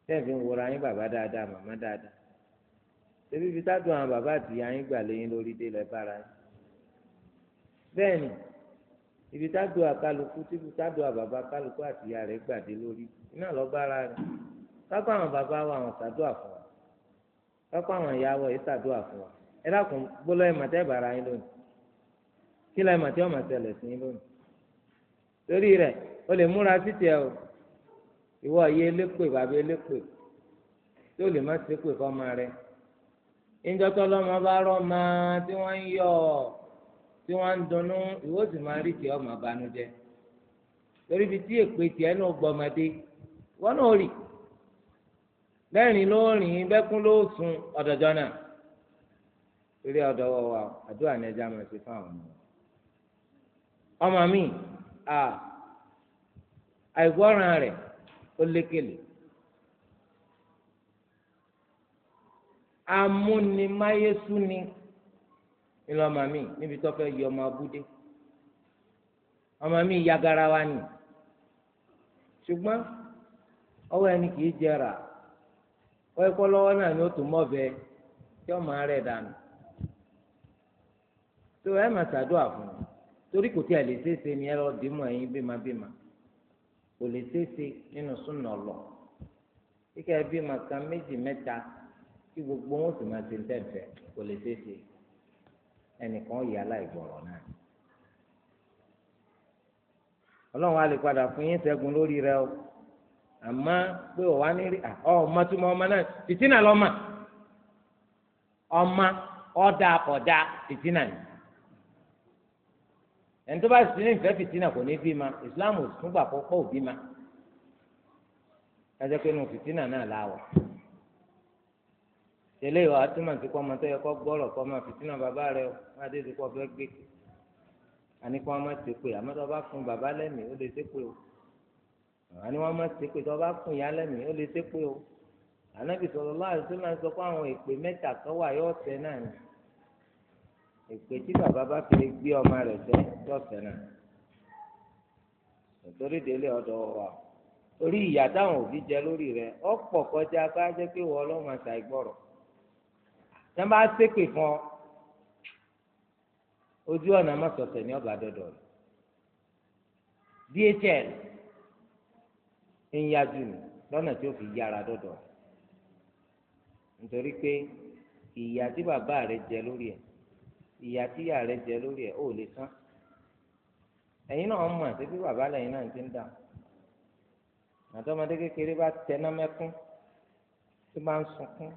tẹ́ẹ̀fì ń wọra yín bàbá dáadáa màmá dáadáa tẹ́bí fi sádùn àwọn bàbá àti ìyá yín gbà lẹ́yìn lórí dé lẹ́ bára yín bẹ́ẹ̀ ni ibi sádùn àkàlùkù tí ibi sádùn àbàbà kálùkù àti ìyá rẹ̀ gbàdé lórí iná lọ bára rẹ̀ kápá àwọn bàbá wa àwọn sádùn àfọ̀ wa kápá àwọn ìyá wa èyí sádùn àfọ̀ wa ẹ dákun gbọ́dọ̀ ẹ̀ màtẹ́ bàrà yín lónìí kí lẹ́ẹ̀ màtẹ́ ọ̀mà ṣẹlẹ̀ sí yín lónìí torí rẹ̀ o lè múra títí o. ìwọ yẹ elépè bàbá elépè tí ó lè má ṣépè fọmọ rẹ ìjọtọ lọmọ bá rọmọ tí wọ́n ń yọ̀ tí wọ́n ń dunnú ìwọ sì máa rí tiẹ̀ ọmọ banújẹ́ torí ibi tí èpè tiẹ̀ náà gbọmọdé wọn náà rì lẹ́rìn ló rìn bẹ́kún ló sun ọ̀dọ̀jọ́ náà torí ọ̀dọ̀ wa àdúrà ní ẹja máa ṣe fáwọn ọmọ ọmọ mi àìgbọràn rẹ̀. ó lékele amúnimáyésúni ńlọ ọmọ mi níbi tó fẹ́ yọ ọmọ abúdé ọmọ mi ya garawa ni ṣùgbọ́n ọwọ́ ẹni kì í jẹrà ọwọ́ ẹ̀kọ́ náà ni ó tún mọ́bẹ tí ọmọ rẹ̀ dànù tó ẹ̀ mà ṣàdúrà fún un torí kò tí a lè ṣeéṣe ni ẹ lọ dìímọ̀ ẹ̀yìn bímabímọ kò lè ṣeéṣe nínú súnà ọlọ kíkẹ́ bí màkà méjì mẹ́ta kí gbogbo wọn sì máa ṣe ń tẹ̀fẹ̀ kò lè ṣeéṣe ẹnìkan yà láìgbọ̀rọ̀ náà ọlọ́run á lè padà fún yín ṣẹ́gun lórí rẹ o àmọ́ pé ọ̀wá ní rí ọmọ túmọ̀ ọmọ náà fìtínà lọ́mọ ọmọ ọ̀dà àkọ́dà fìtínà yìí ẹni tó bá sì ní ìfẹ́ fìtínà kò ní bí ma Islam ò tún gbà pọ́pọ́ òbí ma kájọ pé nu fìtínà náà láwọ̀ tẹ́lẹ̀ ìwà túmọ̀ sí kọ́ tó yẹ kọ́ gbọ́rọ̀ kọ́ fìtínà bàbá rẹ o má dé ti kọ́ fẹ́ gbé àní kọ́ ọmọ ti pè àmọ́ tó bá fún bàbá lẹ́mìí ó lè ṣe pé o àní wọn má ṣe pé tó bá fún ìyá lẹ́mìí ó lè ṣe pé o ànábì sallallahu alaihi wasallam sọ pé àwọn èpè mẹ́ta kan wà yóò tẹ náà èpè tí bàbá bá fi lè gbé ọmọ rẹ̀ náà nítorí délé wa orí ìyá táwọn òbí jẹ lórí ọ ọ̀pọ̀ kọjá bá jẹ́ pé wọ́n lọ́mọ àṣà ìgbọ̀rọ̀ bá fún ọ ojú ọ̀nà mọ́sọ̀tẹ̀ ní ọba dọ̀dọ̀ DHL ń yájú ni lọ́nà tí ó fi yára dọ̀dọ̀ nítorí lórí ẹ̀ ìyá tí ìyá rẹ jẹ lórí ẹ ò lè san ẹ̀yin náà mọ̀ àti bí bàbá lẹ́yìn náà ti ń dà àtọmọdé kékeré bá tẹná mẹkún tí bá ń sunkún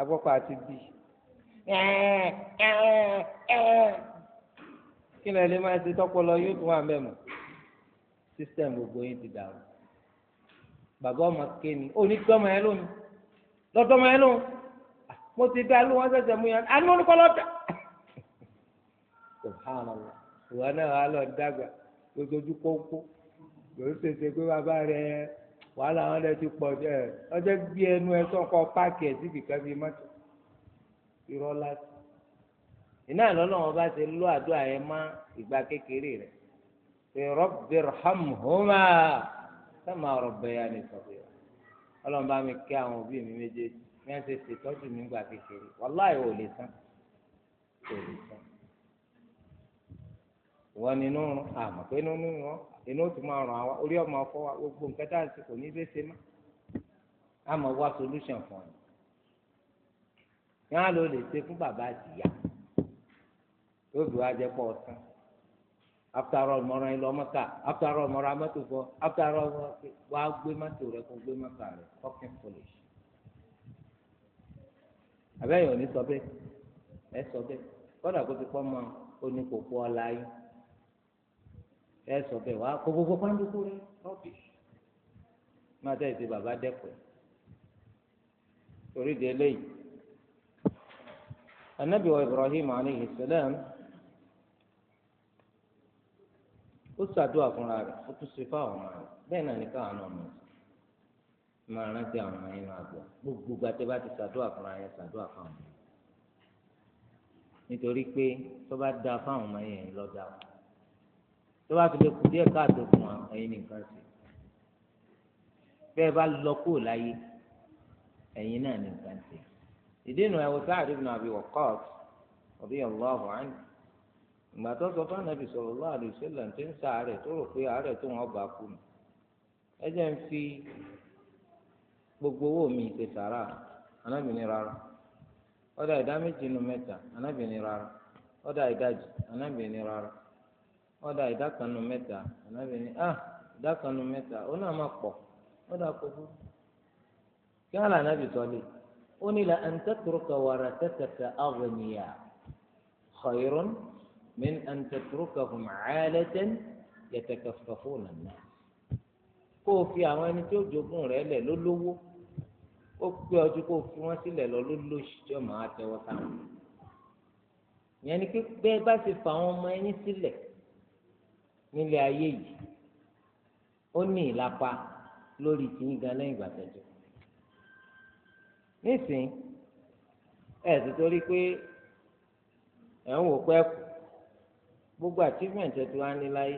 agbọ́pọ̀ àti bì kí lè lè máa ti tọpọlọ yóò tún wà mẹ́mọ̀ sísítẹ̀m gbogbo yín ti dàrú bàbá ọmọ kéènì onígbọ́mọ ẹ lónìí lọ́tọ́mọ ẹ lónìí mo ti dá lóhùn ọ́sẹ̀sẹ̀ mú yàn án lónìí kọ́ subhanallah ìwà náà wà lọ dàgbà lójoojú kókó lòún ṣèṣe pé bàbá rẹ wàhálà wọn lè ti pọ̀ jù ẹ ọjọ́ gbé ẹnu ẹ sọkọ páàkì ẹ síbi kan bíi mọ́tò irọ́ láti iná lọ́nà wọn bá ti lọ àdúrà yẹn má ìgbà kékeré rẹ rabbirhamhuma kama rabbayani saghira ọlọ́run bá mi kí àwọn òbí mi méjèèjì ní ẹ ṣe ṣètọ́jú mi gbà kékeré wàláì ò lè tán ò lè tán wọn ni inú rún àmọ́ pé inú inú wọn inú ó ti máa ràn wá orí ọmọ ọkọ wa gbogbo nǹkan tá à ń ṣe kò ní í ṣe má àmọ́ wá solution fún ọ yàrá ló lè ṣe fún bàbá àtìyá lóbi wá jẹ pọ ọtán after all mọ̀ràn ẹ lọ mọ́tà after all mọ̀ràn amọ́tò fọ after all wá gbé mọ́tò rẹ kó gbé mọ́tà rẹ fucking foolish àbẹ́yẹ̀ ò ní sọ bẹ́ẹ̀ ẹ sọ bẹ́ẹ̀ kọ́dà kó ti pọ́ mọ́ oníkòkò ọ̀la yìí ẹ sọ bẹ́ẹ̀ wá kó gbogbo pàǹdùkú rẹ rọ́bì máa tẹ̀ sí bàbá dẹ́kun torí de eléyìí anabi wa ibrahim aleyhi salam ó ṣàdúrà fúnra rẹ̀ ó tún ṣe fáwọn ọmọ rẹ̀ bẹ́ẹ̀ náà ní káwọn ọmọ rẹ̀ máa rántí àwọn ọmọ yẹn máa gbọ́ gbogbo gbàtẹ́ bá ti ṣàdúrà fúnra yẹn ṣàdúrà fáwọn ọmọ nítorí pé tó bá dáa fáwọn ọmọ yẹn lọ́dà wọn. tó bá fi lè kú díẹ̀ káàtó fún wa ẹ̀yin nìkan sí bẹ́ẹ̀ bá lọ kúrò láyé ẹ̀yin náà nìkan sí ìdínà ẹ̀wọ̀ Sa'd ibn Abi Waqqas radiyallahu anhu ìgbà tó sọ fún Ànábì sallallahu alaihi wasallam tí ń ṣàárẹ̀ tó rò pé àárẹ̀ tó fi gbogbo owó mi ṣe sàrà Ànábì ní rárá ọ̀dà ìdá méjì nu mẹ́ta Ànábì ní rárá ọ̀dà wọ́n da ìdá kan nu mẹ́ta ànábì ní ah ìdá kan nu mẹ́ta ó náà máa pọ̀ wọ́n da kó fún kí wọ́n là ànábì sọ́lé ó ní la an tatruka warathataka aghniya khayrun min an tatrukahum 'alatan yatakaffafuna an-nas kó o fi àwọn ẹni tí ó jogún rẹ̀ lẹ̀ lólówó ó pé ọjọ́ kó o fi wọ́n sílẹ̀ lọ lólóṣì tí ó tẹ́wọ́ sáwọn ìyẹn ni pé bẹ́ẹ̀ bá ti fa àwọn ọmọ ẹni sílẹ̀ nílé ayé yìí ó ní ìlapa lórí tìyín gan lẹ́yìn ìgbà tẹ̀jú nísìnyí torí pé ẹ̀ ń wò pẹ́ kù gbogbo achievement ẹ̀ tó wá ní láyé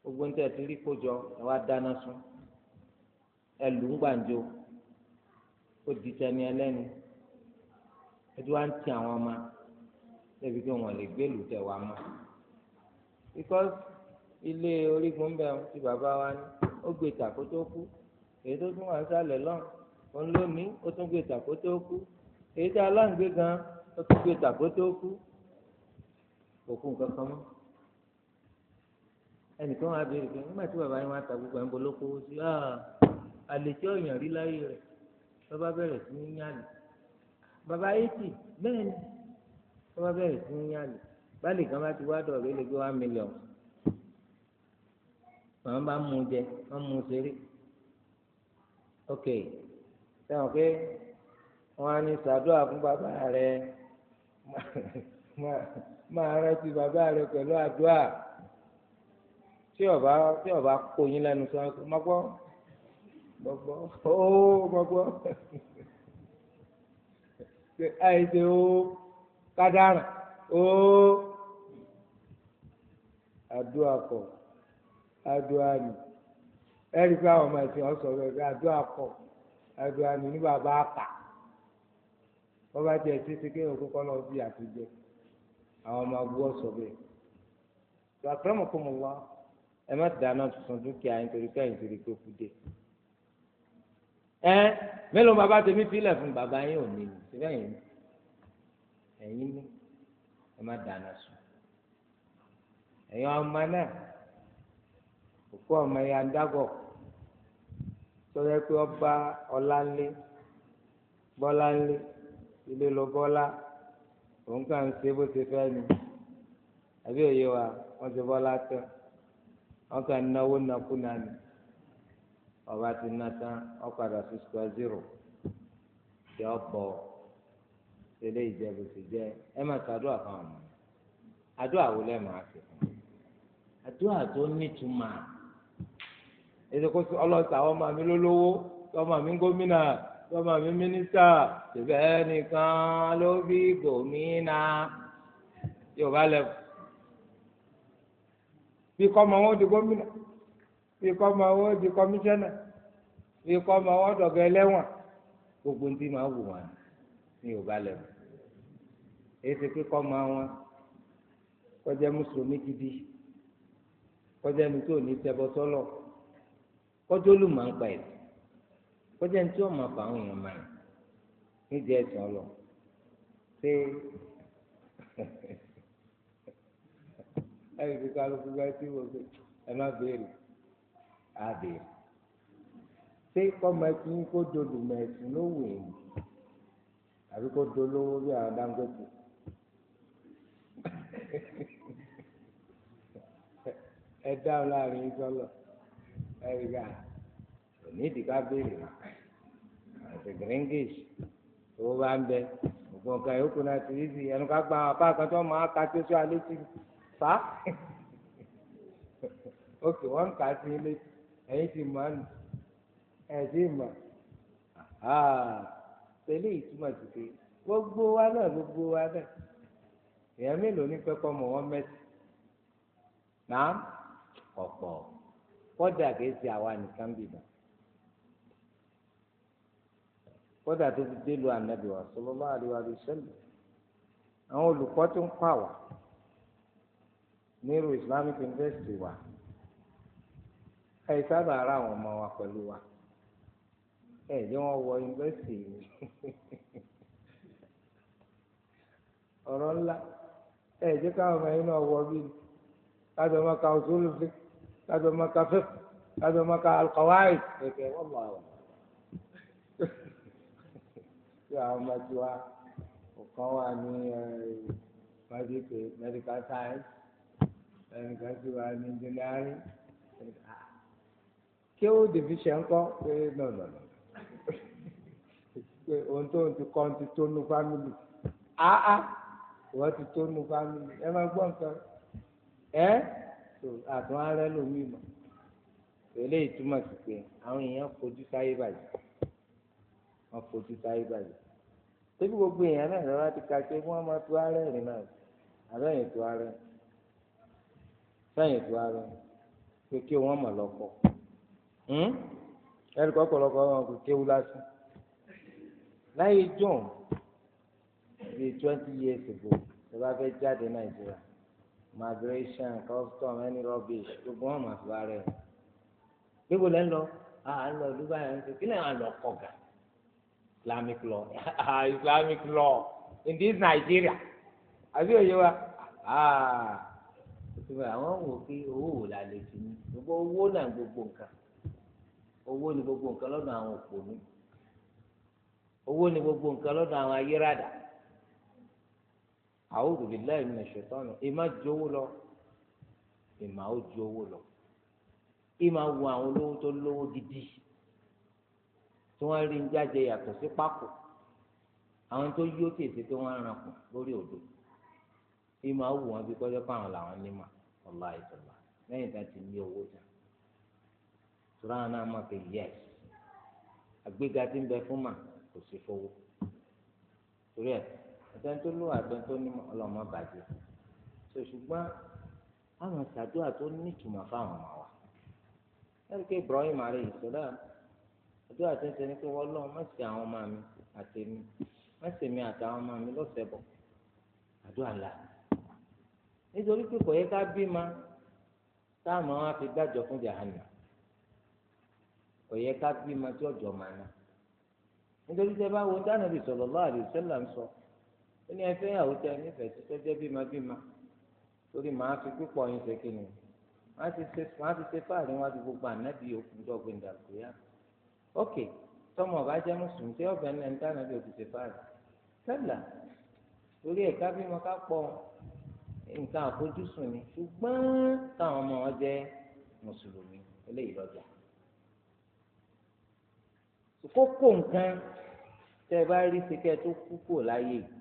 gbogbo ń tẹ̀ rí kójọ ẹ̀ wá dáná sun ẹ̀ lù ń gbàǹjo ó di tẹni ẹlẹ́ni ẹ̀ tó wá ń ti àwọn ọmọ ẹ̀ bí kí wọ́n lè gbé lù wá mọ́ because ilé orígun bẹ́ẹ̀ ti bàbá wa ní ó gbé tàkó tó kú èyí tó tún wà sálẹ̀ lọ́n òun ló ní ó tún gbé tàkó tó kú èyí tó aláǹgbé gan ó tún gbé tàkó tó kú òkú nǹkan kan mọ́ ẹnìkan wà bẹ̀rẹ̀ pé nígbà tí bàbá yẹn wá ta gbogbo ẹ̀ ń bolóko sí àlejò èèyàn rí láyé rẹ̀ bàbá bẹ̀rẹ̀ sí ní yàlè bàbá eighty bẹ́ẹ̀ ni bàbá bẹ̀rẹ̀ sí ní yàlè báàlì kan bá ti wá dọ̀rẹ́ lè gbé one million màmá bá mú jẹ wọn mú seré ok sẹ́wọ̀n pé wọ́n á ní ṣàdúrà fún bàbá rẹ máa rántí bàbá rẹ pẹ̀lú àdúrà tí ọba tí ọba kó yín lẹ́nu sọ ma gbọ́ ma gbọ́ ooo ma gbọ́ àìsè ooo kádàrà ooo àdúrà kọ̀ àdúrà ni ẹ̀rí pé àwọn ọmọ ẹ̀sìn ọ̀sọ̀ rẹ̀ pé àdúrà pọ̀ àdúrà ni ní bàbá àpà bọ́bá tiẹ̀ ti ti kéwọn kókó lọ bí àtijọ́ àwọn ọmọ agbó ọ̀sọ̀ bẹ́ẹ̀ tó àkàràmọ̀ kó mo wá ẹ má dáná tuntun dúkìá nítorí pé ẹ̀yìn torí pé ó kú dé ẹ mélòó bàbá tèmi fílẹ̀ fún bàbá yín ò ní ní síbẹ̀ yín ẹ̀yìn ní ẹ má dáná sùn ẹ̀yin ọmọ náà òkú ọmọ ya dágọ̀ sọ́yẹ́ pé ọba ọláńlé bọ́láńlé ilé ló bọ́lá òun kà ń ṣe bó ṣe fẹ́ ni àbí òye wa wọ́n ti bọ́lá tán wọ́n kà ń náwó nakúnà ni ọba ti ná tán wọ́n padà sí square zero yọ bọ̀ tẹ́lẹ̀ ìjẹ́bù ti jẹ́ ẹ má ṣàdúrà fún ọmọ àdúrà wo lẹ́ẹ̀ máa ṣe fún àdúrà tó èdè kó ọlọ́sà ọmọ mi lólówó ọmọ mi gómìnà ọmọ mi mínísítà ṣùgbọ́n nìkan ló bí gómìnà yorùbá lẹ́wọ̀ bí kọ́ ọmọ wọn di gómìnà bí kọ́ ọmọ wọn di kọmíṣánná bí kọ́ ọmọ wọn dọ̀gá ẹlẹ́wọ̀n gbogbo ntí máa wù wọn ní yorùbá lẹ́wọ̀ èsì kíkọ́ ọmọ wọn kọjá mùsùlùmí gidi kọjá ẹni tó ní tẹbọ sọlọ kọjọ olùmọ̀ ń pa ẹ̀sìn kọjá ní tí wọ́n máa fa àwọn èèyàn máa nídìí ẹ̀sìn ọlọ ṣé <laughs> ẹ̀rí fi kálukú bá sí wọ́pẹ́ ẹ má béèrè á béèrè ṣé kọ́mọ ẹ̀sìn kó dolùmọ̀ ẹ̀sìn ló wù yín àbí kó dolówó bí àwọn Dangote <laughs> ẹ dáhùn láàrin sọlọ. ẹ̀rí gbà béèrè àti gíríngìs owó bá ń bẹ gbogbo nǹkan náà ti rí sí ẹnu ká gba apá kan máa ka tó sọ alẹ́ ti fa ókè wọ́n ń kà sí ilé ẹ̀yìn ti mọ̀ mọ̀ tẹ̀lé ìtumọ̀ sí pé gbogbo wa náà gbogbo wa náà èèyàn mélòó ní pẹ́pọ́ mọ̀ wọ́n kódà ga ṣe àwa nìkan bìbà kódà tó ti délu ànábì wa sallallahu alaihi wa sallam àwọn tó ń nírú Islamic University wa ẹ sábà ara àwọn ọmọ wa pẹ̀lú wa ẹ jẹ́ wọ́n wọ yunifásitì Ọrọ ńlá ẹ jẹ́ káwọn ọmọ yìí náà wọ bí kájọ máa ka lájọ máa ka fẹ́ lájọ máa ka alqawaid kẹ̀kẹ́ wọ́n mọ̀ àwọn. tí àwọn ọmọ tí wa ọ̀kan wà ní medical science ẹnìkan tí wa ní engineering kí ó dèbí ṣe ń kọ́ pé nọ̀nọ̀nọ̀ pé ohun tó ń ti kọ́ ń ti tó fámìlì áá wọ́n ti tó fámìlì ẹ máa gbọ́ nǹkan ẹ́ so àtún arẹ lómi mọ tẹlẹ ìtumọ̀ sí pé àwọn èèyàn fojú sáyé bàjẹ́ wọn fojú sáyé bàjẹ́ tóbi gbogbo èèyàn náà lọ́wọ́ ti ka ṣe wọ́n máa tu arẹ rìn náà àbẹ́yìn tu arẹ sẹ́yìn tu arẹ pé kí wọ́n mọ̀ lọ́kọ̀ hmm? ẹ̀rí kọ́kọ́lọ́kọ́ wọn kò kéwu lásán láyé john bíi twenty years ago ló bá fẹ́ jáde nàìjíríà. migration custom any rubbish gbogbo wọn máa rẹ gbogbo lẹ́nu lọ à lọ dubai ẹ̀ ń sè kí islamic law <laughs> ah, islamic law in this nigeria àbí òye wa àwọn wò pé la lè fi owó náà gbogbo nǹkan owó ni gbogbo nǹkan àwọn owó ni gbogbo nǹkan àwọn a'udhu billahi minash shaitani ìmá ju owó lọ ìmá ó ji lọ ìmá wo àwọn olówó tó lówó gidi tí wọ́n rí ń jáde yàtọ̀ sí pákó àwọn tó yí ó tètè to wọ́n ràn kù lórí odò ìmá wù wọn bí kọjá pààrọ̀ làwọn ní mà ọlá lẹ́yìn tá ti ní owó tán tura náà má pe yẹs àgbéga tí ń bẹ fún mà kò sí àtẹni tó lówó àtẹni tó ní ọlọmọ bàjẹ́ sọ ṣùgbọ́n àwọn ṣàdúrà tó ní ìtumọ̀ fáwọn ọmọ wa ẹni pé Ibrahim alayhi salam àdúrà tó ń sẹ ní pé wọ́n lọ́wọ́ má ṣe àwọn ọmọ mi àtẹ̀mí má ṣe mi àtàwọn ọmọ mi lọ́sẹ̀ bọ̀ àdúrà là nítorí pé kò yẹ ká bí ma táwọn àwọn afi gbàjọ fún jahanna kò yẹ ká bí ma tí ọjọ́ máa ná nítorí tẹ bá wo dáná bí sallallahu alaihi wasallam sọ ó ní ẹfẹ́ ìyàwó tẹ nífẹ̀ẹ́ tí tọ́jẹ́ bímabíma torí màá fi púpọ̀ yín ṣe kí ni màá ti ṣe fáàrí wọn ti gbogbo ànábì òkun dọ́gbìn dàgbéyà ok tọmọ ọba jẹ mùsùlùmí tí ọbẹ náà ń dáná bí òkú ṣe fáàrí sẹ́là torí ẹ̀ka bímọ ká pọ̀ nǹkan àfojúsùn ni ṣùgbọ́n káwọn ọmọ wọn jẹ́ mùsùlùmí eléyìí lọ́jà kókó nǹkan tẹ́ bá rí sí kẹ́ tó kú kò láyé yìí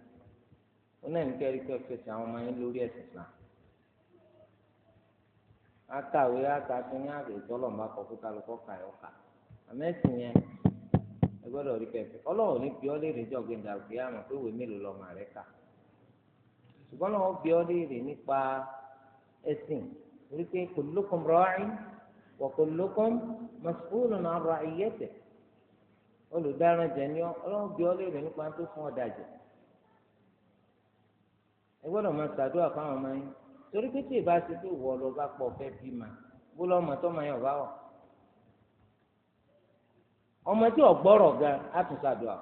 ó náà ní kẹ́rí kẹ́ fẹsẹ̀ àwọn ọmọ yín lórí ẹ̀sìn Islam akàwé akàtún ní àgbè tọ́lọ̀ máa kọ fún kálukọ́ kà ẹ̀ ọ̀kà àmẹ́sìn yẹn ẹ gbọ́dọ̀ rí kẹfẹ́ ọlọ́run ní bí ọ́ lè rìn jọ̀gbìn dàgbé àmọ́ pé ìwé mélòó lọ́mọ rẹ kà ṣùgbọ́n náà bí ọ́ lè rìn nípa ẹ̀sìn orí pé kullukum ra'in wa kullukum mas'ulun 'an ra'iyyatihi olùdáran jẹ ní ọlọ́run bí ọ́ lè rìn nípa tó fún ọ̀dà jẹ ẹ máa ṣàdúrà fáwọn ọmọ yín torí pé tí ìbá ṣe pé lọ bá pọ̀ fẹ́ bí ma. bó lọ́mọ tó máa yàn bá ọmọ tí ọ̀gbọ́rọ̀ ga á tún ṣàdúrà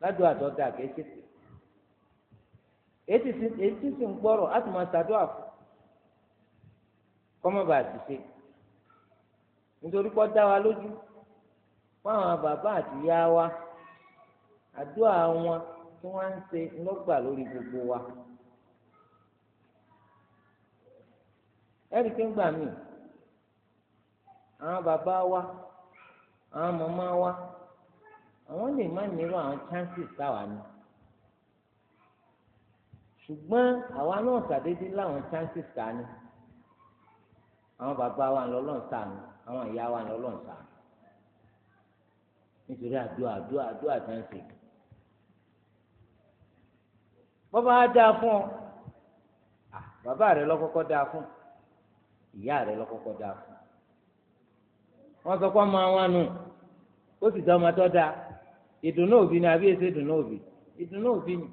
ládùúgbò dà kẹ́ èyí tí sì ń gbọ́rọ̀ máa fún bá ti ṣe nítorí pé ó dá wa lójú fún àwọn tí wọ́n ń ṣe lọ́gbà lórí gbogbo wa. ẹ̀rí kéńgbà míì àwọn bàbá wa àwọn màmá wa àwọn lè má nílò àwọn chances táwa ní ṣùgbọ́n àwa náà ṣàdédé láwọn chances ta ni àwọn bàbá wa ń lọ́lọ́ sàánù àwọn ìyá wa ń lọ́lọ́ sàánù nítorí àdúrà àdúrà àdúrà tí wọ́n bá dáa fún ọ bàbá rẹ lọ́kọ́kọ́ dáa fún ìyá rẹ lọ́kọ́kọ́ dáa fún wọ́n sọ pé ọmọ nù ó sì dán ọmọ tó dáa ìdùnnú òbí ni àbí èsì ìdùnnú òbí ìdùnnú òbí ni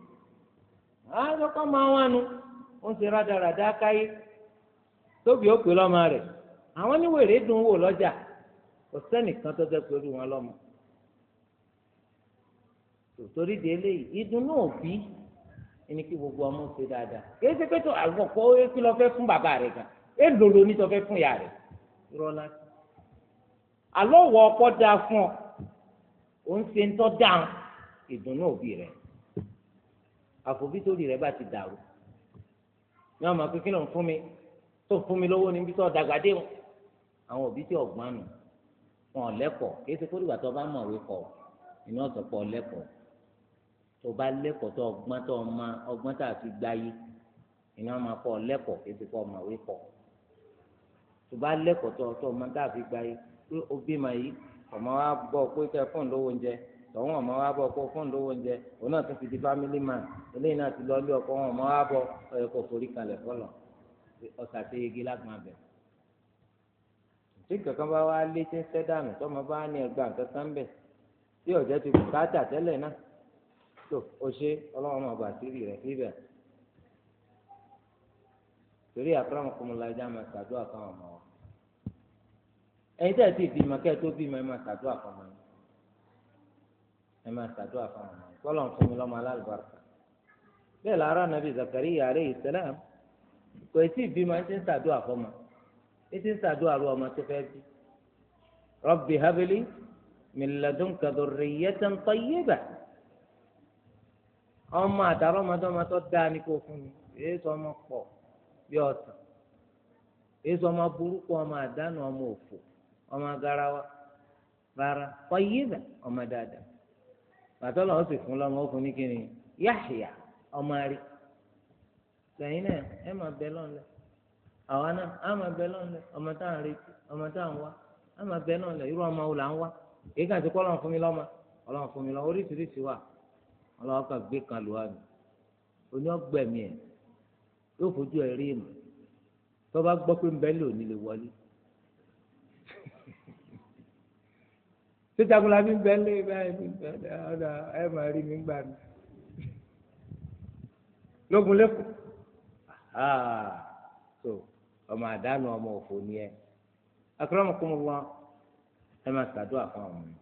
wọ́n sọ pé ọmọ nù rẹ̀ àwọn dùn wò lọ́jà kò sẹ́nìkan tó wọn lọ́mọ ẹni kí gbogbo ọmọ ṣe dáadáa kìí ṣe pé tó àwọn kọ ó kí lọ fẹ́ fún bàbá rẹ̀ gan ẹ lòlò ní tó fẹ́ fún ìyá rẹ̀ rọlá àlọ wọ ọkọ da fún ọ ò ń ṣe ń tọ́ dáhùn ìdùnnú òbí rẹ̀ àfòbítórí rẹ̀ bá ti dàrú ní ọmọ pé kí ló ń fún mi tó ń fún mi lówó níbi tó dàgbà dé wọn àwọn òbí tí ọgbọ́n nù wọn lẹ́kọ̀ọ́ kìí ṣe kó dìgbà tó bá mọ̀ wí kọ̀ ìná ọ̀sọ̀pọ̀ lẹ́kọ̀ọ́ tó bá lẹ́kọ̀ọ́ tó ọgbọ́n tó ọmọ ọgbọ́n tá a fi gbáyé ìní wọn máa kọ́ ọ lẹ́kọ̀ọ́ kéde kọ́ ọmọ wí kọ́ tó bá lẹ́kọ̀ọ́ tó ọmọ tá a fi gbáyé pé òbí màá yí ọmọ wa bọ̀ pé kẹ́ fóun lówó oúnjẹ tọ̀hún ọmọ wa bọ̀ kó fóun lówó oúnjẹ òun náà tún fi di family man eléyìí náà ti lọ lé ọkọ wọn ọmọ wa bọ̀ ọyọ kò forí kalẹ̀ fọlọ̀ ọ̀sà tẹ igi lágbọ̀n abẹ. tí kankan bá wá lé tí ń tẹ́lẹ̀ náà tó o ṣe ọlọ́run ọba àtìrí rẹ̀ síbẹ̀ torí àkàràmọ̀ kọmọlá ẹja máa ṣàdúrà fáwọn ọmọ wa ẹ̀yin tẹ̀ sí ìbímọ kẹ́ ẹ tó bímọ ẹ máa ṣàdúrà fáwọn ọmọ ẹ máa ṣàdúrà fáwọn ọmọ kọ́lọ̀ ń fún mi lọ́mọ alálùbáràkà bẹ́ẹ̀ lára nàbí Zakariya alayhi salam kò sí ìbímọ ẹ ti ń ṣàdúrà fọmọ ẹ ti ń ṣàdúrà lu ọmọ tó fẹ́ bí Rabbi habli min ladunka dhurriyatan tayyibah ọmọ àtàrà ọmọdé ọmọ tó dáa ní kò fún mi èyí sọ ọmọ pọ bí ọ̀sán èyí sọ ọmọ burúkú ọmọ àdánù ọmọ òfò ọmọ garawa rárá yí bẹ ọmọ dáadáa pàtọ́lọ̀ ó sì fún ní kíni ọmọ rí sẹ́yìn náà ẹ bẹ àwa náà á bẹ ọmọ tá à ń retí ọmọ tá à ń wá á bẹ irú ọmọ wò là ń wá èyí ti kọ́ fún mi lọ́mọ ọlọ́run fún mi lọ́mọ oríṣiríṣi wà ọlọ́wọ́ kan gbé kan lù wá mi oní ọgbẹ̀mí ẹ̀ yóò fojú ẹ̀ rí ìmọ̀ tó bá gbọ́ pé nbẹ́lẹ̀ òní lè wọlé títakùlà <laughs> mi nbẹ́lẹ̀ báyìí mi nbẹ́lẹ̀ ọ̀dà ẹ̀ máa rí mi gbà mí lógun lẹ́kọ̀ọ́ so ọmọ àdánù ọmọ òfò ni ẹ akérèmọkùnmọ́ wọn ẹ máa ṣàdúrà fún ọmọ yẹn.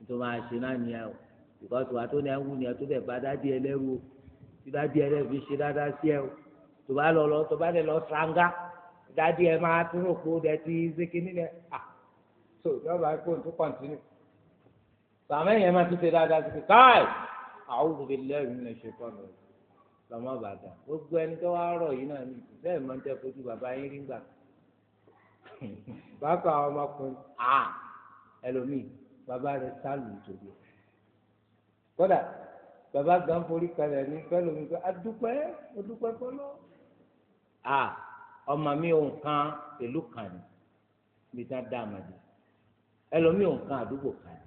nítorí máa ṣe náà nìyà o because wàá tó ní ẹwù ni ẹ tó bẹ̀ bá dádì ẹlẹ́rú o tí dádì ẹlẹ́rú fi ṣe dáadáa sí ẹ o tó bá lọ lọ tó bá lè lọ sanga dádì ẹ máa tún rò pé dẹ ti ṣe kínní à so yọba kó n tún kọ̀ǹtínú sàmẹ́ yẹn máa tún ṣe dáadáa sí káì a'udhu billahi minash shaitani lọ́mọ bàtà gbogbo ẹni tó wá rọ̀ yìí náà ní bẹ́ẹ̀ máa ń tẹ́ fojú bàbá yín rí gbà <laughs> bákan àwọn ọmọkùnrin à ẹlòmíì bàbá rẹ̀ sálù nítorí ẹ̀ kódà bàbá gan forí kalẹ̀ ní pẹ́lú mi pé adúpẹ́ adúpẹ́ fọlọ́ à ọmọ mi ò kan ìlú kan ní ibi tá a dá àmàdé ẹlòmí ò kan àdúgbò kan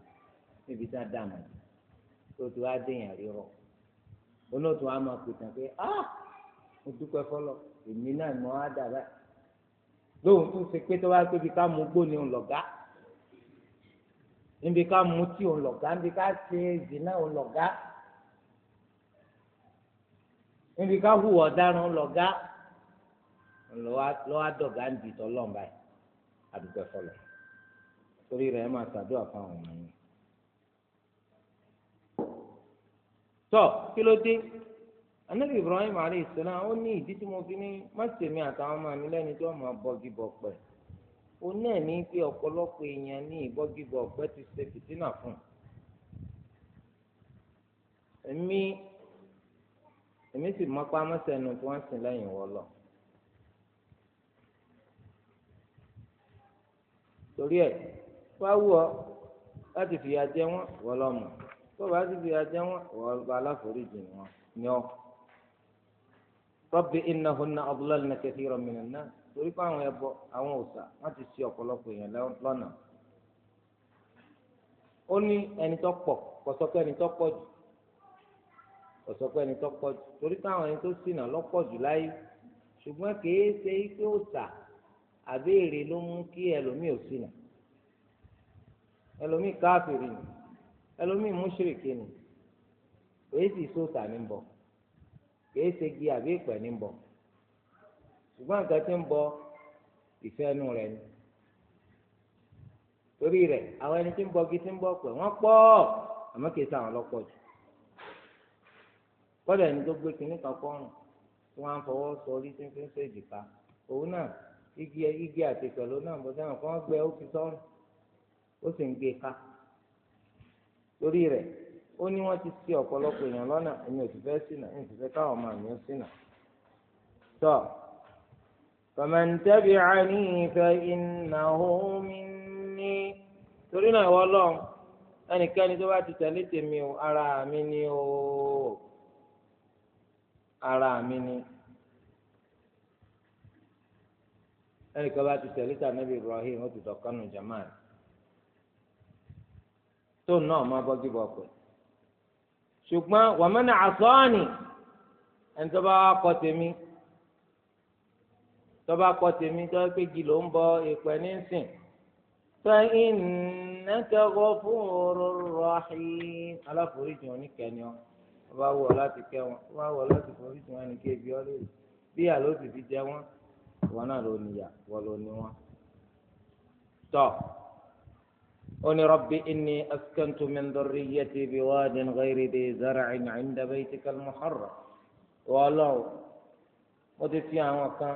ní ibi tá a dá àmàdé tó tó a dé yàn rírọ onótò wa máa pè tán pé a mo dúpẹ́ fọlọ́ èmi náà ni wọ́n á dà báyìí lóhùn tún ṣe pé tó wá pé bí ká mú gbóni ńlọ̀gá níbi ká mutí òun lọ̀gá níbi ká ṣe zina òun lọ̀gá níbi ká hùwà ọ̀daràn òun lọ̀gá lọ́wọ́ àdọ̀gá ń di tọ́lọ́m báyìí àdúgbò ẹ̀fọ́lọ̀ torí rẹ̀ máa ṣàdúrà fún àwọn ọmọ yẹn. tọ́ kí ló dé anabi Ibrahim alayhi salam ó ní ìdí tí mo fi ní má tèmi àtàwọn ọmọ mi lẹ́ni tí wọ́n máa bọ́gi bọ̀ pẹ̀lú ó náà ní pé ọ̀pọ̀lọpọ̀ èèyàn ní ìbọ́gibọ̀ ọ̀pẹ ti ṣe fìtínà fún un. èmi èmi sì mọ pa mọ́sẹ̀nu tí wọ́n sìn lẹ́yìn wọ́n lọ. torí ẹ̀ wá wù ọ́ láti fìyà jẹ wọ́n wọ́n lọ mọ̀ tó bá ti fìyà jẹ wọ́n wọ́n bá aláforíjì wọn ni ọ́. رب إنهن أضللن كثيرا من الناس torí pé àwọn ẹbọ àwọn òòṣà wọn ti ṣì ọ̀pọ̀lọpọ̀ èèyàn lọ́nà ó ní ẹni tó pọ̀ kò sọ pé ẹni tó pọ̀ jù kò sọ pé ẹni tó pọ̀ jù torí pé àwọn ẹni tó ṣìnà lọ́pọ̀ jù láyé ṣùgbọ́n kìí ṣe pé òòṣà àbéèrè ló mú kí ẹlòmíì ò ṣìnà ẹlòmíì káfìrì ni ẹlòmíì múṣírìkì ni kìí sì sóòṣà ní bọ̀ kìí ṣe gi àbí ní bọ̀. ṣùgbọ́n nǹkan tí ń bọ ìfẹ́ inú rẹ̀ ni torí rẹ̀ àwọn ẹni tí ń bọ gidi ń bọ pẹ̀ wọ́n pọ̀ àmọ́ kìí sáwọn lọ́pọ̀ jù kọ́dà ẹni tó gbé kínní kan tí wọ́n sọ orí tí ń fi ń sọ èjìká òun igi igi àti pẹ̀lú náà dáhùn ó fi ó sì ń gbé e ká torí rẹ̀ ó ní wọ́n ti ọ̀pọ̀lọpọ̀ èèyàn lọ́nà ẹ̀yin sínà ẹ̀yin فمن تبعني فإنه مني torí náà ìwọ lọ ẹnikẹ́ni tó bá ti tẹ̀lé tèmi o ara mi ni o ara mi ni ẹnikẹ́ni bá ti tẹ̀lé tànàbí Ibrahim ó ti dọ̀kánu jamaa tó náà má bọ́gí bọ́ pẹ̀ ṣùgbọ́n wàmẹ́ni àsọ́ọ̀nì ẹni tó bá wà kọ́ tèmi tọ́ba kọ́ tèmi tọ́ pé jì ló ń bọ ìpẹ́ ní sìn. فإنك غفور رحيم على فريج ونكني ọba wọ láti kẹ wọn ọba wọ láti forí tí wọn ní ké bí ọlẹ bí àlọ sì fi jẹ wọn wọn náà ló níyà wọn ló ní wọn. tọ́ oni rabbi inni askantu min dhurriyyati biwadin ghayri dhi zar'in 'inda baytikal muharram wọ́ọ́lọ́wọ́ mo ti fi àwọn kan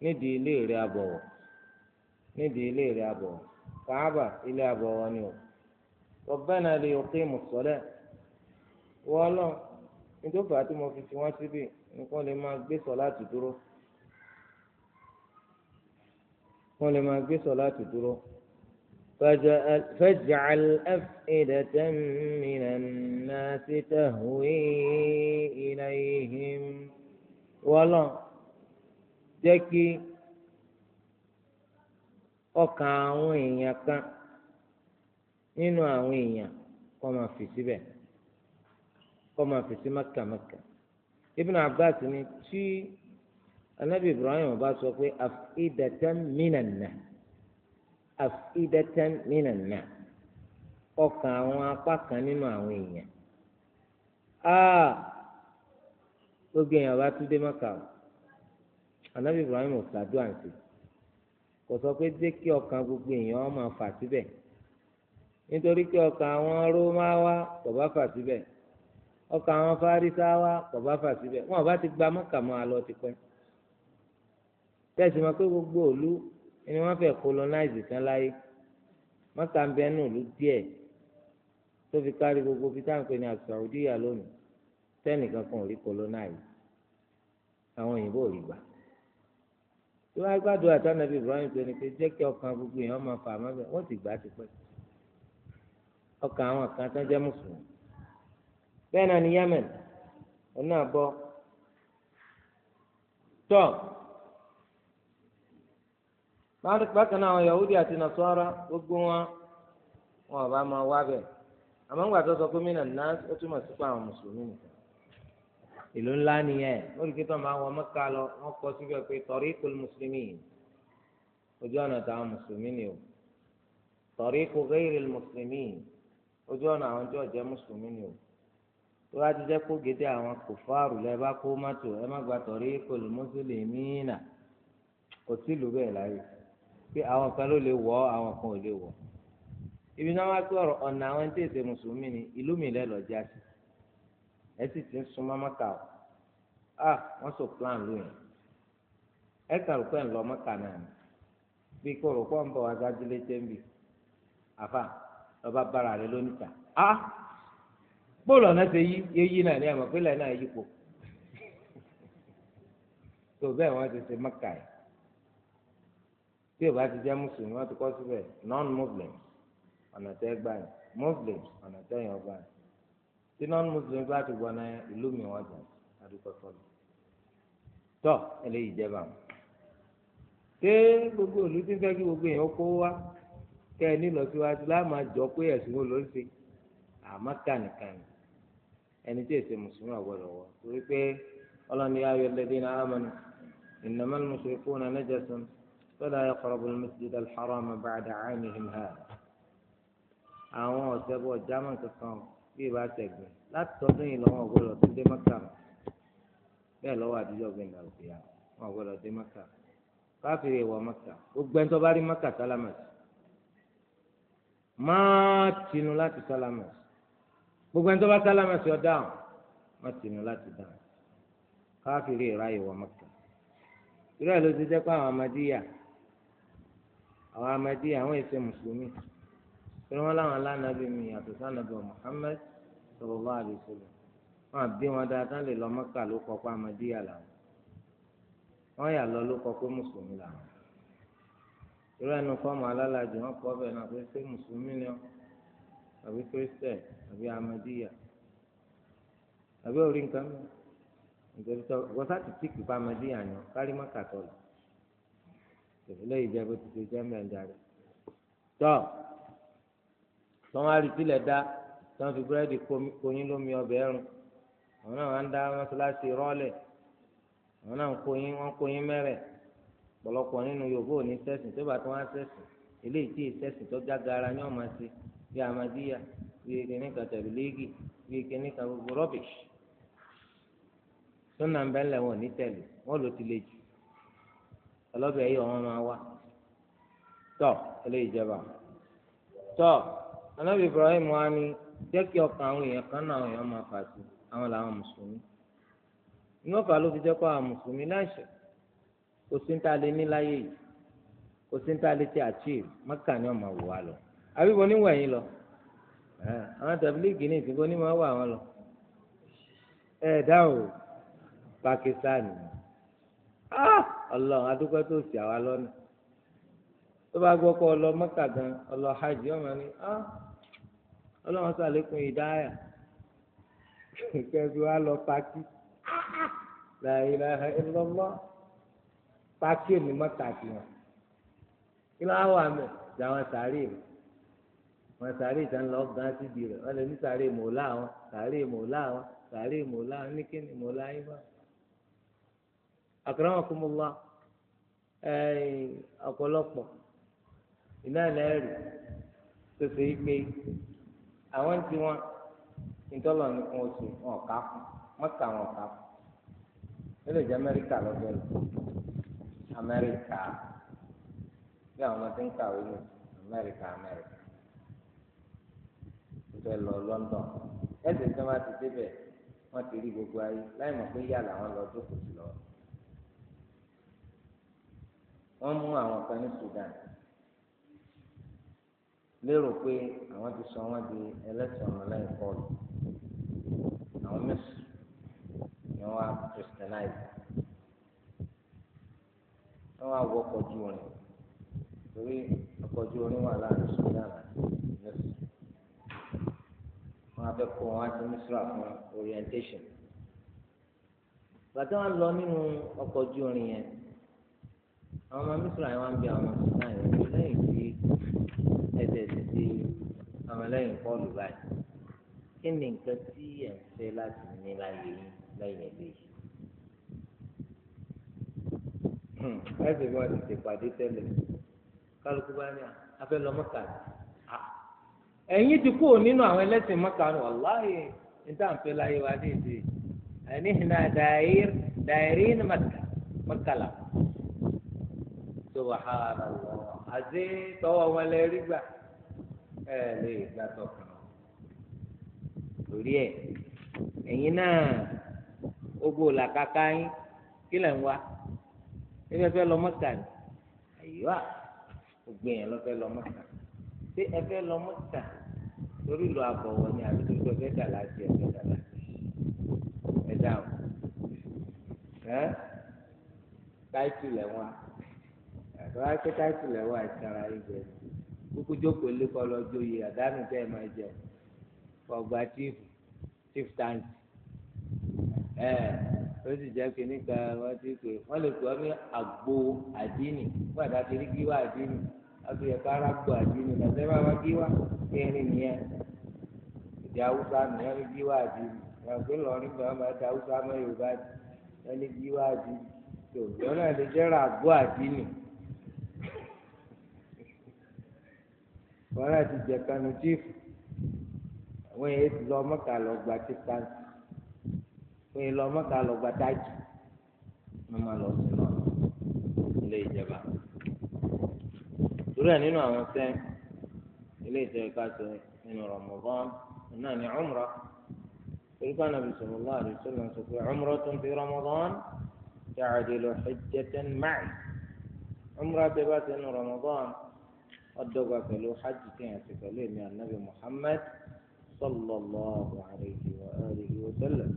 nídìí ilé rẹ ilé rẹ ilé ni o Rabbana li yuqimu s-salah nítorí àti mo fi fi síbi nǹkan lè máa gbé sọ láti dúró wọ́n lè máa gbé sọ láti dúró. jẹ́ kí ọkàn àwọn èèyàn kan nínú àwọn èèyàn kó máa fi síbẹ̀ kó máa fi sí mẹ́kàmẹ́kà Ibn Abbas ni tí anabi Ibrahim bá sọ pé afidatan minanna afidatan minanna ọkàn àwọn apá kan nínú àwọn èèyàn a gbogbo èèyàn bá tún dé anabi ibrahim ọ̀sàdúrà ń sè kò sọ pé jẹ́ kí ọkàn gbogbo èèyàn máa fà síbẹ̀ nítorí pé ọkàn àwọn rómáwá kò bá fà síbẹ̀ ọkàn àwọn fárísáwá kò bá fà síbẹ̀ wọn bá ti gba mọ́kàmọ́ alọ́ ti pẹ́ tẹ̀sí ma pé gbogbo òlu ni wọ́n fẹ́ colonize kan láyé mọ́kà ń bẹ nù òlu díẹ̀ tó fi kárí gbogbo fi táǹpẹ́ ní Saudi lónìí tẹ́nìkan kan ò rí colonize àwọn òyìnbó ò rí gbà. tí wọ́n á gbàdúrà tánàbí Ibrahim tó ní pé jẹ́ kí ọkàn gbogbo èèyàn máa fà máa bẹ̀ wọ́n ti gbà ti pẹ́ ọkàn àwọn kan tán jẹ́ mùsùlùmí bẹ́ẹ̀ náà ni Yemen ọ̀nà àbọ̀ tọ́ náà àwọn Yahudi àti Nasara gbogbo wọn wọn máa wá àmọ́ ńgbà tó sọ náà ó túmọ̀ sí pé àwọn ìlú ńlá nìyẹn lóríkì tó máa wọ mẹ́ka lọ wọ́n kọ síbẹ̀ pé tariqul muslimin ojú ọ̀nà táwọn mùsùlùmí ni o tariqu ghayril muslimin ojú ọ̀nà àwọn tí ọ̀jẹ́ mùsùlùmí ni o tó bá ti jẹ́ kó gédé àwọn kòfáàrù lẹ́ bá kó mọ́tò ẹ má gba tariqul muslimina kò sí ìlú bẹ́ẹ̀ láyé pé àwọn kan ló lè wọ̀ àwọn kan ò lè wọ̀ ibi náà wá pé ọ̀nà àwọn tí mùsùlùmí ni ìlú mi lẹ́ lọ́ọ́ jáde ẹ sì ti ń súnmọ́ mọ́kà o ah wọ́n sọ plan lóyún ẹ kàn rò pé ń lọ mọ́kà náà ni bí kò rò pé ń bọ̀ agbájúlé tẹ́ḿbì àfà lọ́ba bára rẹ lóníta ah bóòlù ọ̀nà ṣe yí yéyí náà ní ẹ̀mọ́ pílẹ̀ náà yípo tó bẹ́ẹ̀ wọ́n ti ṣe mọ́kà yìí tí o bá ti jẹ́ mùsùlùmí wọ́n ti kọ́ síbẹ̀ non Muslim, ọ̀nà tẹ́ gbà yìí muslims ọ̀nà tẹ́ yàn gbà yìí tí non muslim bá ti gbọ́n náà ìlú mi wọ́n jẹ́ àdúgbò sọ́lù tọ́ eléyìí jẹ́ bàmù ṣé gbogbo òlú ti fẹ́ kí gbogbo èèyàn kó wá kẹ́ ẹ nílọ síwájú láàmú àjọ pé ẹ̀sìn wo ló ń ṣe àmọ́ kànìkànì ẹni tí èsè mùsùlùmí àgbọ̀dọ̀ wọ̀ torí pé ọlọ́ni ayọ̀ lẹ́dínà amanu إنما المشركون نجس فلا يقربوا المسجد الحرام بعد عامهم هذا àwọn ọ̀sẹ̀ bọ̀ jámọ̀ kankan bí ìbá tẹ̀gbẹ́ láti tọdún yìí lọ́wọ́ ọ̀gbọ́dọ̀ tó dé mọ́kà bẹ́ẹ̀ lọ́wọ́ àdúgbò ọ̀gbìn náà òkè yá wọn ọ̀gbọ́dọ̀ dé mọ́kà káfíìrì ìwọ mọ́kà gbogbo ẹni tó bá rí mọ́kà sálámàsì máa tinú láti sálámàsì gbogbo ẹni tó bá sálámàsì ọ̀dà máa tinú láti dáhùn káfíìrì ìrá ìwọ mọ́kà ìrẹ́ ló ti jẹ́ pé àwọn amadíyà àwọn amadíyà àwọn èsè mùsùlùmí tí wọ́n láwọn alánàbí mi àtọ̀sánàbí Muhammad sallallahu alaihi wasallam wọn àbí wọn dáadáa lè lọ mọ́kà ló kọ́ pé amadíyà làwọn wọn yà lọ ló kọ́ pé mùsùlùmí làwọn irú ẹnu fọ́ọ̀mù alálàjì wọn kọ́ bẹ́ẹ̀ náà pé ṣé mùsùlùmí ni ọ àbí kírísítẹ̀ àbí amadíyà àbí orí nǹkan mi nítorí tó gbọ́sá ti pa amadíyà ni ọ kárí mọ́kà tó lọ tòlẹ́ ìjẹ́bù ti ṣe jẹ́ mẹ́rin darí tọ́ tọ́wọ́n á rí tilẹ̀ dá tí wọ́n fi búrẹ́dì kóyún lómi ọbẹ̀ ẹ̀rùn àwọn náà wọ́n ń dá mọ́ṣáláṣí rọ́ọ̀lẹ̀ àwọn náà ń kóyún wọ́n kóyún mẹ́rẹ̀ pọ̀lọpọ̀ nínú Yorùbá ò ní sẹ́sìn tó bá tó wá sẹ́sìn eléyìí tí ìsẹ́sìn tó jágara ni wọ́n máa ṣe bí amadíyà bí kíní kan tàbí léegi bí kíní kan gbogbo rọ́bìṣì tó nà ń bẹ́lẹ̀ wọn ní tẹ̀lé wọn ló ti le jù ọlọ́bẹ̀ yìí wọn máa wá tọ́ eléyìí jẹba tọ́ anábì Ibrahim wa ni jẹ́ kí ọkàn àwọn èèyàn kan náà àwọn èèyàn máa fà sí àwọn làwọn mùsùlùmí ní ọ̀fà ló fi jẹ́ kó àwọn mùsùlùmí láṣẹ kò sí ní ta lè ní láyé yìí kò sí ní ta lè ti àchíf mọ́kà ni wọ́n máa wò wá lọ àbí bo níwọ̀ lọ àwọn tẹ̀bílíìgì ní ìsìnkú ní máa wà wọn lọ ẹ̀ dáhùn Pakistan ah! ọlọ́run adúgbò tó sì àwa lọ́nà tó bá gbọ́ kó ọlọ́ mọ́kà gan ọlọ́ hajj ọmọ ni ọlọ́run sàlékún ìdáyà <laughs> kẹfì wa lọ paki làyìnlá ẹlọ́mọ paki òní má kàkì hàn kílá wà mẹ làwọn sàárè rẹ wọn sàárè ìtàn lọ gán síbi rẹ wọn lè ní sàárè mòlá wọn sàárè mòlá wọn sàárè mòlá wọn ní kíni mòlá yín bá. akramakumullah ọ̀pọ̀lọpọ̀ iná ẹ̀ lẹ́rìí tó ṣe é pé àwọn ń tiwọn ìtọ́lọ̀ ní kún oṣù wọn kà fún mọ́kà wọn kà fún ó lè jẹ́ amẹ́ríkà lọ́jọ́ lọ amẹ́ríkà bí àwọn ọmọ ń kàwé ní amẹ́ríkà amẹ́ríkà ó lọ London ẹ̀sìn tí wọ́n ti débẹ̀ wọ́n ti rí gbogbo ayé láì mọ̀ pé yà làwọn lọ jókòó sí lọ wọ́n mú àwọn kan ní Sudan lérò pé àwọn ti sọ wọn di ẹlẹ́sìn ọmọlẹ́yìn pọ́ọ̀lù àwọn mẹ́sì ni wọ́n á christianize wọ́n á wọ ọkọ̀ ojú orin torí ọkọ̀ ojú orin wà láàrin Sudan àti mẹ́sì wọ́n á fẹ́ kó wọn á ti mísírà fún orientation gbàtà wọn lọ nínú ọkọ̀ ojú orin yẹn àwọn ọmọ mísírà yẹn wọ́n á bí àwọn Sudan yẹn lẹ́yìn ẹ̀dẹ̀sẹ̀ sí ọmọlẹ́yìn pọ́ọ̀lù báyìí kí ni nǹkan tí ẹ̀ ń fẹ́ láti ní láyé yín lẹ́yìn eléyìí. ẹ̀sìn bí wọ́n ti ti pàdé tẹ́lẹ̀ kálukú bá ní abẹ́ lọ mọ́kà ní. ẹ̀yin ti kú nínú àwọn ẹlẹ́sìn mọ́kà ní wàláhì níta ń fẹ́ láyé wa ní ìdí ẹ̀ní hìnà dàírí ní mọ́kà mọ́kà là. subhanallah àti tọwọ́ wọn lẹ rí gbà ẹ lè gbà tọkàn lórí ẹ ẹ̀yin náà gbogbo làkàkà yín kí lẹ̀ ń wá ebi ẹfẹ lọ mọta ni ayiwa ògbìn yẹn lọfẹ lọ mọta ṣé ẹfẹ lọ mọta torí lọ àbọwọ ni àbí tó gbẹfẹ dàlá sí ẹfẹ dàlá sí ẹ dáhùn ẹ táìtì lẹ wọn àtàwọn akẹ́kọ̀ọ́ ilẹ̀ wà ìtara ìjẹ kúkú jókòó lé kọ́ lọ́jọ́ yìí àdánù tẹ́ ẹ máa jẹ ọgbà tíìfù tíìfù táǹkì ẹ ó sì jẹ́ kí nípa wọ́n ti pè wọ́n lè pè ọ́ ní àgbo àdínì fún àdáké ní kíwá àdínì láti yẹ ká àdínì làtẹ́ bá wá kíwá kérin nìyẹn ìdí haúsá ní àdínì ìyàgbé bá máa da haúsá mọ́ yorùbá àdínì tó ìyọ́nà wọn náà ti jẹ kanu tíìfù àwọn èèyàn ti lọ mọ́ta lọ gba tí pàǹtí wọn èèyàn lọ mọ́ta lọ gba táàjì wọn máa lọ sí náà ilé ìjọba torí ẹ nínú àwọn sẹ ilé ìjọba ká sọ nínú Ramadan náà ní umra torí ká nàbì sallallahu alaihi wasallam sọ pé umratun fi Ramadan ta'dilu hajjatan ma'i umra tẹ bá sẹ nínú Ramadan ọdọgba pẹ̀lú hajj kẹyàn sí pẹ̀lú èmi anabi muhammad sallallahu alayhi wa alihi wa sallam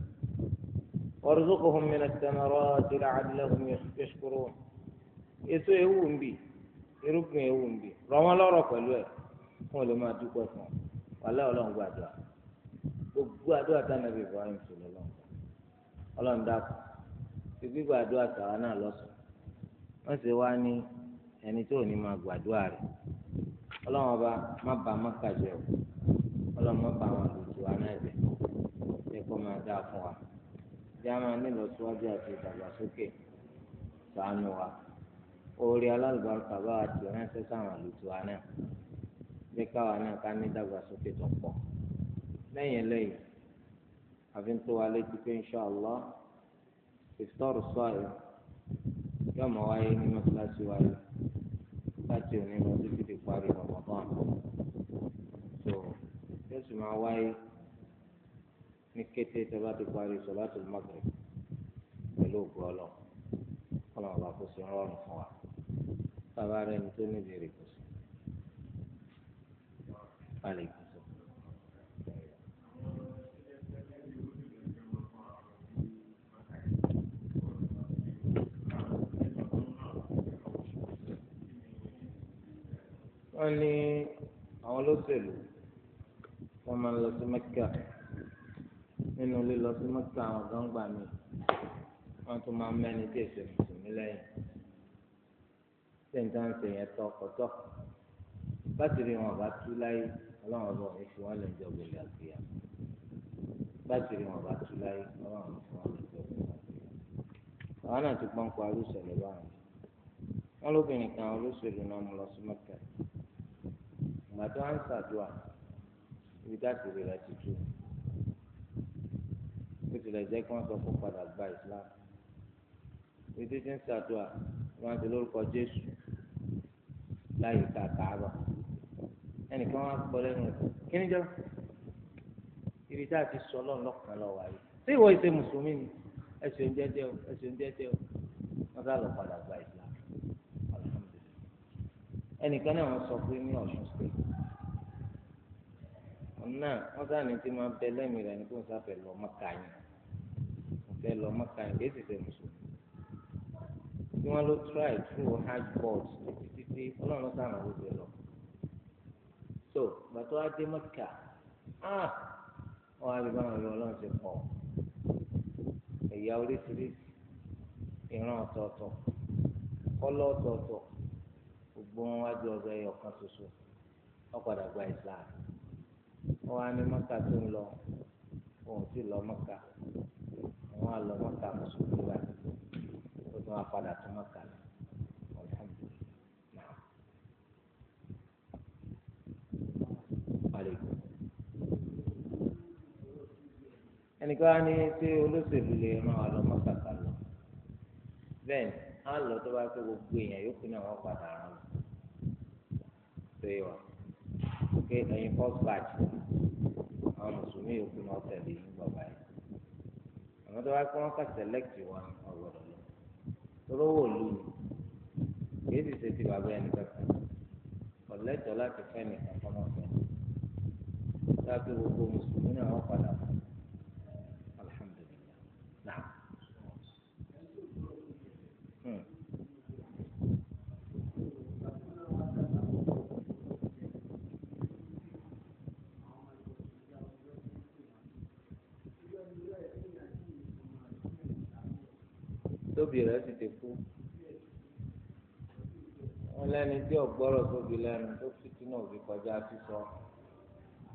warzuqhum min ath-thamarati la'allahum yashkurun èso ewu ń bì irúgbìn ewu ń bì rọ̀ wọ́n lọ́rọ̀ pẹ̀lú ẹ̀ fún olè máa dúpẹ́ fún ọ wàlẹ́ ọlọ́run gbàdúrà gbogbo àdúrà tánàbí ibrahim sọlọ lọ́wọ́ ọlọ́run dàpọ̀ fi gbígbà àdúrà tàwa náà lọ́sọ̀ọ́ wọ́n sì wá ní ẹni tó ní máa gbàdúrà rẹ̀ ọlọ́run ọba má bà á mọ́kà jẹ́ o ọlọ́run má bà àwọn àlejò wa náà jẹ́ ẹ kó máa dáa fún wa bí a máa nílò síwájú àti ìdàgbàsókè ṣàánú wa orí alálùbáríkà bá wa ti ránṣẹ́ sáwọn àlejò wa náà bí káwa náà ká ní ìdàgbàsókè tó pọ̀ lẹ́yìn eléyìí àfi ń tó wa létí pé insha Allah ìfitọ́rù sọ́ọ̀rù yóò mọ̀ wáyé ní mọ́tíláṣí wáyé láti òní lọ títí di parí Ramadan so yóò sì máa wáyé ní kété tó bá ti parí Salatul Maghrib pẹ̀lú ògbó ọlọ́ kọ́nà ọba kò sí rọrùn fún wa bàbá rẹ̀ ní tó ní ìbéèrè kò sí. wọ́n ní àwọn olóṣèlú wọ́n máa ń lọ sí mẹ́kà nínú lílọ sí mẹ́kà àwọn gbangba mi wọ́n tún máa ń mẹ́ni tí èsì mùsùlùmí lẹ́yìn sèǹtà ń sè yẹn tọ ọkọtọ bátìrì wọn bá tú láyé ọlọ́run ọba òní wọn lè jọ gbèlè àgbéyà bátìrì wọn bá tú láyé ọlọ́run òní fi wọn lè jọ gbèlè àgbéyà àwọn náà ti gbọ́n pa báyìí wọn lóbìnrin kan olóṣèlú náà mú lọ sí mẹ́kà gbàtọ́ à ń ṣàdúrà ibi dáàtì rẹ̀ rẹ̀ ti tú bó tilẹ̀ jẹ́ kí wọ́n sọ fún padà gba Islam ibi títí ń ṣàdúrà wọ́n ti lórúkọ Jésù láyé ká Káàbà ẹnìkan wá gbọ́ lẹ́nu kí ni jẹ́ ibi dáàtì sọ lọ́nà lọ́kàn lọ́wọ́ ayé tí ìwọ ìṣe mùsùlùmí ni ẹ̀sìn jẹ́jẹ́ o ẹ̀sìn jẹ́jẹ́ o wọ́n sá lọ padà gba Islam ẹnìkan náà wọ́n sọ pé ní Ọ̀ṣun state ọ̀nà wọ́n sáà ní tí máa bẹ lẹ́mìí rẹ̀ ní kó n sáfẹ́ lọ mọ́ka yẹn fẹ́ lọ mọ́ka yẹn kí èsì fẹ́ mùsùlùmí tí wọ́n ló try through hard board títí títí ọlọ́run sáà náà ló bẹ lọ so gbàtọ́ adé mọ́ka ah wọ́n á rí báwọn ọ̀rẹ́ ọlọ́run ṣe pọ̀ ẹ̀yà oríṣiríṣi ìran ọ̀tọ̀ọ̀tọ̀ kọ́lọ́ ọ̀tọ̀ọ̀tọ̀ gbogbo wọn wá di ọbẹ̀ ẹyọ kan ṣoṣo wọn padà gba islam wọn wá ní mọ́kà tó ń lọ wọn ò sì lọ mọ́kà wọn á lọ mọ́kà mùsùlùmí wa ó tún wá padà tó mọ́kà lọ. ẹnìkan á ní tí olóṣèlú lè ràn lọ mọ́kà lọ bẹ́ẹ̀ ni á lọ tó bá pé gbogbo èèyàn yókù náà wọ́n padà rán lọ pé wà pé ẹ̀yin first batch àwọn mùsùlùmí yòókù náà tẹ̀lé yín bàbá yìí àwọn tó bá pé wọ́n kà select wa ọ̀gbọ̀dọ̀ lọ tọ́lọ́wọ́ òlu ni kì í sì ṣe ti bàbá ẹni kankan ọ̀lẹ́tọ̀ láti fẹ́ nìkan fọmọ́fẹ́ láti gbogbo mùsùlùmí náà wọ́n padà fún un. tóbi rẹ̀ sì ti kú wọn lẹ́ni tí ọ̀gbọ́rọ̀ tóbi lẹ́nu tó fìtí náà fi kọjá sísọ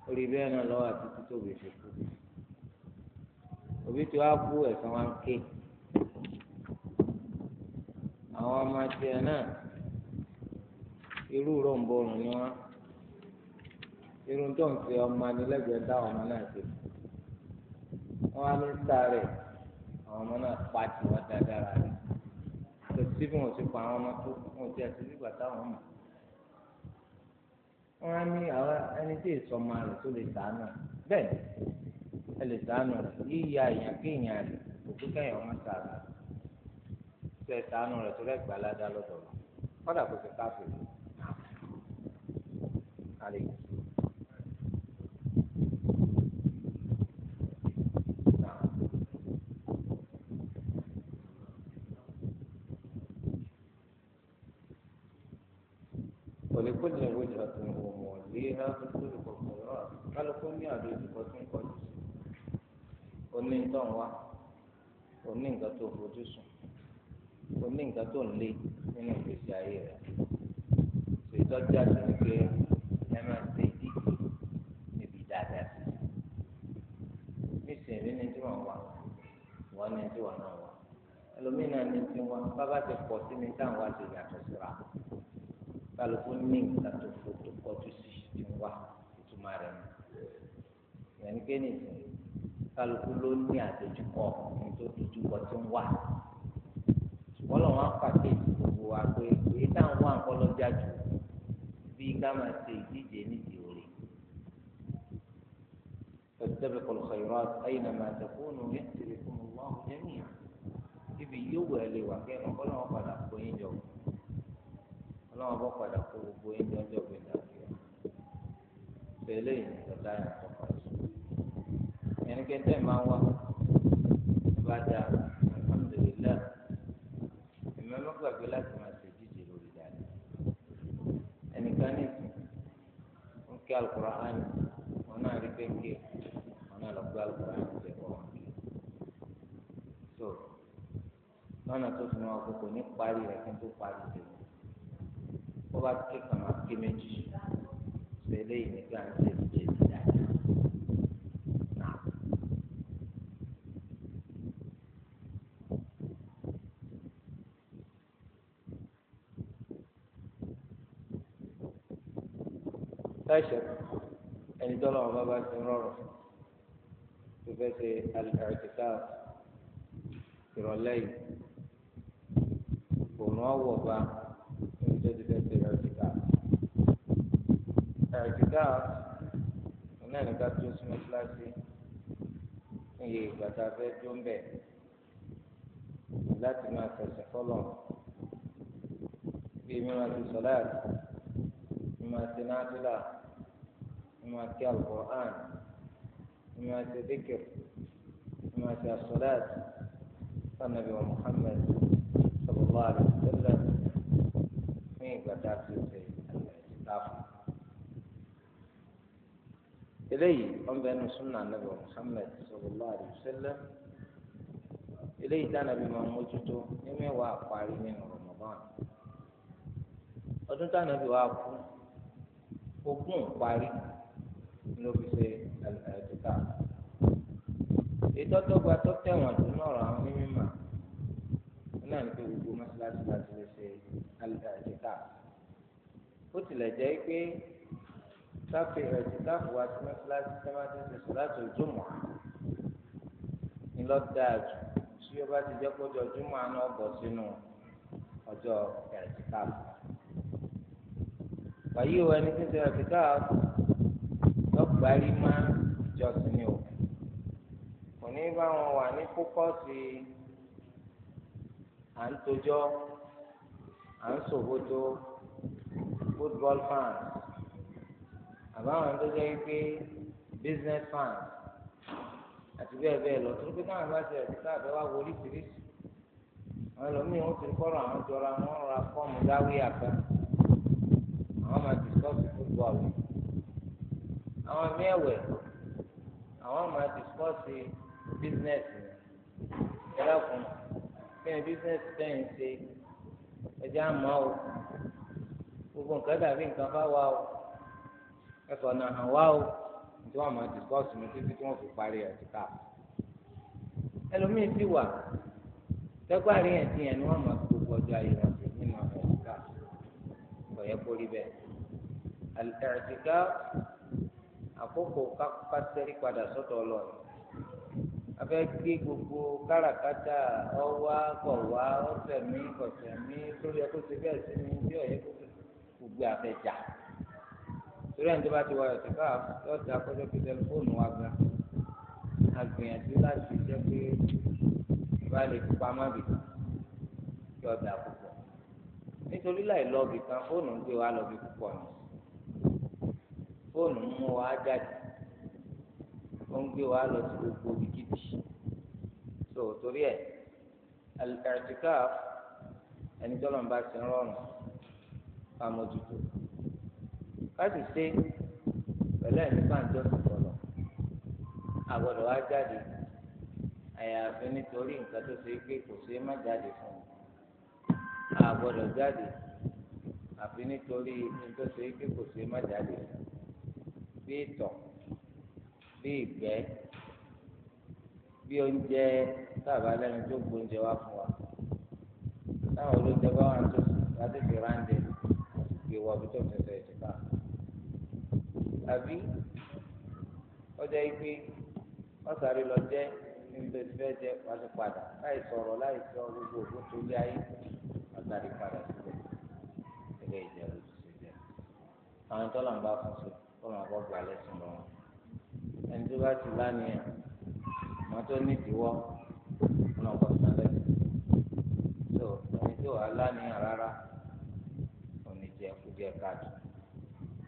orí bẹ́ẹ̀ náà lọ́wọ́ àti tí tóbi fi kú òbí tí wàá kú ẹ̀sán wa ń ké àwọn ọmọ tiẹ̀ náà irú rọ̀ǹbọ̀rùn ni wọ́n irun tó ń fi ọmọ anilẹ́gbẹ̀ẹ́ dá ọmọ náà sí wọ́n á ní sáré. àwọn ọmọ náà pa tiwọn dáadáa rẹ kò bí wọn ti pa àwọn ọmọ tó wọn ti àti nígbà mọ wọn á ní àwọn ẹni tí èso ọmọ rẹ tó lè sàánù ẹ lè sàánù rẹ yíya èèyàn kéèyàn rẹ òkú o nǹkan tó fojú sùn o nǹkan tó ń lé nínú ìgbésí ayé rẹ ìtọ́jú àti ní ẹ máa ṣe ìdíje níbi dáadáa sí nísìnyí ní tí wọ́n wà wọ́n ní tí wọ́n náà wà ẹlòmíràn ní tí wọ́n bábà ti pọ̀ sí ní táwọn wá ti yàtọ̀ síra kálukú ní nǹkan tó fojú kọjú sí ti wá ìtumọ̀ rẹ̀ yẹn ní kéènì ìsìn kálukú ló ní àdójúkọ tó dojúkọ tó ń wà ṣùgbọ́n lọ́wọ́ pàkíyèsí gbogbo wa pé èyí tá à ń wá nǹkan lọ́jà jù bí ká ṣe ìdíje nídìí òre فاستبقوا الخيرات أينما تكونوا يأتي بكم الله جميعا ibi yóò wẹ̀ lè wà kẹ́ ọlọ́run padà kó yín jọ ọlọ́run bọ́ padà kó gbogbo yín jọ jọ gbẹ̀dá kí ọ tẹ̀lé yẹn kí ẹtẹ́ máa wá bá dáa alhamdulilá ẹ̀mí ọlọ́gbàgbé láti máa ṣe jíjẹ lórí dáadáa ẹnìkan ní ìsìn ń kí Al-Qur'an wọn náà rí péńké wọn náà lọ gbé Al-Qur'an jẹ kọ́ wọn kí so lọ́nà tó fi máa kókò ní parí rẹ̀ kí n tó parí rẹ̀ wọ́n bá ké kàn máa ké méjì ṣẹlẹ̀ yìí nígbà ń láìsẹ̀ ẹni tọ́lọ̀ wọn bá ti rọrùn tó fẹ́ ṣe àlùkàrìtìkà ìrọ̀lẹ́ yìí òun ọ̀wọ̀ bá ẹni tó ti fẹ́ ṣe àlùkàrìtìkà àlùkàrìtìkà ọ̀nà ìrìnkà tó súnmọ́ kíláàsì iye ìgbà tá a fẹ́ tó ń bẹ̀ láti máa tẹ̀sán fọlọ́ bí mi máa ti sọ láàrín. ìmọ̀ àti nàdúrà ìmọ̀ àti alukọ̀án ìmọ̀ àti dìkìr ìmọ̀ àti asọ̀láàt sànàbí wa muhammed sọlọ́lá àdìsẹ́lẹ̀ ní ìgbà tá a ti ṣe àlàyé eléyìí ọ̀nbẹ nu sunna nabi muhammed sọlọ́lá àdìsẹ́lẹ̀ eléyìí tánàbí ogún parí ló fi ṣe àtúntà ìtọ́tọ́gba tó tẹ̀wọ̀n tó nọ̀rọ̀ àwọn mímímà náà ní pé gbogbo mọ́ṣáláṣí láti lè ṣe àtúntà ó tilẹ̀ jẹ́ pé sáfì àtúntà fún àti mọ́ṣáláṣí tẹ́mátì ti sọ láti ojúmọ́ ńlọ́dáàjù tí ó bá ti jẹ́ kó jọ ojúmọ́ àná ọ̀bọ̀ sínú ọjọ́ àtúntà fún wàyí o ẹni tí ń ṣe ẹ̀fíkà lọ́gbàárí má ìjọsìn ni o kò ní bá wọn wà ní fókọ́sì à ń tojọ́ à ń sòwòtò football fans àbáwọn tó jẹ́ pé business fans àti bẹ́ẹ̀ bẹ́ẹ̀ lọ tó pé káwọn bá ṣe ẹ̀fíkà àbẹ́ wá wọlé tìrìsì àwọn ẹlòmíràn ó ti kọ́ra àwọn jọra wọn ra fọ́ọ̀mù dáwé àgbà àwọn máa discuss football àwọn míì ẹ̀wẹ̀ àwọn máa discuss business ẹ dákun kí ni business tẹ̀yìn ṣe ẹjẹ́ àmọ́ o gbogbo nǹkan dàbí nǹkan bá wà o ẹ̀fọ́ náà hàn wá o tí wọ́n máa discuss mi títí tí wọ́n fi parí ẹ̀ síta ẹlòmíì sì wà tẹ́gbàrí ẹ̀ tiẹ̀ ni wọ́n máa gbogbo ọjọ́ ayé wọn ọ̀yẹ́ kó rí bẹ́ẹ̀ àlùtàrìtìká àkókò kásẹ́rí padà sọ́dọ̀ ọlọ́run afẹ́ gbé gbogbo káràkátà ọwá kọ̀wá ọ̀sẹ̀mí kọ̀sẹ̀mí tó yẹ kó ṣe bẹ́ẹ̀ sí ni bí ọ̀yẹ́ kó gbogbo àfẹ́jà torí ẹni tó bá ti wá ẹ̀sìn káà lọ́ọ̀tà kọjọ́ pé tẹlifóònù wa gan agbìyànjú láti jẹ́ pé bá lè fi pamọ́ bì kí ọ̀dà púpọ̀ nítorí láì lọ́ọ̀bì kan fóònù ń gbé wa lọ́ọ̀bì púpọ̀ ni fóònù ń mú wa jáde ó ń gbé wa lọ sí gbogbo ibikíbi tó torí ẹ̀ al-i'tikaf ẹni tọ́lọ̀ ń bá ti rọrùn ká mójútó ká sì ṣe pẹ̀lú ẹ̀mí pàǹtọ́ sí tọ̀lọ̀ àgbọ̀dọ̀ wa jáde àyàfi nítorí nǹkan tó ṣe pé kò ṣe é má jáde fún un àgbọ̀dọ̀ jáde àfi nítorí nítòsí pé kò sí má jáde bí ìtọ̀ bí ìgbẹ́ bí oúnjẹ sábà lẹ́nu tó gbóúnjẹ wá fún wa táwọn olóúnjẹ bá wà tó láti fi ráńjẹ gbé wọ ibi tó fẹsẹ̀ ìtìpá àbí ọjọ́ ìgbé ọ̀sàrí lọ jẹ́ níbi tó ti fẹ́ jẹ wá sí padà láì sọ̀rọ̀ láì sọ gbogbo òkú tó lé ayé sáré padà síbẹ̀ ilé ìjẹ́ lójúṣe jẹ́ àwọn ìtọ́lọ̀ ń bá fún sí kọ́nà àbọ̀ gba lẹ́sìn lọ́wọ́ ẹni tó bá ti lánìyàn àwọn tó ní ìdíwọ́ kọ́nà ọ̀pọ̀ sí lẹ́sìn tó ẹni tó wà lánìyàn rárá òní jẹ́ kú díẹ̀ káàtó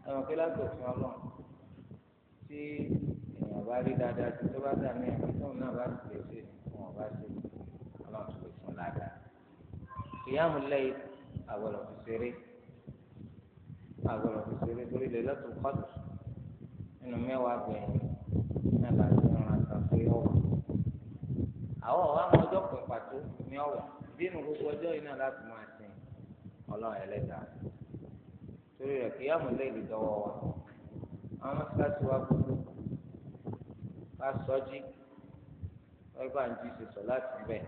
ẹ̀wọ̀n kí lásìkò fún ọlọ́run tí èèyàn bá rí dáadáa tó bá dà ní ẹ̀mí tóun náà bá sì lè ṣe fún ọba ṣe ọlọ́run tó lè fún ládàá kìyàmù lẹ́yìn àgbọ̀dọ̀ fi ṣeré àgbọ̀dọ̀ fi ṣeré torí lè lọ́tún kọ́tù nínú mẹ́wàá gbẹ̀yìn náà láti rán aṣọ pé ọ̀wà àwọn ọ̀wà àwọn ọjọ́ pẹ̀ pàtó ní ọ̀wà dínú gbogbo ọjọ́ yìí náà láti máa sìn ọlọ́run ẹlẹ́dàá torí rẹ̀ kìyàmù lẹ́yìn dọ́wọ́ wa àwọn mọ́sálásí wa gbogbo ká sọ́jí wọ́n gbà ń jí ṣe sọ láti bẹ́ẹ̀.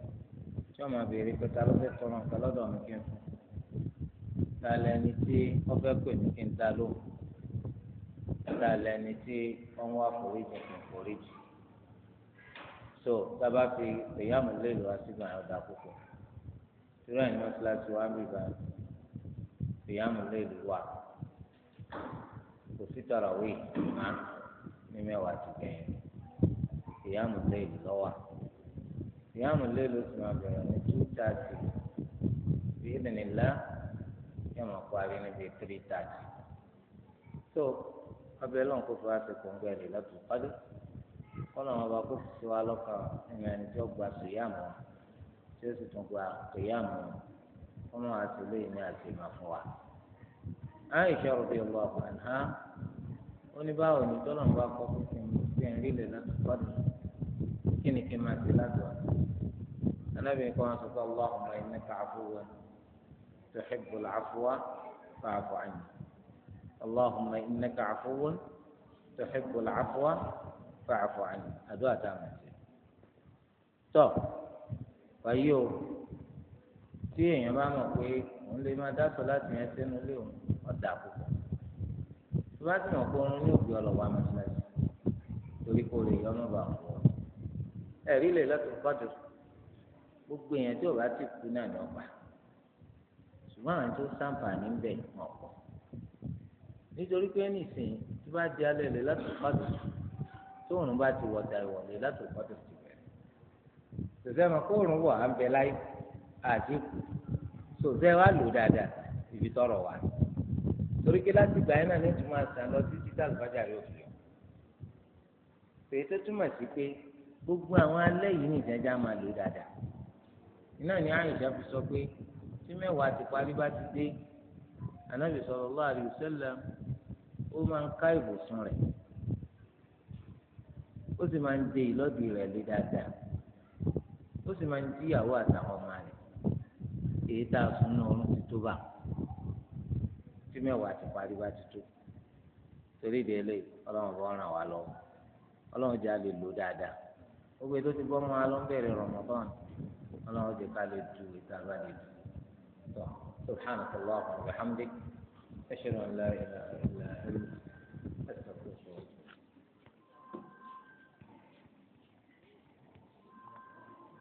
yóò máa béèrè pé ta ló fẹ́ tọrọ nǹkan lọ́dọ̀ mi kí n fún ta lẹni tí wọ́n fẹ́ pè mí kí n ta ló ta lẹni tí wọ́n wá foríjì kí n foríjì so tábà fi èyàmù lélo àtìgbà ọ̀dà púpọ̀ ìrọ̀ ìní mọ́síláṣí wa ń bìbá èyàmù lélo wà kò sí tọrọ wíì má ní mẹ́wàá ti gbẹ̀yìn èyàmù lélo lọ́wọ́ ìyáàmù lélo sì máa bẹ̀rẹ̀ ní two thirty bíi ìdìnnìlá yóò máa parí níbi three thirty so ọbẹ̀ lọ́n kó fún àsìkò ń gbẹ̀rẹ̀ lọ́tù pálí kọ́nà wọn bá kó sí wa lọ́kàn ẹ̀yìn ẹni tí ó gba sèyáàmù tí ó sì tún gba sèyáàmù ọmọ àti ilé ìní àti ìmọ̀ fún wa. Aisha radiyallahu anha ó ní báwo ni tọ́lọ̀ ń kí ni kí n máa ṣe ládùúgbò anábìyẹn kan sọ pé allahumma innaka afuwwun tuhibbul afwa fa'fu anni allahumma innaka afuwwun tuhibbul afwa fa'fu anni àdúrà táwọn ẹ̀ṣẹ̀ tọ́ wáyé o tí èèyàn bá mọ̀ pé òun lè máa dá láti yẹn sínú ilé òun ọ̀dà púpọ̀ tó bá sì mọ̀ pé òun ní òbí ọlọ́wà mọ́ṣáláṣí torí kò lè yọ ọmọ bàbá ẹ̀rí lè lọ́tọ̀ kọ́dù gbogbo èèyàn tí ò bá ti kú náà ní ọgbà ṣùgbọ́n àwọn tó sàǹfààní ń bẹ̀ ọ̀pọ̀ nítorí pé nìsín tó bá di alẹ́ lè lọ́tọ̀ kọ́dù tó òrùn bá ti wọ̀ta ìwọ̀lẹ̀ lọ́tọ̀ kọ́dù ti bẹ̀rẹ̀ ṣùgbọ́n àwọn kó òrùn wọ̀ à ń bẹ láyé àti kù ṣòṣẹ́ wa lò dáadáa ibi tọrọ wa torí pé láti gbà yín náà ní ìtumọ̀ àṣà lọ sí títà lùbájà rẹ̀ òfin yọ gbogbo àwọn alẹ́ yìí ní ìjẹ́jà máa lò dáadáa iná ni àyíṣà fi sọ pé tí mẹ́wàá ti parí bá ti dé ànábì sallallahu alaihi wasallam ó máa ń ká ìbùsùn rẹ̀ ó sì máa ń de ìlọ́dì rẹ̀ lé dáadáa ó sì máa ń jíyàwó àtàwọn ọmọ rẹ̀ èyí tá a sùn náà ọ̀run ti tó bá tí mẹ́wàá ti parí bá ti tó torí ìdílé ọlọ́run bọ́ ràn wá lọ́wọ́ ọlọ́run jẹ́ a lò dáadáa gbogbo ètò ti bọ́ mọ́ alọ́ ń bẹ̀rẹ̀ Ramadan ọlọ́run ti ká lè du ìta bá lè du tó subhanahu wa ta'ala